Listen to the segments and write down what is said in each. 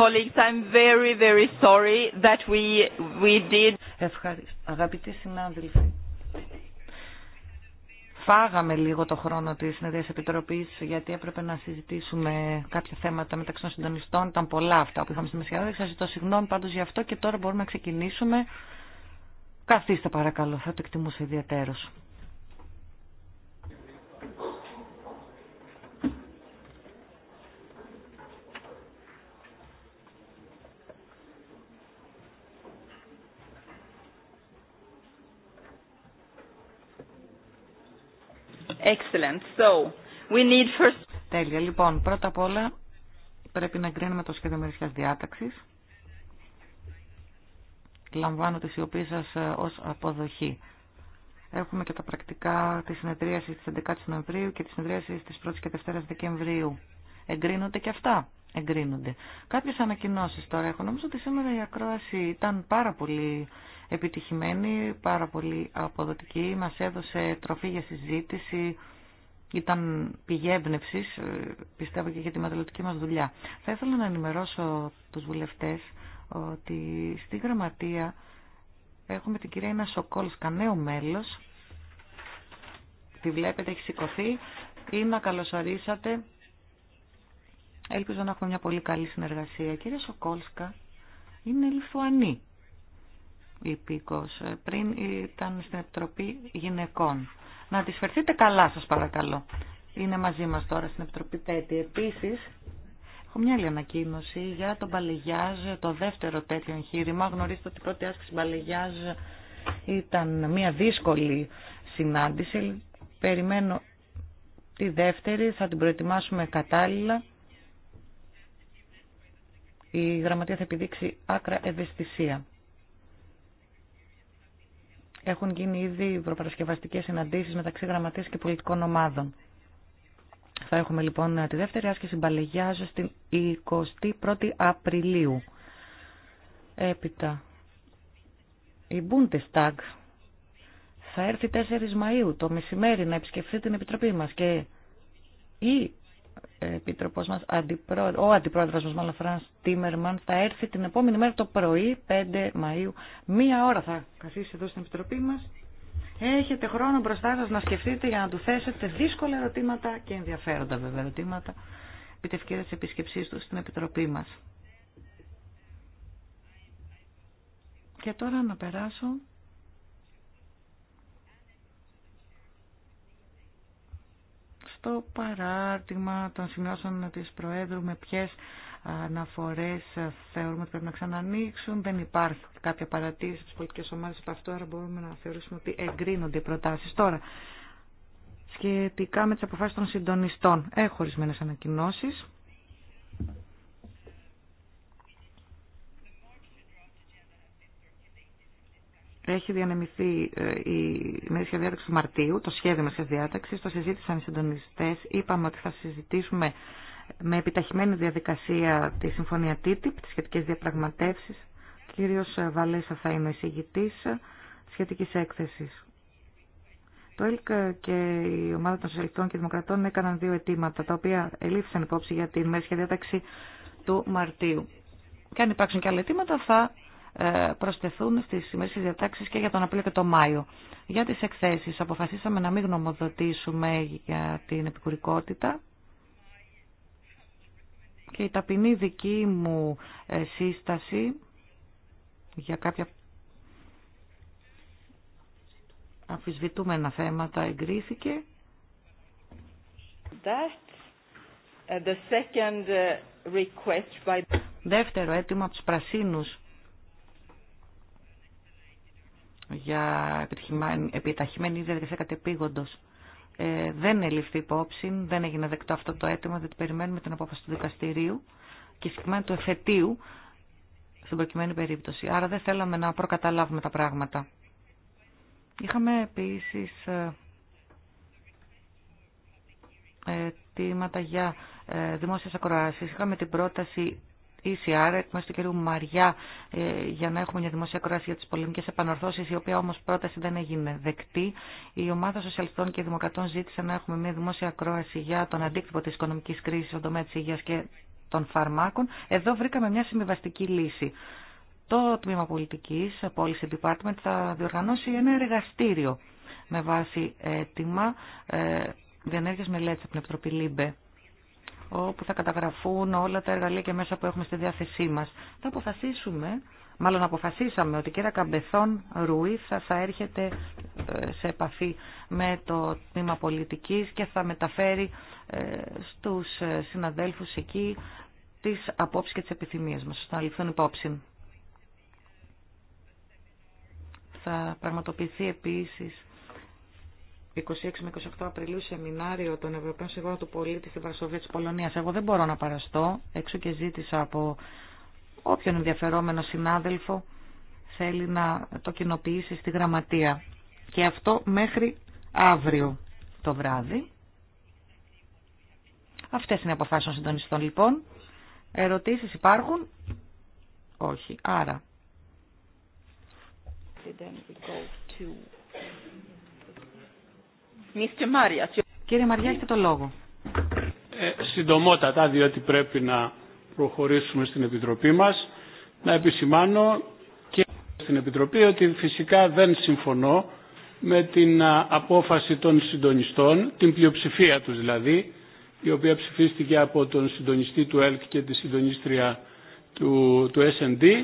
Colleagues, I'm very, very sorry that we, we did... Αγαπητοί συνάδελφοι, φάγαμε λίγο το χρόνο της Συνεδρίας Επιτροπής γιατί έπρεπε να συζητήσουμε κάποια θέματα μεταξύ των συντονιστών. Ήταν πολλά αυτά που είχαμε στη Μεσιαδόρια. Σας ζητώ συγγνώμη πάντως γι' αυτό και τώρα μπορούμε να ξεκινήσουμε. Καθίστε παρακαλώ, θα το εκτιμούσε ιδιαίτερος. Excellent. So, we need first... Τέλεια. Λοιπόν, πρώτα απ' όλα πρέπει να εγκρίνουμε το σχέδιο μερικές διάταξης. Λαμβάνω τη σιωπή σας ε, ως αποδοχή. Έχουμε και τα πρακτικά τη συνεδρίαση τη 11η Νοεμβρίου και τη συνεδρίαση τη 1η και 2η Δεκεμβρίου. Εγκρίνονται και αυτά εγκρίνονται. Κάποιες ανακοινώσεις τώρα έχω. Νομίζω ότι σήμερα η ακρόαση ήταν πάρα πολύ επιτυχημένη, πάρα πολύ αποδοτική. Μας έδωσε τροφή για συζήτηση. Ήταν πηγή έμπνευση, ε, πιστεύω και για τη μεταλλωτική μα δουλειά. Θα ήθελα να ενημερώσω τους βουλευτές ότι στη γραμματεία έχουμε την κυρία Ινα Σοκόλσκα, νέο μέλος. Τη βλέπετε, έχει σηκωθεί. Ή να καλωσορίσατε Ελπίζω να έχουμε μια πολύ καλή συνεργασία. Η κυρία Σοκόλσκα είναι Λιθουανή υπήκος. Πριν ήταν στην Επιτροπή Γυναικών. Να τις φερθείτε καλά σας παρακαλώ. Είναι μαζί μας τώρα στην Επιτροπή τέτη. Επίσης, έχω μια άλλη ανακοίνωση για τον Παλαιγιάζ. το δεύτερο τέτοιο εγχείρημα. Γνωρίζετε ότι η πρώτη άσκηση Παλαιγιάζ ήταν μια δύσκολη συνάντηση. Περιμένω τη δεύτερη, θα την προετοιμάσουμε κατάλληλα η Γραμματεία θα επιδείξει άκρα ευαισθησία. Έχουν γίνει ήδη προπαρασκευαστικές συναντήσεις μεταξύ γραμματείας και πολιτικών ομάδων. Θα έχουμε λοιπόν τη δεύτερη άσκηση μπαλεγιάζ στην 21η Απριλίου. Έπειτα, η Bundestag θα έρθει 4 Μαΐου το μεσημέρι να επισκεφθεί την Επιτροπή μας και η μας, ο αντιπρόεδρος μας μάλλον Φραν Τίμερμαν, θα έρθει την επόμενη μέρα το πρωί, 5 Μαΐου. Μία ώρα θα καθίσει εδώ στην Επιτροπή μας. Έχετε χρόνο μπροστά σα να σκεφτείτε για να του θέσετε δύσκολα ερωτήματα και ενδιαφέροντα βέβαια ερωτήματα επί τη ευκαιρία τη επίσκεψή του στην Επιτροπή μα. Και τώρα να περάσω Το παράρτημα των σημειώσεων της Προέδρου με ποιες αναφορές θεωρούμε ότι πρέπει να ξανανοίξουν. Δεν υπάρχει κάποια παρατήρηση στις πολιτικές ομάδες από αυτό, άρα μπορούμε να θεωρήσουμε ότι εγκρίνονται οι προτάσεις. Τώρα, σχετικά με τις αποφάσεις των συντονιστών, έχω ορισμένε ανακοινώσει. έχει διανεμηθεί ε, η μέρη διάταξη του Μαρτίου, το σχέδιο μέρη διάταξη. Το συζήτησαν οι συντονιστέ. Είπαμε ότι θα συζητήσουμε με επιταχυμένη διαδικασία τη συμφωνία TTIP, τι σχετικέ διαπραγματεύσει. Κύριο Βαλέσα θα είναι ο εισηγητή σχετική έκθεση. Το ΕΛΚ και η ομάδα των Σοσιαλιστών και Δημοκρατών έκαναν δύο αιτήματα, τα οποία ελήφθησαν υπόψη για την μερίσια διάταξη του Μαρτίου. Και αν υπάρξουν και άλλα αιτήματα θα ε, προσθεθούν στις σημερινές διατάξεις και για τον Απρίλιο και τον Μάιο. Για τις εκθέσεις αποφασίσαμε να μην γνωμοδοτήσουμε για την επικουρικότητα και η ταπεινή δική μου ε, σύσταση για κάποια αμφισβητούμενα θέματα εγκρίθηκε. Uh, uh, Δεύτερο αίτημα από τους πρασίνους για επιταχυμένη διαδικασία κατεπήγοντος. Ε, δεν ελήφθη υπόψη, δεν έγινε δεκτό αυτό το αίτημα, δεν περιμένουμε την απόφαση του δικαστηρίου και συγκεκριμένα του εφετείου στην προκειμένη περίπτωση. Άρα δεν θέλαμε να προκαταλάβουμε τα πράγματα. Είχαμε επίσης ε, αιτήματα για ε, δημόσιες ακροάσεις. Είχαμε την πρόταση ECR, εκ μέρου του κ. Μαριά, ε, για να έχουμε μια δημοσία κρόαση για τι πολεμικέ επανορθώσει, η οποία όμω πρόταση δεν έγινε δεκτή. Η ομάδα Σοσιαλιστών και Δημοκρατών ζήτησε να έχουμε μια δημόσια κρόαση για τον αντίκτυπο τη οικονομική κρίση στον τομέα τη υγεία και των φαρμάκων. Εδώ βρήκαμε μια συμβιβαστική λύση. Το τμήμα πολιτική, Policy Department, θα διοργανώσει ένα εργαστήριο με βάση έτοιμα ε, μελέτη από την Επιτροπή ΛΥΜΠΕ όπου θα καταγραφούν όλα τα εργαλεία και μέσα που έχουμε στη διάθεσή μας. Θα αποφασίσουμε, μάλλον αποφασίσαμε ότι η κυρία Καμπεθόν Ρουή θα, έρχεται ε, σε επαφή με το τμήμα πολιτικής και θα μεταφέρει ε, στους ε, συναδέλφους εκεί τις απόψεις και τις επιθυμίες μας, ώστε να ληφθούν υπόψη. Θα πραγματοποιηθεί επίσης 26 με 28 Απριλίου σεμινάριο των Ευρωπαίων Συγχώρων του Πολίτη στη Βαρσοβία της Πολωνίας. Εγώ δεν μπορώ να παραστώ, έξω και ζήτησα από όποιον ενδιαφερόμενο συνάδελφο θέλει να το κοινοποιήσει στη γραμματεία. Και αυτό μέχρι αύριο το βράδυ. Αυτές είναι οι αποφάσεις των συντονιστών λοιπόν. Ερωτήσεις υπάρχουν. Όχι. Άρα. Κύριε Μαριά, έχετε το λόγο. Ε, συντομότατα, διότι πρέπει να προχωρήσουμε στην Επιτροπή μας, να επισημάνω και στην Επιτροπή ότι φυσικά δεν συμφωνώ με την απόφαση των συντονιστών, την πλειοψηφία τους δηλαδή, η οποία ψηφίστηκε από τον συντονιστή του ΕΛΚ και τη συντονίστρια του, του S&D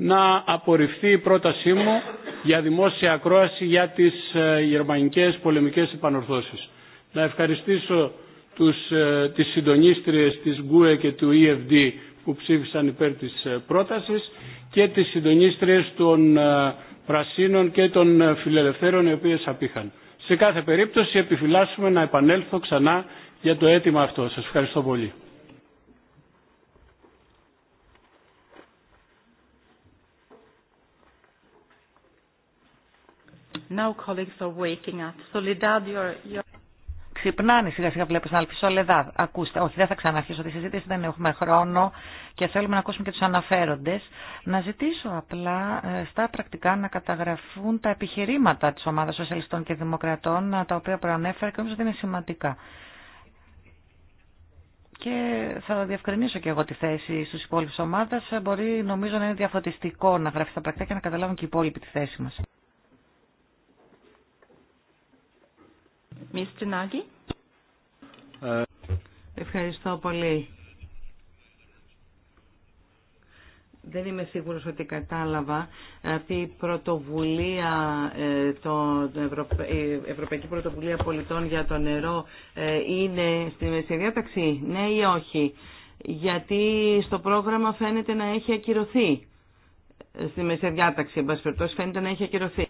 να απορριφθεί η πρότασή μου για δημόσια ακρόαση για τις ε, γερμανικές πολεμικές επανορθώσεις. Να ευχαριστήσω τους, ε, τις συντονίστριες της ΓΚΟΕ και του EFD που ψήφισαν υπέρ της ε, πρότασης και τις συντονίστριες των Πρασίνων και των Φιλελευθέρων οι οποίες απήχαν. Σε κάθε περίπτωση επιφυλάσσουμε να επανέλθω ξανά για το αίτημα αυτό. Σας ευχαριστώ πολύ. Now colleagues are waking up. Ξυπνάνε σιγά σιγά βλέπεις να αλφίσω λεδά. Ακούστε, όχι δεν θα ξαναρχίσω τη συζήτηση, δεν έχουμε χρόνο και θέλουμε να ακούσουμε και τους αναφέροντες. Να ζητήσω απλά ε, στα πρακτικά να καταγραφούν τα επιχειρήματα της ομάδας σοσιαλιστών και δημοκρατών, ε, τα οποία προανέφερα και νομίζω ότι είναι σημαντικά. Και θα διευκρινίσω και εγώ τη θέση στους υπόλοιπους ομάδας. Ε, μπορεί νομίζω να είναι διαφωτιστικό να γράφει τα πρακτικά και να καταλάβουν και οι υπόλοιποι τη θέση μας. Ε, ευχαριστώ πολύ. Δεν είμαι σίγουρος ότι κατάλαβα αυτή η πρωτοβουλία, ε, το ε, Ευρωπαϊκή Πρωτοβουλία Πολιτών για το νερό είναι στη διάταξη, ναι ή όχι. Γιατί στο πρόγραμμα φαίνεται να έχει ακυρωθεί. Στη διάταξη, εν πάση φαίνεται να έχει ακυρωθεί.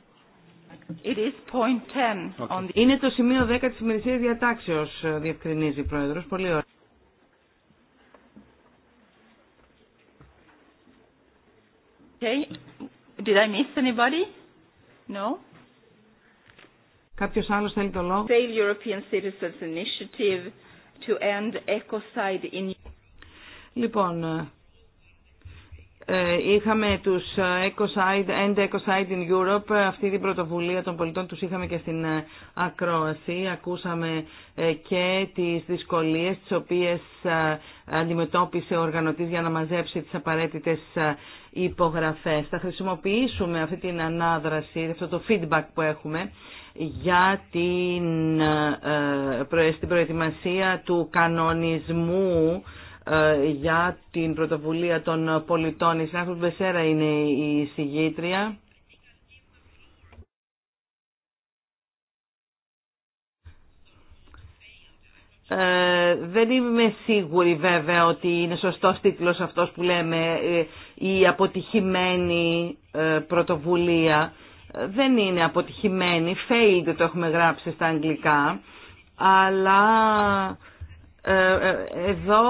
It is point 10 okay. on the... Είναι το σημείο 10 της ημερησίας διατάξεως, ε, διευκρινίζει η Πρόεδρος. Πολύ ωραία. Okay. Did I miss anybody? No? Κάποιος άλλος θέλει το λόγο. Save European Citizens Initiative to end ecocide in... Λοιπόν, ε, ε, είχαμε τους EcoSide, End EcoSide in Europe, αυτή την πρωτοβουλία των πολιτών τους είχαμε και στην ε, ακρόαση. Ακούσαμε ε, και τις δυσκολίες τις οποίες αντιμετώπισε ο οργανωτής για να μαζέψει τις απαραίτητες υπογραφές. Θα χρησιμοποιήσουμε αυτή την ανάδραση, αυτό το feedback που έχουμε για την, προετοιμασία του κανονισμού ε, για την πρωτοβουλία των πολιτών. Η Σάχρος Μπεσέρα είναι η συγγήτρια. Ε, δεν είμαι σίγουρη βέβαια ότι είναι σωστός τίτλος αυτός που λέμε ε, η αποτυχημένη πρωτοβουλία. Δεν είναι αποτυχημένη, failed το έχουμε γράψει στα αγγλικά, αλλά ε, ε, εδώ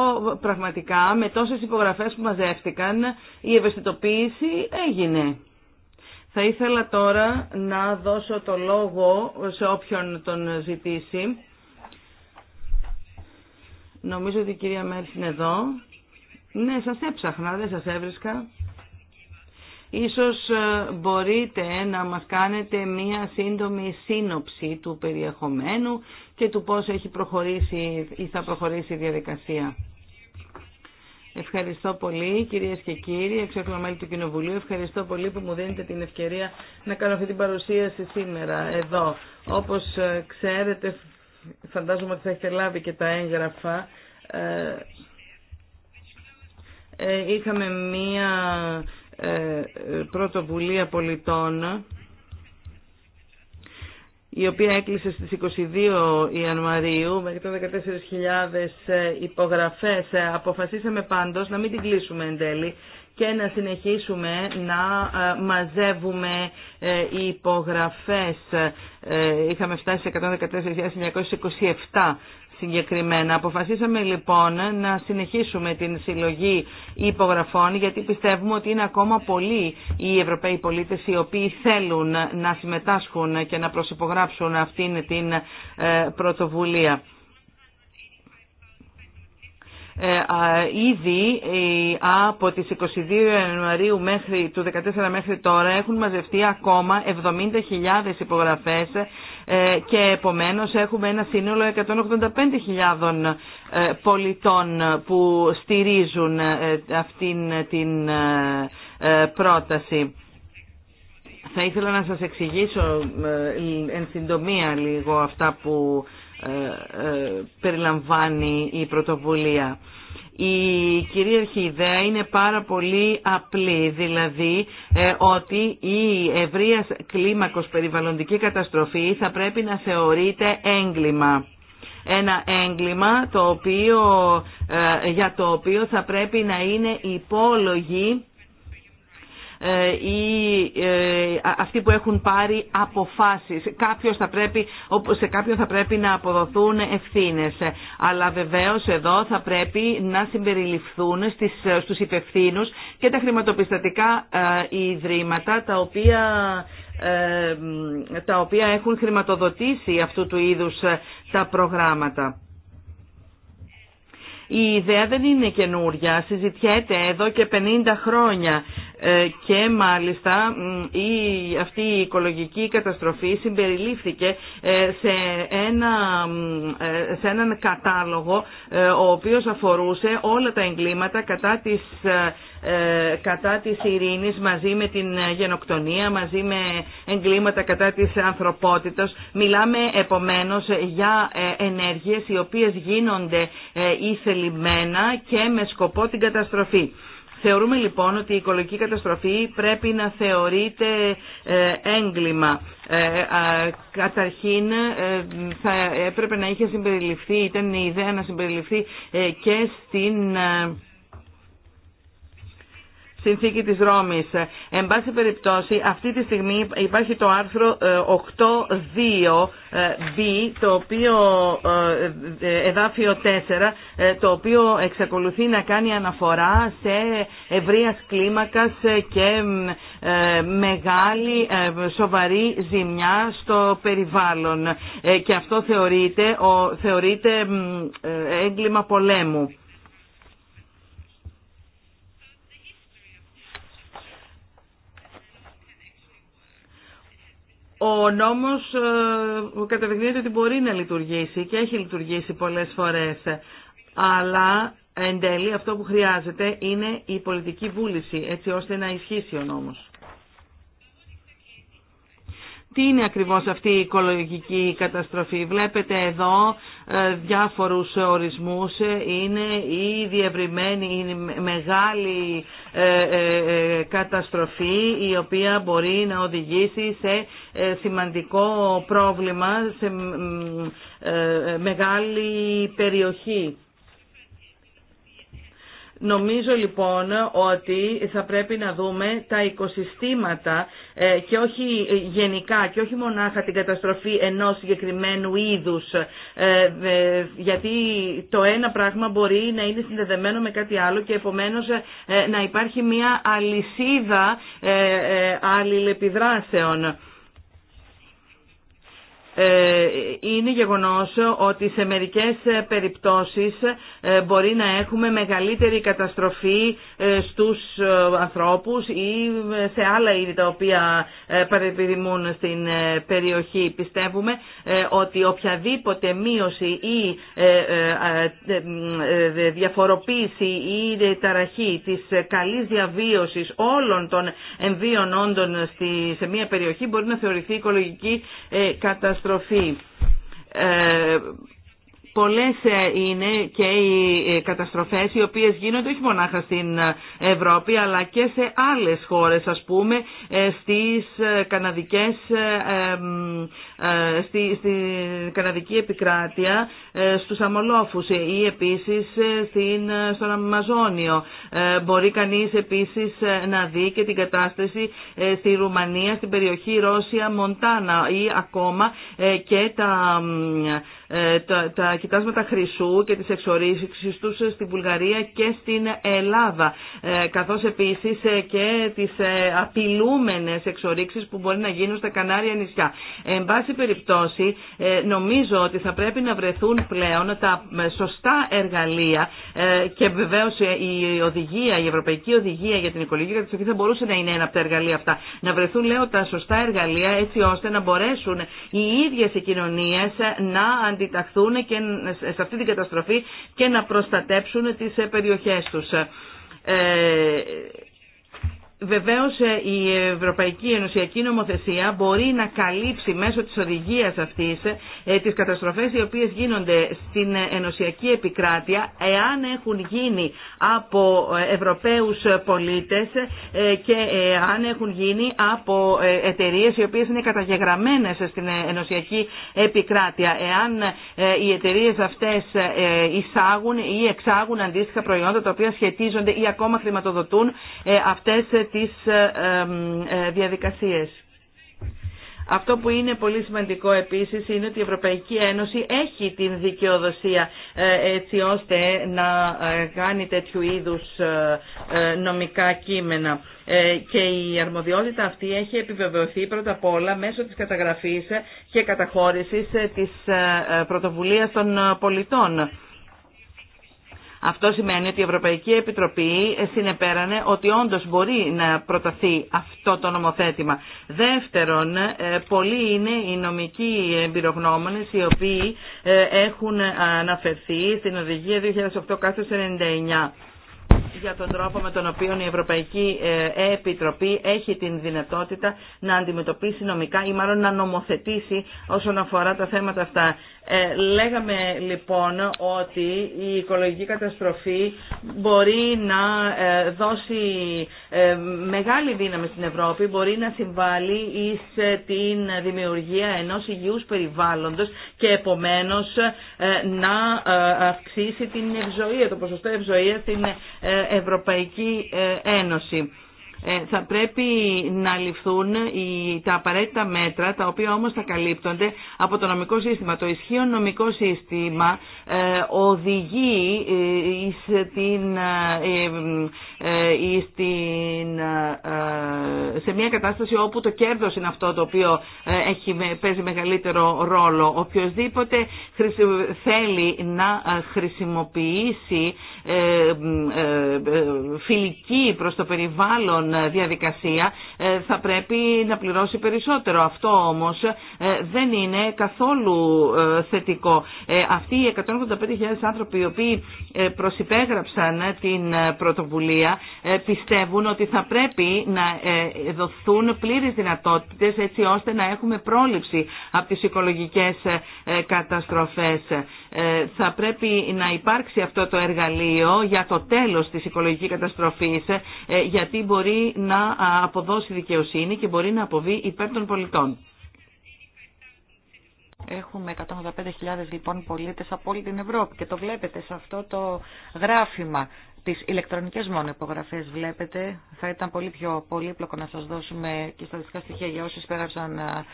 πραγματικά με τόσες υπογραφές που μαζεύτηκαν η ευαισθητοποίηση έγινε. Θα ήθελα τώρα να δώσω το λόγο σε όποιον τον ζητήσει. Νομίζω ότι η κυρία Μέρση είναι εδώ. Ναι, σας έψαχνα, δεν σας έβρισκα. Ίσως ε, μπορείτε να μας κάνετε μία σύντομη σύνοψη του περιεχομένου και του πώς έχει προχωρήσει ή θα προχωρήσει η διαδικασία. Ευχαριστώ πολύ κυρίες και κύριοι, εξέχομαι μέλη του Κοινοβουλίου. Ευχαριστώ πολύ που μου δίνετε την ευκαιρία να κάνω αυτή την παρουσίαση σήμερα εδώ. Όπως ε, ξέρετε, φαντάζομαι ότι θα έχετε λάβει και τα έγγραφα. Ε, είχαμε μία ε, πρωτοβουλία πολιτών η οποία έκλεισε στις 22 Ιανουαρίου με 114.000 14.000 υπογραφές. Ε, αποφασίσαμε πάντως να μην την κλείσουμε εν τέλει και να συνεχίσουμε να ε, μαζεύουμε υπογραφές. Είχαμε φτάσει σε 114.927 συγκεκριμένα. Αποφασίσαμε λοιπόν να συνεχίσουμε την συλλογή υπογραφών γιατί πιστεύουμε ότι είναι ακόμα πολλοί οι Ευρωπαίοι πολίτες οι οποίοι θέλουν να συμμετάσχουν και να προσυπογράψουν αυτήν την ε, πρωτοβουλία. Ε, ήδη ε, από τις 22 Ιανουαρίου μέχρι, του 14 μέχρι τώρα έχουν μαζευτεί ακόμα 70.000 υπογραφές ε, και επομένως έχουμε ένα σύνολο 185.000 ε, πολιτών που στηρίζουν ε, αυτήν την πρόταση. Θα ήθελα να σας εξηγήσω εν συντομία λίγο αυτά που περιλαμβάνει η πρωτοβουλία. Η κυρίαρχη ιδέα είναι πάρα πολύ απλή, δηλαδή ε, ότι η ευρεία κλίμακος περιβαλλοντική καταστροφή θα πρέπει να θεωρείται έγκλημα. Ένα έγκλημα το οποίο, ε, για το οποίο θα πρέπει να είναι υπόλογη ε, ή ε, αυτοί που έχουν πάρει αποφάσεις. Κάποιος θα πρέπει, σε κάποιον θα πρέπει να αποδοθούν ευθύνες. Αλλά βεβαίως εδώ θα πρέπει να συμπεριληφθούν στις, στους υπευθύνους και τα χρηματοπιστωτικά ε, ιδρύματα τα οποία τα οποία έχουν χρηματοδοτήσει αυτού του είδους τα προγράμματα. Η ιδέα δεν είναι καινούρια, συζητιέται εδώ και 50 χρόνια ε, και μάλιστα η, αυτή η οικολογική καταστροφή συμπεριλήφθηκε ε, σε, ένα, ε, σε έναν κατάλογο ο οποίος αφορούσε όλα τα εγκλήματα κατά της κατά της ειρήνης μαζί με την γενοκτονία, μαζί με εγκλήματα κατά της ανθρωπότητας. Μιλάμε επομένως για ενέργειες οι οποίες γίνονται ήθελημένα και με σκοπό την καταστροφή. Θεωρούμε λοιπόν ότι η οικολογική καταστροφή πρέπει να θεωρείται ε, έγκλημα. Ε, καταρχήν ε, θα έπρεπε να είχε συμπεριληφθεί, ήταν η ιδέα να συμπεριληφθεί και στην συνθήκη της Ρώμης. Εν πάση περιπτώσει, αυτή τη στιγμή υπάρχει το άρθρο 8.2b, ε, ε, το οποίο ε, εδάφιο 4, το οποίο εξακολουθεί να κάνει αναφορά σε ευρεία κλίμακας και μεγάλη σοβαρή ζημιά στο περιβάλλον. Και αυτό θεωρείται, θεωρείται έγκλημα πολέμου. ο νόμος ε, καταδεικνύεται ότι μπορεί να λειτουργήσει και έχει λειτουργήσει πολλές φορές, αλλά εν τέλει αυτό που χρειάζεται είναι η πολιτική βούληση έτσι ώστε να ισχύσει ο νόμος τι είναι ακριβώς αυτή η οικολογική καταστροφή. Βλέπετε εδώ ε, διάφορους ορισμούς. Ε, είναι η διευρυμένη, η μεγάλη ε, καταστροφή η οποία μπορεί να οδηγήσει σε σημαντικό πρόβλημα σε μεγάλη περιοχή. Νομίζω λοιπόν ότι θα πρέπει να δούμε τα οικοσυστήματα ε, και όχι γενικά και όχι μονάχα την καταστροφή ενός συγκεκριμένου είδους ε, ε, γιατί το ένα πράγμα μπορεί να είναι συνδεδεμένο με κάτι άλλο και επομένως να υπάρχει μια αλυσίδα αλληλεπιδράσεων. Ε, είναι γεγονός ότι σε μερικές ε, περιπτώσεις ε, μπορεί να έχουμε μεγαλύτερη καταστροφή στους ανθρώπους ή σε άλλα είδη τα οποία παρεπιδημούν στην περιοχή. Πιστεύουμε ότι οποιαδήποτε μείωση ή διαφοροποίηση ή ταραχή της καλής διαβίωσης όλων των εμβίων όντων σε μια περιοχή μπορεί να θεωρηθεί οικολογική καταστροφή τροφί Ε, Πολλές ε, είναι και οι ε, καταστροφές οι οποίες γίνονται όχι μονάχα στην ε, Ευρώπη αλλά και σε άλλες χώρες ας πούμε στις καναδικές στη, καναδική επικράτεια στους αμολόφους ή επίσης στην, στον Αμαζόνιο. Μπορεί κανείς επίσης να δει και την κατάσταση στη Ρουμανία, στην περιοχή Ρώσια, Μοντάνα ή ακόμα και τα ε, τα, τα κοιτάσματα χρυσού και τις εξορίξεις τους στη Βουλγαρία και στην Ελλάδα, ε, καθώς επίσης ε, και τις απειλούμενες εξορίξεις που μπορεί να γίνουν στα Κανάρια νησιά. Εν πάση περιπτώσει, νομίζω ότι θα πρέπει να βρεθούν πλέον τα σωστά εργαλεία και βεβαίως η οδηγία, η Ευρωπαϊκή Οδηγία για την Οικολογική Καταστροφή θα μπορούσε να είναι ένα από τα εργαλεία αυτά. Να βρεθούν, λέω, τα σωστά εργαλεία έτσι ώστε να μπορέσουν οι ίδιες οι κοινωνίες να αντιταχθούν και σε αυτή την καταστροφή και να προστατέψουν τις περιοχές τους. Ε, Βεβαίως ε, η Ευρωπαϊκή Ενωσιακή Νομοθεσία μπορεί να καλύψει μέσω της οδηγίας αυτής ε, τις καταστροφές οι οποίες γίνονται στην ε, ενωσιακή επικράτεια εάν έχουν γίνει από Ευρωπαίους πολίτες και αν έχουν γίνει από εταιρείες οι οποίες είναι καταγεγραμμένες στην ενωσιακή επικράτεια. Εάν οι εταιρείε αυτές εισάγουν ή εξάγουν αντίστοιχα προϊόντα τα οποία σχετίζονται ή ακόμα χρηματοδοτούν αυτές τις ε, ε, διαδικασίες. Αυτό που είναι πολύ σημαντικό επίσης είναι ότι η Ευρωπαϊκή Ένωση έχει την δικαιοδοσία ε, έτσι ώστε να κάνει τέτοιου είδους νομικά κείμενα. Και η αρμοδιότητα αυτή έχει επιβεβαιωθεί πρώτα απ' όλα μέσω της καταγραφής και καταχώρησης της πρωτοβουλίας των πολιτών. Αυτό σημαίνει ότι η Ευρωπαϊκή Επιτροπή συνεπέρανε ότι όντως μπορεί να προταθεί αυτό το νομοθέτημα. Δεύτερον, ε, πολλοί είναι οι νομικοί εμπειρογνώμονες οι οποίοι ε, έχουν αναφερθεί στην Οδηγία 2008-99 για τον τρόπο με τον οποίο η Ευρωπαϊκή ε, Επιτροπή έχει την δυνατότητα να αντιμετωπίσει νομικά ή μάλλον να νομοθετήσει όσον αφορά τα θέματα αυτά. Ε, λέγαμε λοιπόν ότι η οικολογική καταστροφή μπορεί να ε, δώσει μεγάλη δύναμη στην Ευρώπη, μπορεί να συμβάλλει εις την δημιουργία ενός υγιούς περιβάλλοντος και επομένως να αυξήσει την ευζοία, το ποσοστό ευζοία στην Ευρωπαϊκή ε, Ένωση. Ε, θα πρέπει να ληφθούν τα απαραίτητα μέτρα, τα οποία όμως θα καλύπτονται από το νομικό σύστημα. Το ισχύον νομικό σύστημα ε, οδηγεί ε, σε μια κατάσταση όπου το κέρδος είναι αυτό το οποίο έχει, παίζει μεγαλύτερο ρόλο. Οποιοςδήποτε θέλει να χρησιμοποιήσει φιλική προς το περιβάλλον ε, διαδικασία ε, θα πρέπει να πληρώσει περισσότερο. Αυτό όμως ε, δεν είναι καθόλου θετικό. Αυτοί οι 185.000 άνθρωποι οι οποίοι προσυπέγραψαν την πρωτοβουλία πιστεύουν ότι θα πρέπει να δοθούν πλήρες δυνατότητες έτσι ώστε να έχουμε πρόληψη από τις οικολογικές καταστροφές. Ε, θα πρέπει να υπάρξει αυτό το εργαλείο για το τέλος της οικολογικής καταστροφής ε, γιατί μπορεί να αποδώσει δικαιοσύνη και μπορεί να αποβεί υπέρ των πολιτών. Έχουμε 185.000 λοιπόν πολίτες από όλη την Ευρώπη και το βλέπετε σε αυτό το γράφημα τις ηλεκτρονικές μόνο υπογραφές βλέπετε. Θα ήταν πολύ πιο πολύπλοκο να σας δώσουμε και στατιστικά στοιχεία για όσους πέρασαν ε,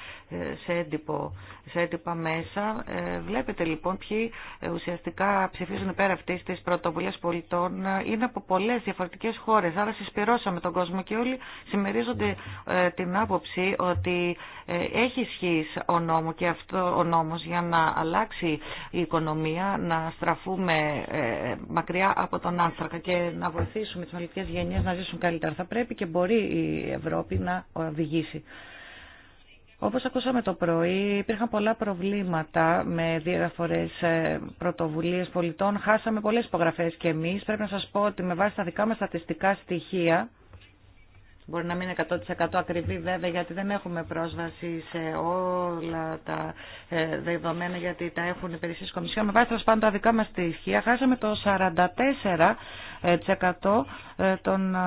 σε, έντυπο, σε έντυπα μέσα. Ε, βλέπετε λοιπόν ποιοι ε, ουσιαστικά ψηφίζουν πέρα αυτής της πρωτοβουλίας πολιτών. Είναι από πολλές διαφορετικές χώρες, άρα συσπηρώσαμε τον κόσμο και όλοι συμμερίζονται την άποψη ότι έχει ισχύ ο, νόμο και αυτό, ο νόμος για να αλλάξει η οικονομία, να στραφούμε μακριά από τον άνθρακα και να βοηθήσουμε τι μελλοντικέ γενιέ να ζήσουν καλύτερα. Θα πρέπει και μπορεί η Ευρώπη να οδηγήσει. Όπω ακούσαμε το πρωί, υπήρχαν πολλά προβλήματα με διάφορε πρωτοβουλίε πολιτών. Χάσαμε πολλέ υπογραφέ και εμεί. Πρέπει να σα πω ότι με βάση τα δικά μας στατιστικά στοιχεία, Μπορεί να μην είναι 100% ακριβή βέβαια γιατί δεν έχουμε πρόσβαση σε όλα τα ε, δεδομένα γιατί τα έχουν οι περισσότερες κομισιόν. Με βάση τα δικά μας στοιχεία χάσαμε το 44% ε, των ε,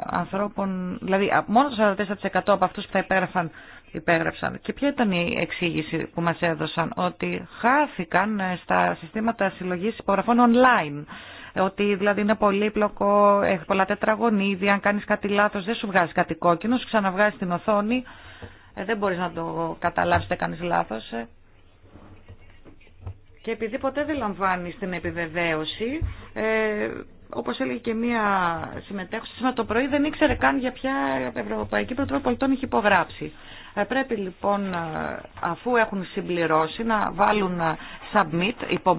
ανθρώπων, δηλαδή μόνο το 44% από αυτούς που τα υπέγραφαν υπέγραψαν. Και ποια ήταν η εξήγηση που μας έδωσαν ότι χάθηκαν στα συστήματα συλλογής υπογραφών online ότι δηλαδή είναι πολύπλοκο, έχει πολλά τετραγωνίδια, αν κάνεις κάτι λάθος δεν σου βγάζει κάτι κόκκινο, σου ξαναβγάζει την οθόνη, ε, δεν μπορείς να το καταλάβεις ότι κάνεις λάθος. Ε. Και επειδή ποτέ δεν λαμβάνεις την επιβεβαίωση, ε, όπως έλεγε και μία συμμετέχουσα σήμερα το πρωί, δεν ήξερε καν για ποια Ευρωπαϊκή Πρωτοβουλία έχει υπογράψει. Ε, πρέπει λοιπόν, ε, αφού έχουν συμπληρώσει, να βάλουν ε, submit,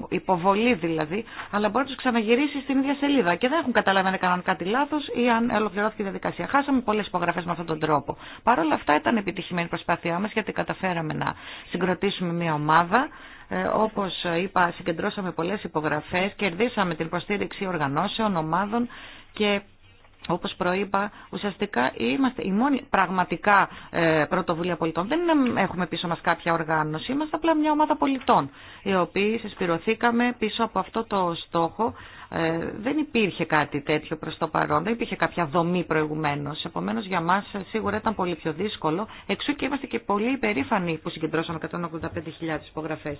υποβολή δηλαδή, αλλά μπορεί να του ξαναγυρίσει στην ίδια σελίδα. Και δεν έχουν καταλάβει αν έκαναν κάτι λάθο ή αν ολοκληρώθηκε η διαδικασία. Χάσαμε πολλέ υπογραφέ με αυτόν τον τρόπο. Παρ' όλα αυτά ήταν επιτυχημένη η προσπάθειά μα γιατί καταφέραμε να συγκροτήσουμε μια ομάδα. Ε, Όπω είπα, συγκεντρώσαμε πολλέ υπογραφέ, κερδίσαμε την υποστήριξη οργανώσεων, ομάδων και όπως προείπα, ουσιαστικά είμαστε η μόνη πραγματικά ε, πρωτοβουλία πολιτών. Δεν έχουμε πίσω μας κάποια οργάνωση, είμαστε απλά μια ομάδα πολιτών, οι οποίοι συσπηρωθήκαμε πίσω από αυτό το στόχο. Ε, δεν υπήρχε κάτι τέτοιο προς το παρόν, δεν υπήρχε κάποια δομή προηγουμένως. Επομένως για μας σίγουρα ήταν πολύ πιο δύσκολο, εξού και είμαστε και πολύ υπερήφανοι που συγκεντρώσαμε 185.000 υπογραφές.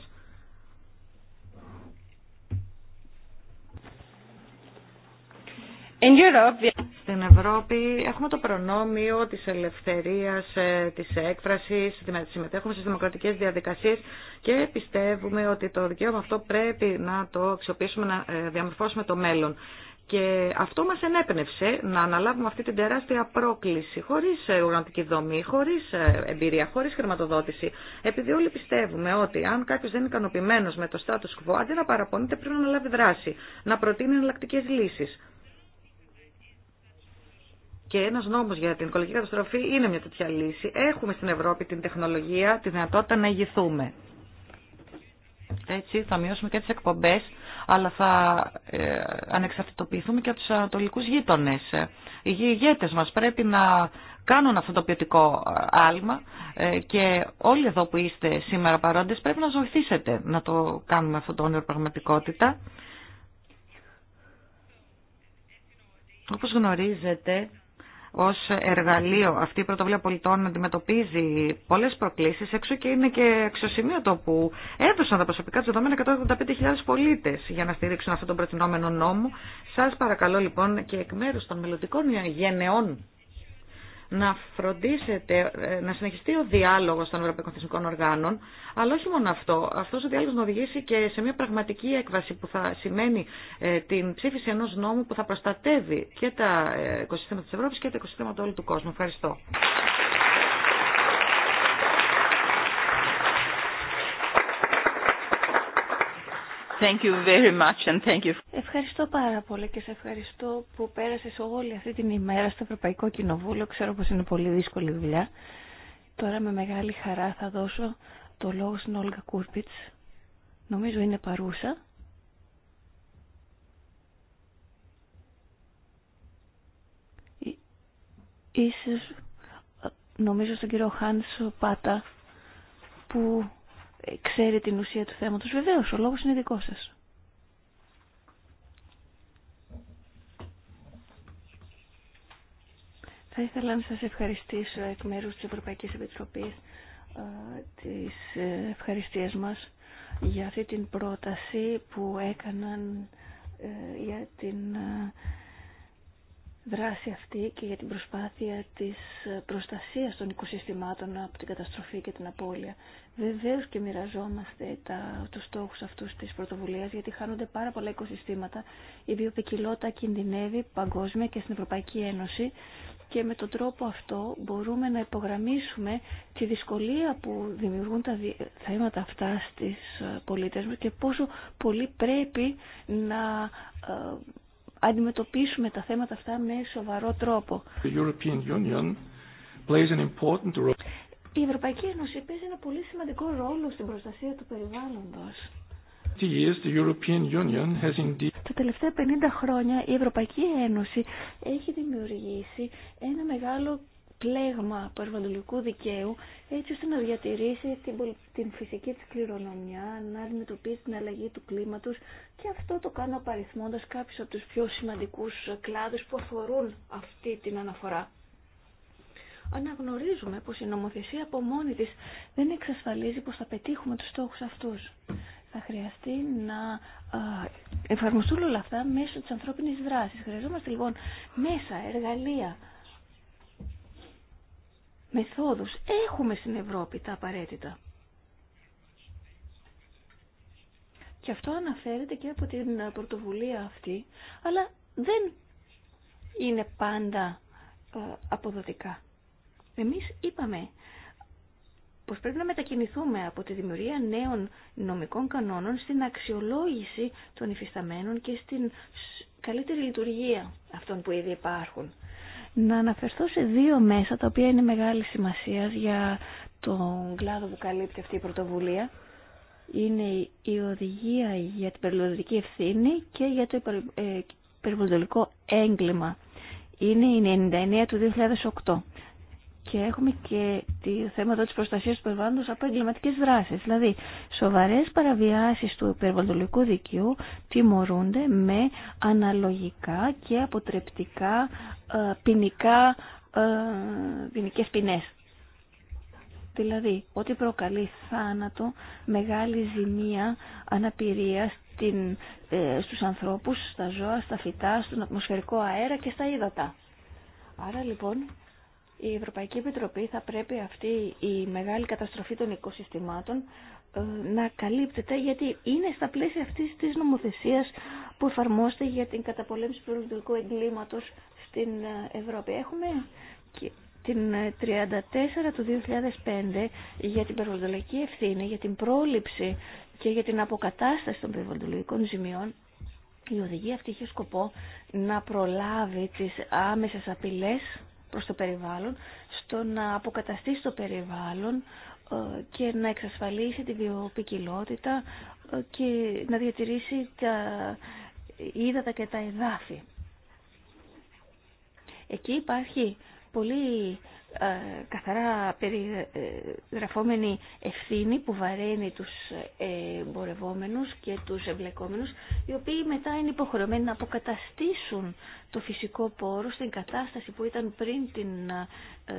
In Europe... Στην Ευρώπη έχουμε το προνόμιο της ελευθερίας, ε, της έκφρασης, συμμετέχουμε στις δημοκρατικές διαδικασίες και πιστεύουμε ότι το δικαίωμα αυτό πρέπει να το αξιοποιήσουμε, να ε, διαμορφώσουμε το μέλλον. Και αυτό μας ενέπνευσε να αναλάβουμε αυτή την τεράστια πρόκληση, χωρίς ε, ουραντική δομή, χωρίς εμπειρία, χωρίς χρηματοδότηση. Επειδή όλοι πιστεύουμε ότι αν κάποιος δεν είναι ικανοποιημένος με το status quo, αντί να παραπονείται πρέπει να αναλάβει δράση, να προτείνει εναλλακτικέ λύσεις. Και ένα νόμο για την οικολογική καταστροφή είναι μια τέτοια λύση. Έχουμε στην Ευρώπη την τεχνολογία, τη δυνατότητα να ηγηθούμε. Έτσι θα μειώσουμε και τι εκπομπές, αλλά θα ε, ανεξαρτητοποιηθούμε και από του ανατολικού γείτονε. Οι ηγέτε μας πρέπει να κάνουν αυτό το ποιοτικό ε, άλμα ε, και όλοι εδώ που είστε σήμερα παρόντες πρέπει να βοηθήσετε να το κάνουμε αυτό το όνειρο πραγματικότητα. Όπως γνωρίζετε, Ω εργαλείο αυτή η πρωτοβουλία πολιτών αντιμετωπίζει πολλές προκλήσεις, έξω και είναι και εξωσημείωτο που έδωσαν τα προσωπικά του δεδομένα 185.000 πολίτες για να στηρίξουν αυτόν τον προτινόμενο νόμο. Σας παρακαλώ λοιπόν και εκ μέρου των μελλοντικών γενεών να φροντίσετε ε, να συνεχιστεί ο διάλογος των Ευρωπαϊκών Θεσμικών Οργάνων, αλλά όχι μόνο αυτό. Αυτός ο διάλογος να οδηγήσει και σε μια πραγματική έκβαση που θα σημαίνει ε, την ψήφιση ενός νόμου που θα προστατεύει και τα ε, οικοσύστημα της Ευρώπης και τα οικοσύστημα όλου του κόσμου. Ευχαριστώ. Thank you very much and thank you. Ευχαριστώ πάρα πολύ και σε ευχαριστώ που πέρασες όλη αυτή την ημέρα στο Ευρωπαϊκό Κοινοβούλιο. Ξέρω πως είναι πολύ δύσκολη δουλειά. Τώρα με μεγάλη χαρά θα δώσω το λόγο στην Όλγα Κούρπιτς. Νομίζω είναι παρούσα. Ίσως ε, νομίζω στον κύριο Χάνσο Πάτα που ξέρει την ουσία του θέματος. Βεβαίως, ο λόγος είναι δικό σας. Θα ήθελα να σας ευχαριστήσω εκ μέρους της Ευρωπαϊκής Επιτροπής ε, της ε, ευχαριστίας μας για αυτή την πρόταση που έκαναν ε, για την δράση αυτή και για την προσπάθεια της προστασίας των οικοσυστημάτων από την καταστροφή και την απώλεια. Βεβαίως και μοιραζόμαστε τα, τους στόχους αυτούς της πρωτοβουλίας γιατί χάνονται πάρα πολλά οικοσυστήματα. Η βιοπικιλότητα κινδυνεύει παγκόσμια και στην Ευρωπαϊκή Ένωση και με τον τρόπο αυτό μπορούμε να υπογραμμίσουμε τη δυσκολία που δημιουργούν τα θέματα αυτά στις ε, πολίτες μας και πόσο πολύ πρέπει να ε, αντιμετωπίσουμε τα θέματα αυτά με σοβαρό τρόπο. Η Ευρωπαϊκή Ένωση παίζει ένα πολύ σημαντικό ρόλο στην προστασία του περιβάλλοντος. Τα τελευταία 50 χρόνια η Ευρωπαϊκή Ένωση έχει δημιουργήσει ένα μεγάλο πλέγμα περιβαλλοντικού δικαίου έτσι ώστε να διατηρήσει την, φυσική της κληρονομιά, να αντιμετωπίσει την αλλαγή του κλίματος και αυτό το κάνω απαριθμώντας κάποιους από τους πιο σημαντικούς κλάδους που αφορούν αυτή την αναφορά. Αναγνωρίζουμε πως η νομοθεσία από μόνη της δεν εξασφαλίζει πως θα πετύχουμε τους στόχους αυτούς. Θα χρειαστεί να εφαρμοστούν όλα αυτά μέσω της ανθρώπινης δράσης. Χρειαζόμαστε λοιπόν μέσα, εργαλεία, μεθόδους. Έχουμε στην Ευρώπη τα απαραίτητα. Και αυτό αναφέρεται και από την πρωτοβουλία αυτή, αλλά δεν είναι πάντα ε, αποδοτικά. Εμείς είπαμε πως πρέπει να μετακινηθούμε από τη δημιουργία νέων νομικών κανόνων στην αξιολόγηση των υφισταμένων και στην καλύτερη λειτουργία αυτών που ήδη υπάρχουν να αναφερθώ σε δύο μέσα τα οποία είναι μεγάλη σημασία για τον κλάδο που καλύπτει αυτή η πρωτοβουλία. Είναι η οδηγία για την περιβαλλοντική ευθύνη και για το ε, περιβαλλοντικό έγκλημα. Είναι η 99 του 2008 και έχουμε και το θέμα τη προστασία του περιβάλλοντο από εγκληματικέ δράσει. Δηλαδή, σοβαρέ παραβιάσει του περιβαλλοντολογικού δικαιού τιμωρούνται με αναλογικά και αποτρεπτικά ε, ποινικά, ε, ποινικές ποινές. Δηλαδή, ό,τι προκαλεί θάνατο, μεγάλη ζημία, αναπηρία στην, ε, στους ανθρώπους, στα ζώα, στα φυτά, στον ατμοσφαιρικό αέρα και στα ύδατα. Άρα λοιπόν η Ευρωπαϊκή Επιτροπή θα πρέπει αυτή η μεγάλη καταστροφή των οικοσυστημάτων ε, να καλύπτεται γιατί είναι στα πλαίσια αυτής της νομοθεσίας που εφαρμόζεται για την καταπολέμηση του περιβαλλοντικού εγκλήματος στην ε, Ευρώπη. Έχουμε και την 34 ε, του 2005 για την περιβαλλοντική ευθύνη, για την πρόληψη και για την αποκατάσταση των περιβαλλοντικών ζημιών η οδηγία αυτή είχε σκοπό να προλάβει τις άμεσες απειλές προς το περιβάλλον, στο να αποκαταστήσει το περιβάλλον ε, και να εξασφαλίσει τη βιοποικιλότητα ε, και να διατηρήσει τα ύδατα και τα εδάφη. Εκεί υπάρχει πολύ ε, καθαρά περιγραφόμενη ευθύνη που βαραίνει τους εμπορευόμενους και τους εμπλεκόμενους οι οποίοι μετά είναι υποχρεωμένοι να αποκαταστήσουν το φυσικό πόρο στην κατάσταση που ήταν πριν την ε,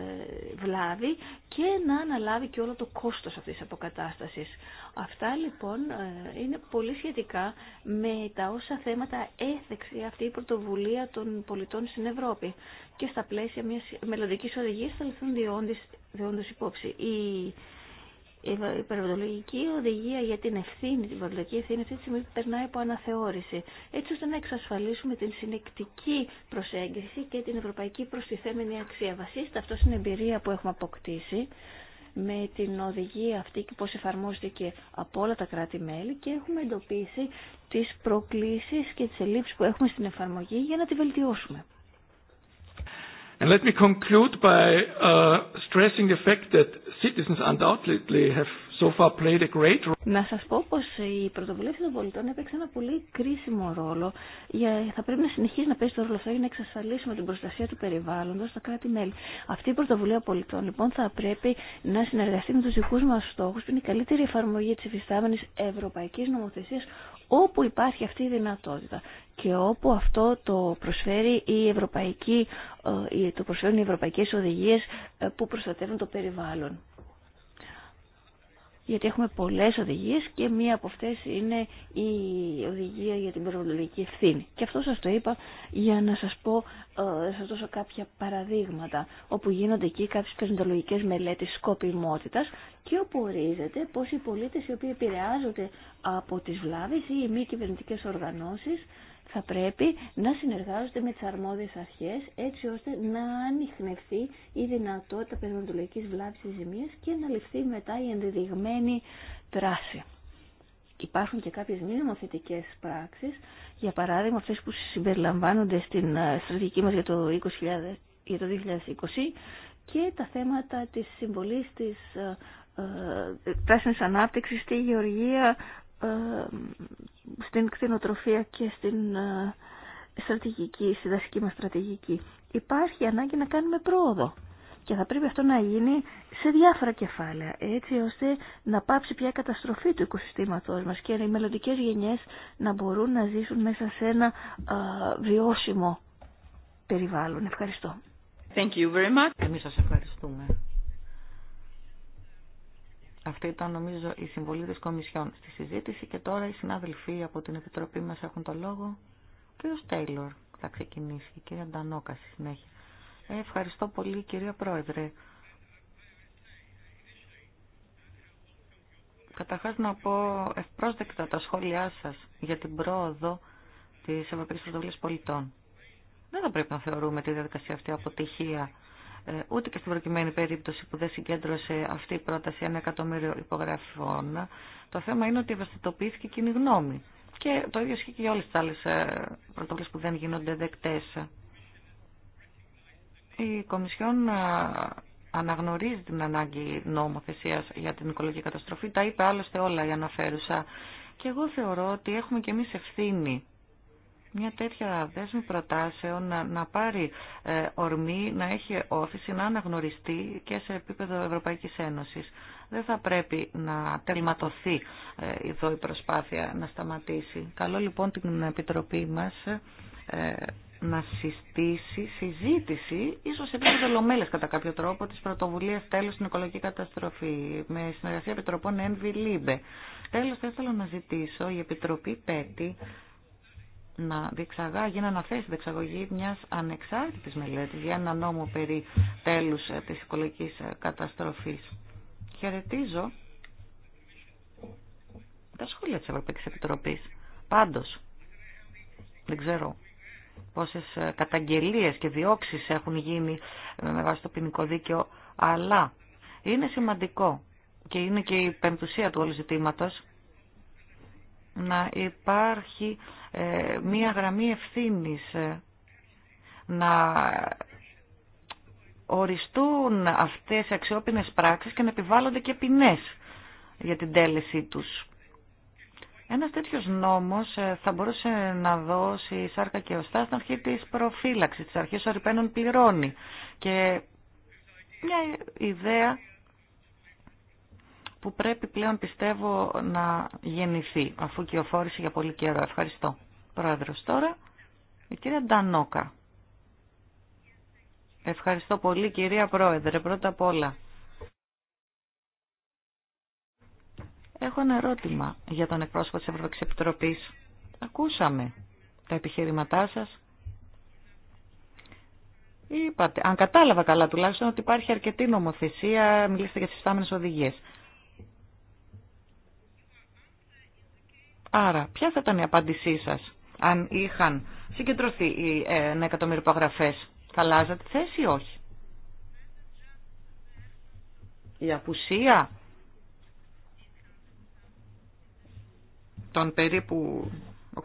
βλάβη και να αναλάβει και όλο το κόστος αυτής της αποκατάστασης. Αυτά λοιπόν ε, είναι πολύ σχετικά με τα όσα θέματα έθεξε αυτή η πρωτοβουλία των πολιτών στην Ευρώπη και στα πλαίσια μια μελλοντική οδηγία θα λυθούν διόντω υπόψη. Η υπερβολική οδηγία για την ευθύνη, την παραγωγική ευθύνη αυτή τη στιγμή περνάει από αναθεώρηση, έτσι ώστε να εξασφαλίσουμε την συνεκτική προσέγγιση και την ευρωπαϊκή προστιθέμενη αξία. Βασίστε αυτό στην εμπειρία που έχουμε αποκτήσει με την οδηγία αυτή και πώς εφαρμόστηκε από όλα τα κράτη-μέλη και έχουμε εντοπίσει τις προκλήσεις και τις ελλείψεις που έχουμε στην εφαρμογή για να τη βελτιώσουμε. And let me conclude by uh, stressing the fact that citizens undoubtedly Να σας πω πως η πρωτοβουλία των πολιτών έπαιξε ένα πολύ κρίσιμο ρόλο. Για, θα πρέπει να συνεχίσει να παίζει το ρόλο αυτό για να εξασφαλίσουμε την προστασία του περιβάλλοντος στα κράτη-μέλη. Αυτή η πρωτοβουλία πολιτών λοιπόν θα πρέπει να συνεργαστεί με τους δικού μας στόχους που είναι η καλύτερη εφαρμογή της υφιστάμενης ευρωπαϊκής νομοθεσίας όπου υπάρχει αυτή η δυνατότητα και όπου αυτό το προσφέρει η ευρωπαϊκή, ε, το προσφέρουν οι ευρωπαϊκές οδηγίες ε, που προστατεύουν το περιβάλλον γιατί έχουμε πολλές οδηγίες και μία από αυτές είναι η οδηγία για την περιβαλλοντική ευθύνη. Και αυτό σας το είπα για να σας πω, ε, σας δώσω κάποια παραδείγματα, όπου γίνονται εκεί κάποιες περιβαλλοντικές μελέτες σκοπιμότητας και όπου ορίζεται πως οι πολίτες οι οποίοι επηρεάζονται από τις βλάβες ή οι μη κυβερνητικέ οργανώσεις θα πρέπει να συνεργάζονται με τις αρμόδιες αρχές έτσι ώστε να ανοιχνευτεί η δυνατότητα βλάβη βλάβης ζημίας και να ληφθεί μετά η ενδεδειγμένη τράση. Υπάρχουν και κάποιες μη νομοθετικές πράξεις, για παράδειγμα αυτές που συμπεριλαμβάνονται στην ε, στρατηγική μας για το 2020 και τα θέματα της συμβολής της ε, ε, πράσινης ανάπτυξης στη γεωργία ε, στην κτηνοτροφία και στην ε, στρατηγική, στη δασική μας στρατηγική. Υπάρχει ανάγκη να κάνουμε πρόοδο. Και θα πρέπει αυτό να γίνει σε διάφορα κεφάλαια, έτσι ώστε να πάψει πια η καταστροφή του οικοσυστήματός μας και οι μελλοντικέ γενιές να μπορούν να ζήσουν μέσα σε ένα ε, βιώσιμο περιβάλλον. Ευχαριστώ. Thank you very much. Εμείς σας ευχαριστούμε. Αυτή ήταν νομίζω η συμβολή της Κομισιόν στη συζήτηση και τώρα οι συνάδελφοί από την Επιτροπή μας έχουν το λόγο. Ο κύριος Τέιλορ θα ξεκινήσει, η κυρία Ντανόκα στη συνέχεια. Ε, ευχαριστώ πολύ κυρία Πρόεδρε. Καταρχάς να πω ευπρόσδεκτα τα σχόλιά σας για την πρόοδο της Ευρωπαϊκής Πρωτοβουλίας Πολιτών. Δεν θα πρέπει να θεωρούμε τη διαδικασία αυτή αποτυχία ε, ούτε και στην προκειμένη περίπτωση που δεν συγκέντρωσε αυτή η πρόταση ένα εκατομμύριο υπογραφών. Το θέμα είναι ότι ευαισθητοποιήθηκε η κοινή γνώμη. Και το ίδιο ισχύει και για όλες τις άλλες ε, πρωτοβουλίες που δεν γίνονται δεκτές. Η Κομισιόν ε, αναγνωρίζει την ανάγκη νομοθεσίας για την οικολογική καταστροφή. Τα είπε άλλωστε όλα η αναφέρουσα. Και εγώ θεωρώ ότι έχουμε και εμείς ευθύνη μια τέτοια δέσμη προτάσεων να, να πάρει ε, ορμή, να έχει όθηση, να αναγνωριστεί και σε επίπεδο Ευρωπαϊκής Ένωσης. Δεν θα πρέπει να τελματωθεί ε, εδώ η προσπάθεια να σταματήσει. Καλό λοιπόν την Επιτροπή μας ε, να συστήσει συζήτηση, ίσως επίπεδο λομέλες κατά κάποιο τρόπο, της πρωτοβουλίας τέλος στην οικολογική καταστροφή, με συνεργασία Επιτροπών ΕΝΒΙ ΛΥΜΠΕ. Τέλος, θα ήθελα να ζητήσω η Επιτροπή ΠΕΤΗ να διεξαγάγει, να αναθέσει την εξαγωγή μιας ανεξάρτητης μελέτης για ένα νόμο περί τέλους ε, της οικολογικής ε, καταστροφής. Χαιρετίζω τα σχόλια της Ευρωπαϊκής Επιτροπής. Πάντως, δεν ξέρω πόσες ε, καταγγελίες και διώξεις έχουν γίνει με βάση το ποινικό δίκαιο, αλλά είναι σημαντικό και είναι και η πεμπτουσία του όλου ζητήματος να υπάρχει ε, μία γραμμή ευθύνης, ε, να οριστούν αυτές οι αξιόπινες πράξεις και να επιβάλλονται και ποινές για την τέλεσή τους. Ένας τέτοιος νόμος ε, θα μπορούσε να δώσει σάρκα και οστά στην αρχή της προφύλαξης, της αρχής ορυπαίνων πληρώνει. Και μια ιδέα που πρέπει πλέον πιστεύω να γεννηθεί, αφού κυοφόρησε για πολύ καιρό. Ευχαριστώ. Πρόεδρος τώρα, η κυρία Ντανόκα. Ευχαριστώ πολύ κυρία Πρόεδρε, πρώτα απ' όλα. Έχω ένα ερώτημα για τον εκπρόσωπο της Ευρωπαϊκής Επιτροπής. Ακούσαμε τα επιχειρηματά σας. Είπατε, αν κατάλαβα καλά τουλάχιστον, ότι υπάρχει αρκετή νομοθεσία, μιλήσατε για τις φτάμενες οδηγίες. Άρα, ποια θα ήταν η απάντησή σας αν είχαν συγκεντρωθεί οι ε, ένα εκατομμύριο υπογραφέ. Θα αλλάζατε θέση ή όχι. Η απουσία των περίπου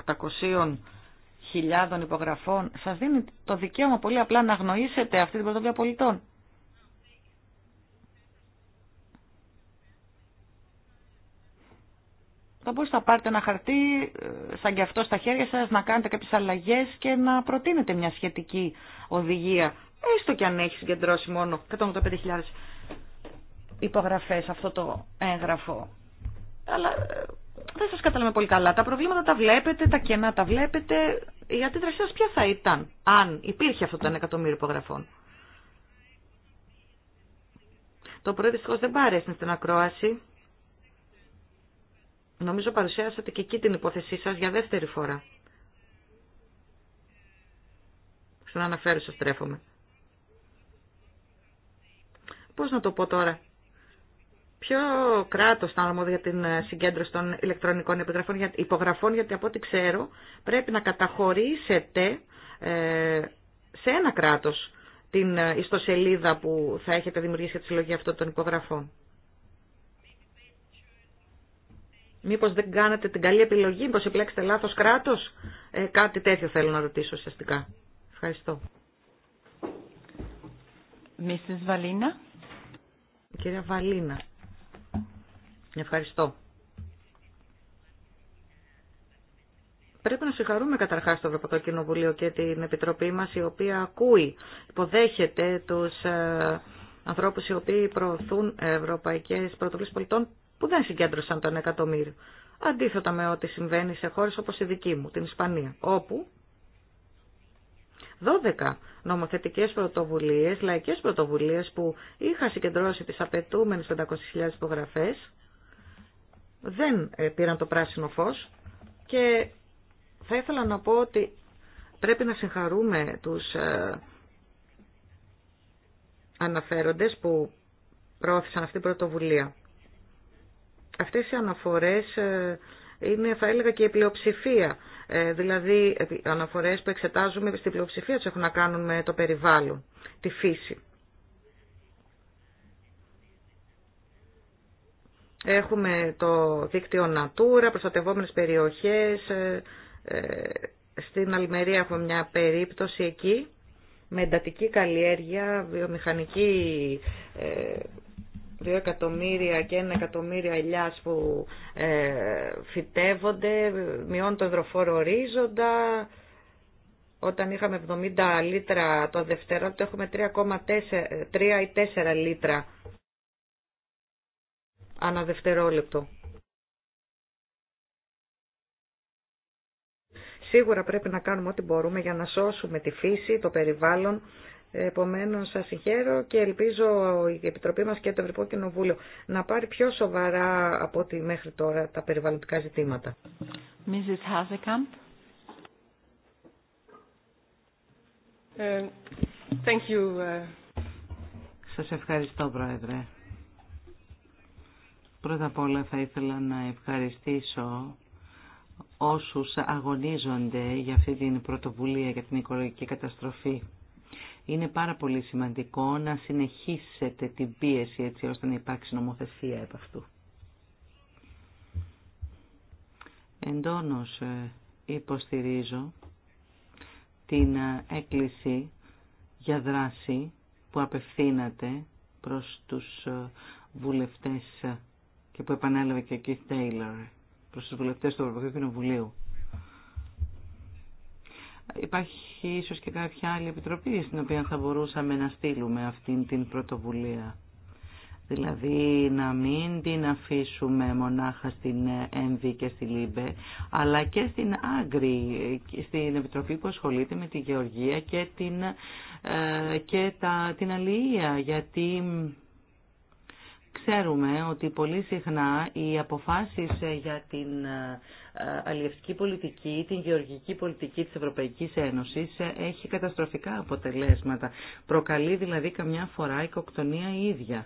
800.000 υπογραφών σας δίνει το δικαίωμα πολύ απλά να αγνοήσετε αυτή την πρωτοβουλία πολιτών. θα μπορούσατε να πάρετε ένα χαρτί ε, σαν και αυτό στα χέρια σας, να κάνετε κάποιες αλλαγές και να προτείνετε μια σχετική οδηγία, έστω και αν έχει συγκεντρώσει μόνο 185.000 υπογραφές αυτό το έγγραφο. Αλλά ε, δεν σας καταλαβαίνω πολύ καλά. Τα προβλήματα τα βλέπετε, τα κενά τα βλέπετε. Η αντίδρασή σας ποια θα ήταν, αν υπήρχε αυτό το 1 εκατομμύριο υπογραφών. Το πρωί δυστυχώς δεν πάρει στην ακρόαση. Νομίζω παρουσιάσατε και εκεί την υπόθεσή σας για δεύτερη φορά. Στον σας τρέφομαι. Πώς να το πω τώρα. Ποιο κράτος θα αρμόδιο για την ε, συγκέντρωση των ηλεκτρονικών υπογραφών, γιατί από ό,τι ξέρω πρέπει να καταχωρήσετε ε, σε ένα κράτος την ε, ιστοσελίδα που θα έχετε δημιουργήσει για τη συλλογή αυτών των υπογραφών. Μήπω δεν κάνατε την καλή επιλογή, μήπως επιλέξετε λάθο κράτο. Ε, κάτι τέτοιο θέλω να ρωτήσω ουσιαστικά. Ευχαριστώ. Mrs. Βαλίνα. Κυρία Βαλίνα. Ευχαριστώ. Πρέπει να συγχαρούμε καταρχάς το Ευρωπαϊκό Κοινοβουλίο και την Επιτροπή μας η οποία ακούει, υποδέχεται τους ε, ανθρώπους οι οποίοι προωθούν ευρωπαϊκές πρωτοβουλίες πολιτών που δεν συγκέντρωσαν τον εκατομμύριο. Αντίθετα με ό,τι συμβαίνει σε χώρες όπως η δική μου, την Ισπανία, όπου 12 νομοθετικές πρωτοβουλίες, λαϊκές πρωτοβουλίες που είχα συγκεντρώσει τις απαιτούμενες 500.000 υπογραφές, δεν ε, πήραν το πράσινο φως και θα ήθελα να πω ότι πρέπει να συγχαρούμε τους ε, αναφέροντες που πρόωθησαν αυτή την πρωτοβουλία. Αυτές οι αναφορές ε, είναι θα έλεγα και η πλειοψηφία, ε, δηλαδή αναφορές που εξετάζουμε στην πλειοψηφία τους έχουν να κάνουν με το περιβάλλον, τη φύση. Έχουμε το δίκτυο Natura, προστατευόμενες περιοχές, ε, στην Αλμερία έχουμε μια περίπτωση εκεί με εντατική καλλιέργεια, βιομηχανική Δύο εκατομμύρια και ένα εκατομμύρια ελιά που ε, φυτεύονται, μειώνει το υδροφόρο ορίζοντα. Όταν είχαμε 70 λίτρα το δευτερόλεπτο, το έχουμε 3,4 ή 4 λίτρα ανά δευτερόλεπτο. Σίγουρα πρέπει να κάνουμε ό,τι μπορούμε για να σώσουμε τη φύση, το περιβάλλον, Επομένως σας συγχαίρω και ελπίζω η Επιτροπή μας και το Ευρωπαϊκό Κοινοβούλιο να πάρει πιο σοβαρά από ό,τι μέχρι τώρα τα περιβαλλοντικά ζητήματα. Mrs. Ε, thank you. Ε. Σας ευχαριστώ Πρόεδρε. Πρώτα απ' όλα θα ήθελα να ευχαριστήσω όσους αγωνίζονται για αυτή την πρωτοβουλία για την οικολογική καταστροφή είναι πάρα πολύ σημαντικό να συνεχίσετε την πίεση έτσι ώστε να υπάρξει νομοθεσία επ' αυτού. Εντόνως ε, υποστηρίζω την ε, έκκληση για δράση που απευθύνατε προς τους ε, βουλευτές και που επανέλαβε και ο Keith Taylor προς τους βουλευτές του Ευρωπαϊκού Κοινοβουλίου Υπάρχει ίσως και κάποια άλλη επιτροπή στην οποία θα μπορούσαμε να στείλουμε αυτήν την πρωτοβουλία. Δηλαδή να μην την αφήσουμε μονάχα στην ΕΜΒ και στη ΛΥΜΠΕ, αλλά και στην Άγκρη, στην Επιτροπή που ασχολείται με τη Γεωργία και την, ε, και τα, την Αλληλεία, γιατί ξέρουμε ότι πολύ συχνά οι αποφάσεις για την ε, αλλιευτική πολιτική, την γεωργική πολιτική της Ευρωπαϊκής Ένωσης ε, έχει καταστροφικά αποτελέσματα. Προκαλεί δηλαδή καμιά φορά η κοκτονία η ίδια.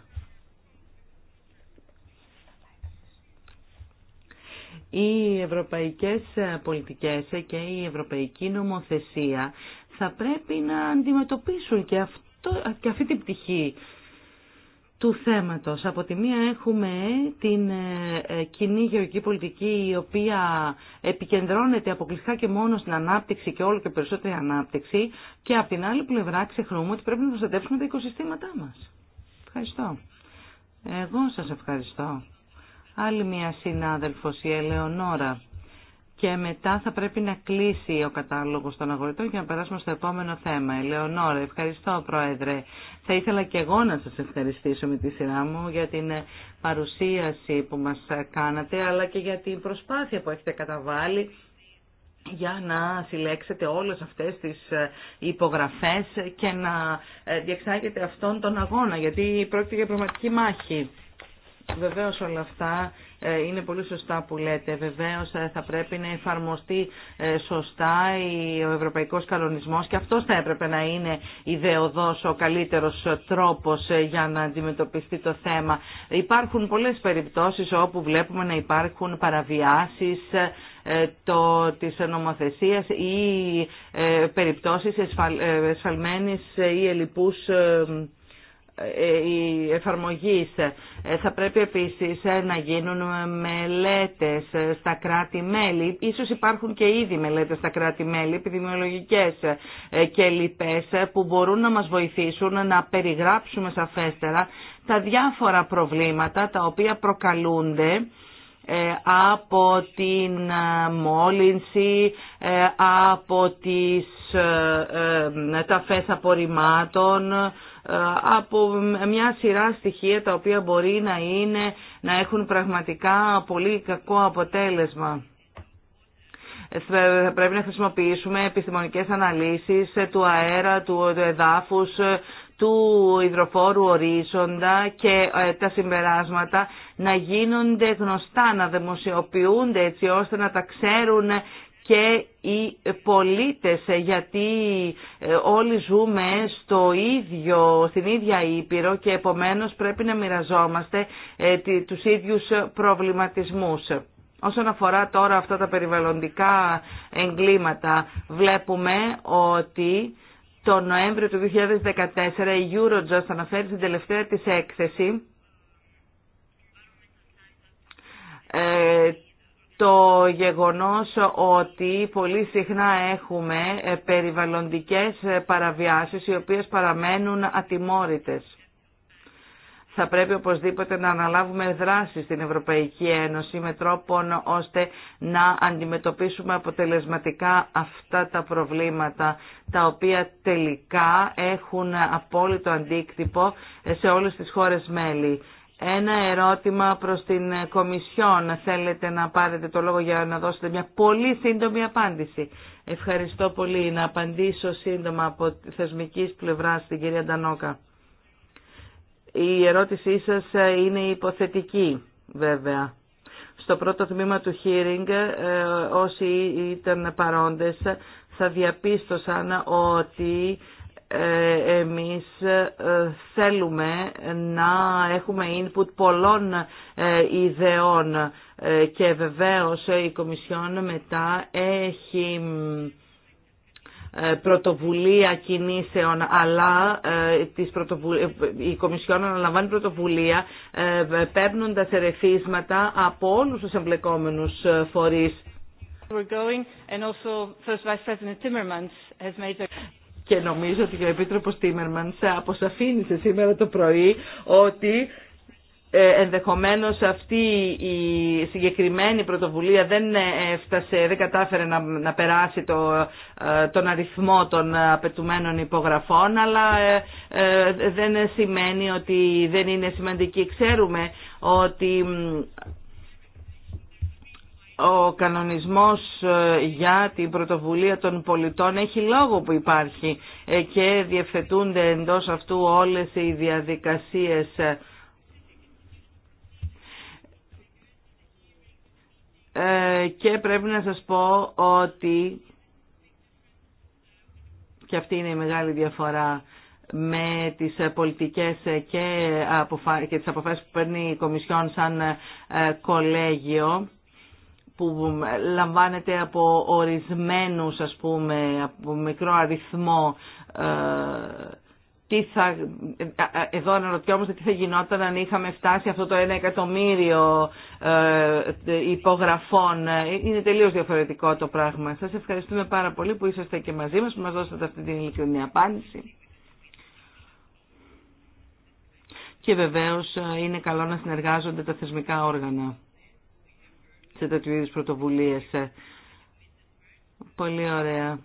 Οι ευρωπαϊκές ε, πολιτικές και η ευρωπαϊκή νομοθεσία θα πρέπει να αντιμετωπίσουν και, αυτό, και αυτή την πτυχή του θέματος. Από τη μία έχουμε ε, την ε, ε, κοινή γεωργική πολιτική η οποία επικεντρώνεται αποκλειστικά και μόνο στην ανάπτυξη και όλο και περισσότερη ανάπτυξη και από την άλλη πλευρά ξεχνούμε ότι πρέπει να προστατεύσουμε τα οικοσυστήματά μας. Ευχαριστώ. Εγώ σας ευχαριστώ. Άλλη μια συνάδελφος, η Ελεονόρα και μετά θα πρέπει να κλείσει ο κατάλογος των αγορητών και να περάσουμε στο επόμενο θέμα. Ελεονόρα, ευχαριστώ Πρόεδρε. Θα ήθελα και εγώ να σας ευχαριστήσω με τη σειρά μου για την παρουσίαση που μας κάνατε, αλλά και για την προσπάθεια που έχετε καταβάλει για να συλλέξετε όλες αυτές τις ε, υπογραφές και να ε, διεξάγετε αυτόν τον αγώνα, γιατί πρόκειται για πραγματική μάχη. Βεβαίω όλα αυτά ε, είναι πολύ σωστά που λέτε. Βεβαίως ε, θα πρέπει να εφαρμοστεί ε, σωστά ο ευρωπαϊκός κανονισμό και αυτός θα έπρεπε να είναι ιδεοδό ο καλύτερος τρόπος για να αντιμετωπιστεί το θέμα. Υπάρχουν πολλές περιπτώσεις όπου βλέπουμε να υπάρχουν παραβιάσεις το, της νομοθεσίας ή περιπτώσεις εσφαλμένης ή ελλειπούς ε, η εφαρμογή ε, Θα πρέπει επίσης ε, να γίνουν μελέτες στα κράτη-μέλη. Ίσως υπάρχουν και ήδη μελέτες στα κράτη-μέλη, επιδημιολογικές και λοιπές, που μπορούν να μας βοηθήσουν να περιγράψουμε σαφέστερα τα διάφορα προβλήματα τα οποία προκαλούνται από την μόλυνση, από τις, τα φέσα απορριμμάτων, από μια σειρά στοιχεία τα οποία μπορεί να, είναι, να έχουν πραγματικά πολύ κακό αποτέλεσμα θα πρέπει να χρησιμοποιήσουμε επιστημονικές αναλύσεις του αέρα, του εδάφους, του υδροφόρου ορίζοντα και ε, τα συμπεράσματα να γίνονται γνωστά, να δημοσιοποιούνται έτσι ώστε να τα ξέρουν και οι πολίτες γιατί ε, όλοι ζούμε στο ίδιο, στην ίδια Ήπειρο και επομένως πρέπει να μοιραζόμαστε ε, τους ίδιους προβληματισμούς. Όσον αφορά τώρα αυτά τα περιβαλλοντικά εγκλήματα βλέπουμε ότι το Νοέμβριο του 2014 η Eurojust αναφέρει στην τελευταία της έκθεση ε, το γεγονός ότι πολύ συχνά έχουμε περιβαλλοντικές παραβιάσεις οι οποίες παραμένουν ατιμόρητες. Θα πρέπει οπωσδήποτε να αναλάβουμε δράση στην Ευρωπαϊκή Ένωση με τρόπο ώστε να αντιμετωπίσουμε αποτελεσματικά αυτά τα προβλήματα τα οποία τελικά έχουν απόλυτο αντίκτυπο σε όλες τις χώρες μέλη. Ένα ερώτημα προς την Κομισιόν. Θέλετε να πάρετε το λόγο για να δώσετε μια πολύ σύντομη απάντηση. Ευχαριστώ πολύ. Να απαντήσω σύντομα από τη θεσμικής πλευράς στην κυρία Ντανόκα. Η ερώτησή σας είναι υποθετική βέβαια. Στο πρώτο τμήμα του hearing ε, όσοι ήταν παρόντες θα διαπίστωσαν ότι εμείς ε, θέλουμε να έχουμε input πολλών ε, ιδεών ε, και βεβαίως η Κομισιόν μετά έχει πρωτοβουλία κινήσεων, αλλά η Κομισιόν αναλαμβάνει πρωτοβουλία παίρνοντας ερεθίσματα από όλους τους εμπλεκόμενους φορείς και νομίζω ότι ο Επίτροπος σε αποσαφήνισε σήμερα το πρωί ότι ε, ενδεχομένως αυτή η συγκεκριμένη πρωτοβουλία δεν ε, έφτασε, δεν κατάφερε να, να περάσει το, ε, τον αριθμό των απαιτουμένων υπογραφών αλλά δεν σημαίνει ότι δεν είναι σημαντική. Ξέρουμε ότι ο κανονισμός ε, για την πρωτοβουλία των πολιτών έχει λόγο που υπάρχει ε, και διευθετούνται εντός αυτού όλες οι διαδικασίες ε, και πρέπει να σας πω ότι και αυτή είναι η μεγάλη διαφορά με τις πολιτικές και τις αποφάσεις που παίρνει η Κομισιόν σαν κολέγιο που λαμβάνεται από ορισμένους, ας πούμε, από μικρό αριθμό ε, τι θα, ε, εδώ αναρωτιόμαστε τι θα γινόταν αν είχαμε φτάσει αυτό το ένα εκατομμύριο ε, υπογραφών. Είναι τελείως διαφορετικό το πράγμα. Σας ευχαριστούμε πάρα πολύ που είσαστε και μαζί μας, που μας δώσατε αυτή την ειλικρινή απάντηση. Και βεβαίως είναι καλό να συνεργάζονται τα θεσμικά όργανα σε τέτοιου είδου πρωτοβουλίε. Πολύ ωραία.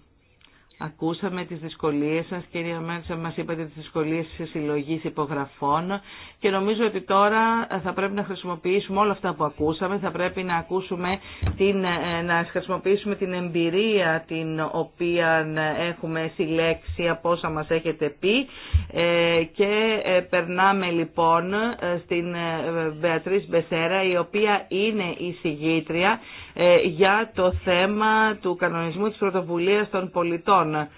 Ακούσαμε τις δυσκολίες σας, κυρία Μέρτσα, μας είπατε τις δυσκολίες της συλλογή υπογραφών και νομίζω ότι τώρα θα πρέπει να χρησιμοποιήσουμε όλα αυτά που ακούσαμε, θα πρέπει να, ακούσουμε την, ε, να χρησιμοποιήσουμε την εμπειρία την οποία έχουμε συλλέξει από όσα μας έχετε πει ε, και ε, περνάμε λοιπόν στην Μπεατρίς Μπεσέρα η οποία είναι η συγγήτρια για το θέμα του κανονισμού της πρωτοβουλίας των πολιτών. Λοιπόν,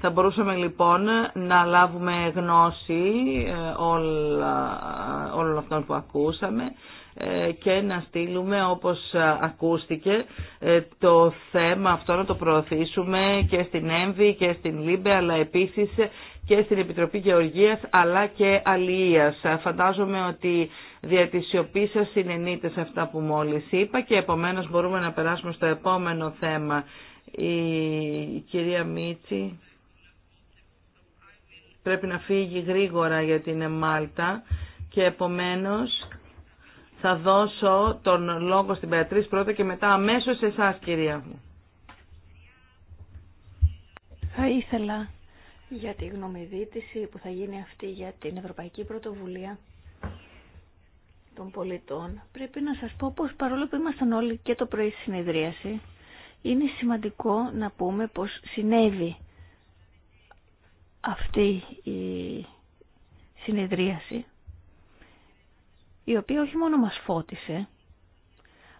θα μπορούσαμε λοιπόν να λάβουμε γνώση ε, όλων αυτών που ακούσαμε ε, και να στείλουμε όπως ε, ακούστηκε ε, το θέμα αυτό να το προωθήσουμε και στην ΕΜΒΗ και στην ΛΥΜΠΕ αλλά επίσης και στην Επιτροπή Γεωργίας αλλά και Αλίας. Φαντάζομαι ότι δια της σιωπής σε αυτά που μόλις είπα και επομένως μπορούμε να περάσουμε στο επόμενο θέμα. Η κυρία Μίτσι πρέπει να φύγει γρήγορα για την Μάλτα και επομένως θα δώσω τον λόγο στην Περατρίς πρώτα και μετά αμέσως σε εσάς κυρία μου. Θα ήθελα για τη γνωμηδίτηση που θα γίνει αυτή για την Ευρωπαϊκή Πρωτοβουλία των πολιτών. Πρέπει να σας πω πως παρόλο που ήμασταν όλοι και το πρωί στη συνεδρίαση, είναι σημαντικό να πούμε πως συνέβη αυτή η συνεδρίαση η οποία όχι μόνο μας φώτισε,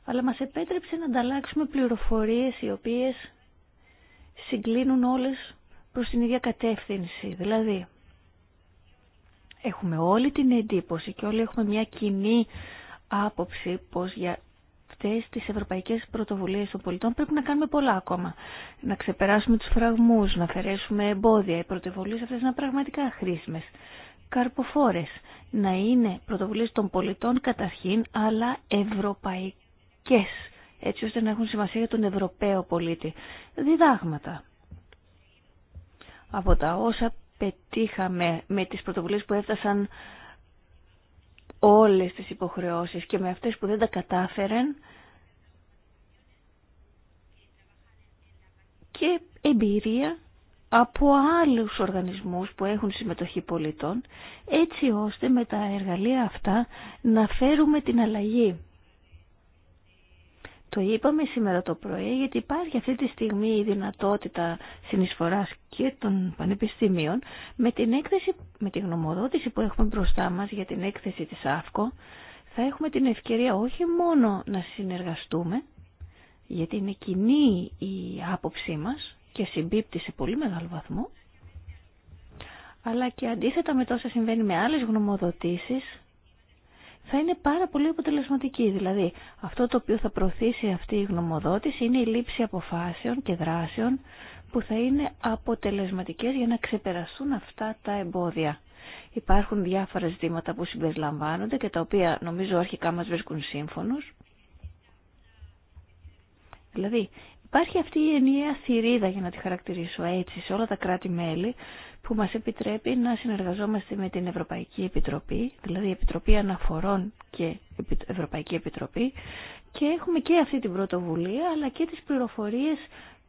αλλά μας επέτρεψε να ανταλλάξουμε πληροφορίες οι οποίες συγκλίνουν όλες προς την ίδια κατεύθυνση. Δηλαδή, έχουμε όλη την εντύπωση και όλοι έχουμε μια κοινή άποψη πως για αυτές τις ευρωπαϊκές πρωτοβουλίες των πολιτών πρέπει να κάνουμε πολλά ακόμα. Να ξεπεράσουμε τους φραγμούς, να αφαιρέσουμε εμπόδια. Οι πρωτοβουλίες αυτές είναι πραγματικά χρήσιμες. Καρποφόρες να είναι πρωτοβουλίες των πολιτών καταρχήν, αλλά ευρωπαϊκές, έτσι ώστε να έχουν σημασία για τον Ευρωπαίο πολίτη. Διδάγματα από τα όσα πετύχαμε με τις πρωτοβουλίες που έφτασαν όλες τις υποχρεώσεις και με αυτές που δεν τα κατάφεραν και εμπειρία από άλλους οργανισμούς που έχουν συμμετοχή πολιτών, έτσι ώστε με τα εργαλεία αυτά να φέρουμε την αλλαγή. Το είπαμε σήμερα το πρωί γιατί υπάρχει αυτή τη στιγμή η δυνατότητα συνεισφοράς και των πανεπιστημίων με την έκθεση, με την γνωμοδότηση που έχουμε μπροστά μας για την έκθεση της ΑΦΚΟ θα έχουμε την ευκαιρία όχι μόνο να συνεργαστούμε γιατί είναι κοινή η άποψή μας και συμπίπτει σε πολύ μεγάλο βαθμό, αλλά και αντίθετα με τόσα συμβαίνει με άλλες γνωμοδοτήσεις, θα είναι πάρα πολύ αποτελεσματική. Δηλαδή, αυτό το οποίο θα προωθήσει αυτή η γνωμοδότηση είναι η λήψη αποφάσεων και δράσεων που θα είναι αποτελεσματικές για να ξεπεραστούν αυτά τα εμπόδια. Υπάρχουν διάφορα ζητήματα που συμπεριλαμβάνονται και τα οποία νομίζω αρχικά μας βρίσκουν σύμφωνος. Δηλαδή, Υπάρχει αυτή η ενιαία θηρίδα, για να τη χαρακτηρίσω έτσι, σε όλα τα κράτη-μέλη που μας επιτρέπει να συνεργαζόμαστε με την Ευρωπαϊκή Επιτροπή, δηλαδή Επιτροπή Αναφορών και Ευρωπαϊκή Επιτροπή και έχουμε και αυτή την πρωτοβουλία αλλά και τις πληροφορίες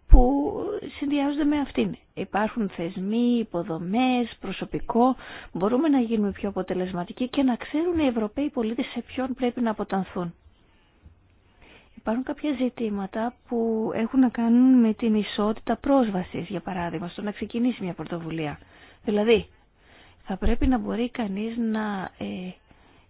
που συνδυάζονται με αυτήν. Υπάρχουν θεσμοί, υποδομές, προσωπικό. Μπορούμε να γίνουμε πιο αποτελεσματικοί και να ξέρουν οι Ευρωπαίοι πολίτες σε ποιον πρέπει να αποτανθούν. Υπάρχουν κάποια ζητήματα που έχουν να κάνουν με την ισότητα πρόσβασης, για παράδειγμα, στο να ξεκινήσει μια πρωτοβουλία. Δηλαδή, θα πρέπει να μπορεί κανείς να ε,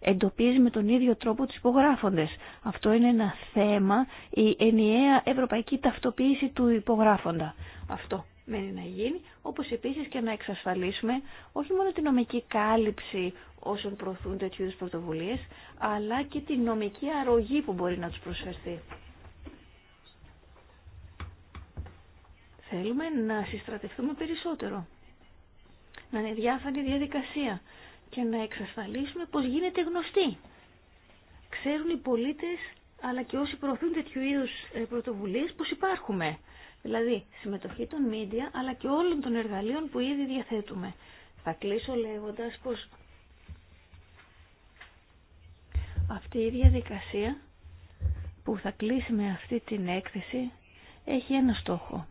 εντοπίζει με τον ίδιο τρόπο τους υπογράφοντες. Αυτό είναι ένα θέμα, η ενιαία ευρωπαϊκή ταυτοποίηση του υπογράφοντα. Αυτό μένει να γίνει, όπως επίσης και να εξασφαλίσουμε όχι μόνο την νομική κάλυψη όσων προωθούν τέτοιου είδους πρωτοβουλίες, αλλά και την νομική αρρωγή που μπορεί να τους προσφερθεί. Θέλουμε να συστρατευτούμε περισσότερο, να είναι διάφανη διαδικασία και να εξασφαλίσουμε πως γίνεται γνωστή. Ξέρουν οι πολίτες αλλά και όσοι προωθούν τέτοιου είδους ε, πρωτοβουλίες πως υπάρχουμε Δηλαδή, συμμετοχή των media αλλά και όλων των εργαλείων που ήδη διαθέτουμε. Θα κλείσω λέγοντας πως αυτή η διαδικασία που θα κλείσει με αυτή την έκθεση έχει ένα στόχο.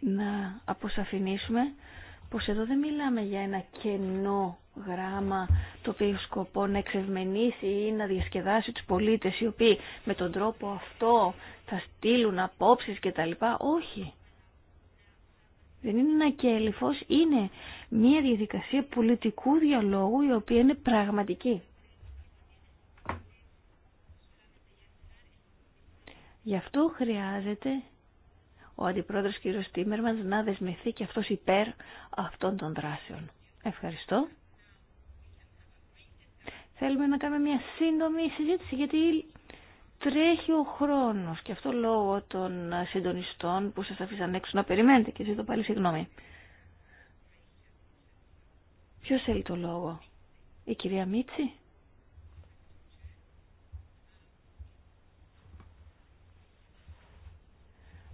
Να αποσαφηνίσουμε πως εδώ δεν μιλάμε για ένα κενό γράμμα το οποίο έχει σκοπό να εξευμενήσει ή να διασκεδάσει τους πολίτες οι οποίοι με τον τρόπο αυτό θα στείλουν απόψεις και τα λοιπά. Όχι. Δεν είναι ένα κέλυφος, είναι μια διαδικασία πολιτικού διαλόγου η οποία είναι πραγματική. Γι' αυτό χρειάζεται ο Αντιπρόεδρος κ. Τίμερμανς να δεσμευθεί και αυτός υπέρ αυτών των δράσεων. Ευχαριστώ θέλουμε να κάνουμε μια σύντομη συζήτηση γιατί τρέχει ο χρόνος και αυτό λόγω των συντονιστών που σας αφήσαν έξω να περιμένετε και ζητώ πάλι συγγνώμη. Ποιος θέλει το λόγο, η κυρία Μίτση.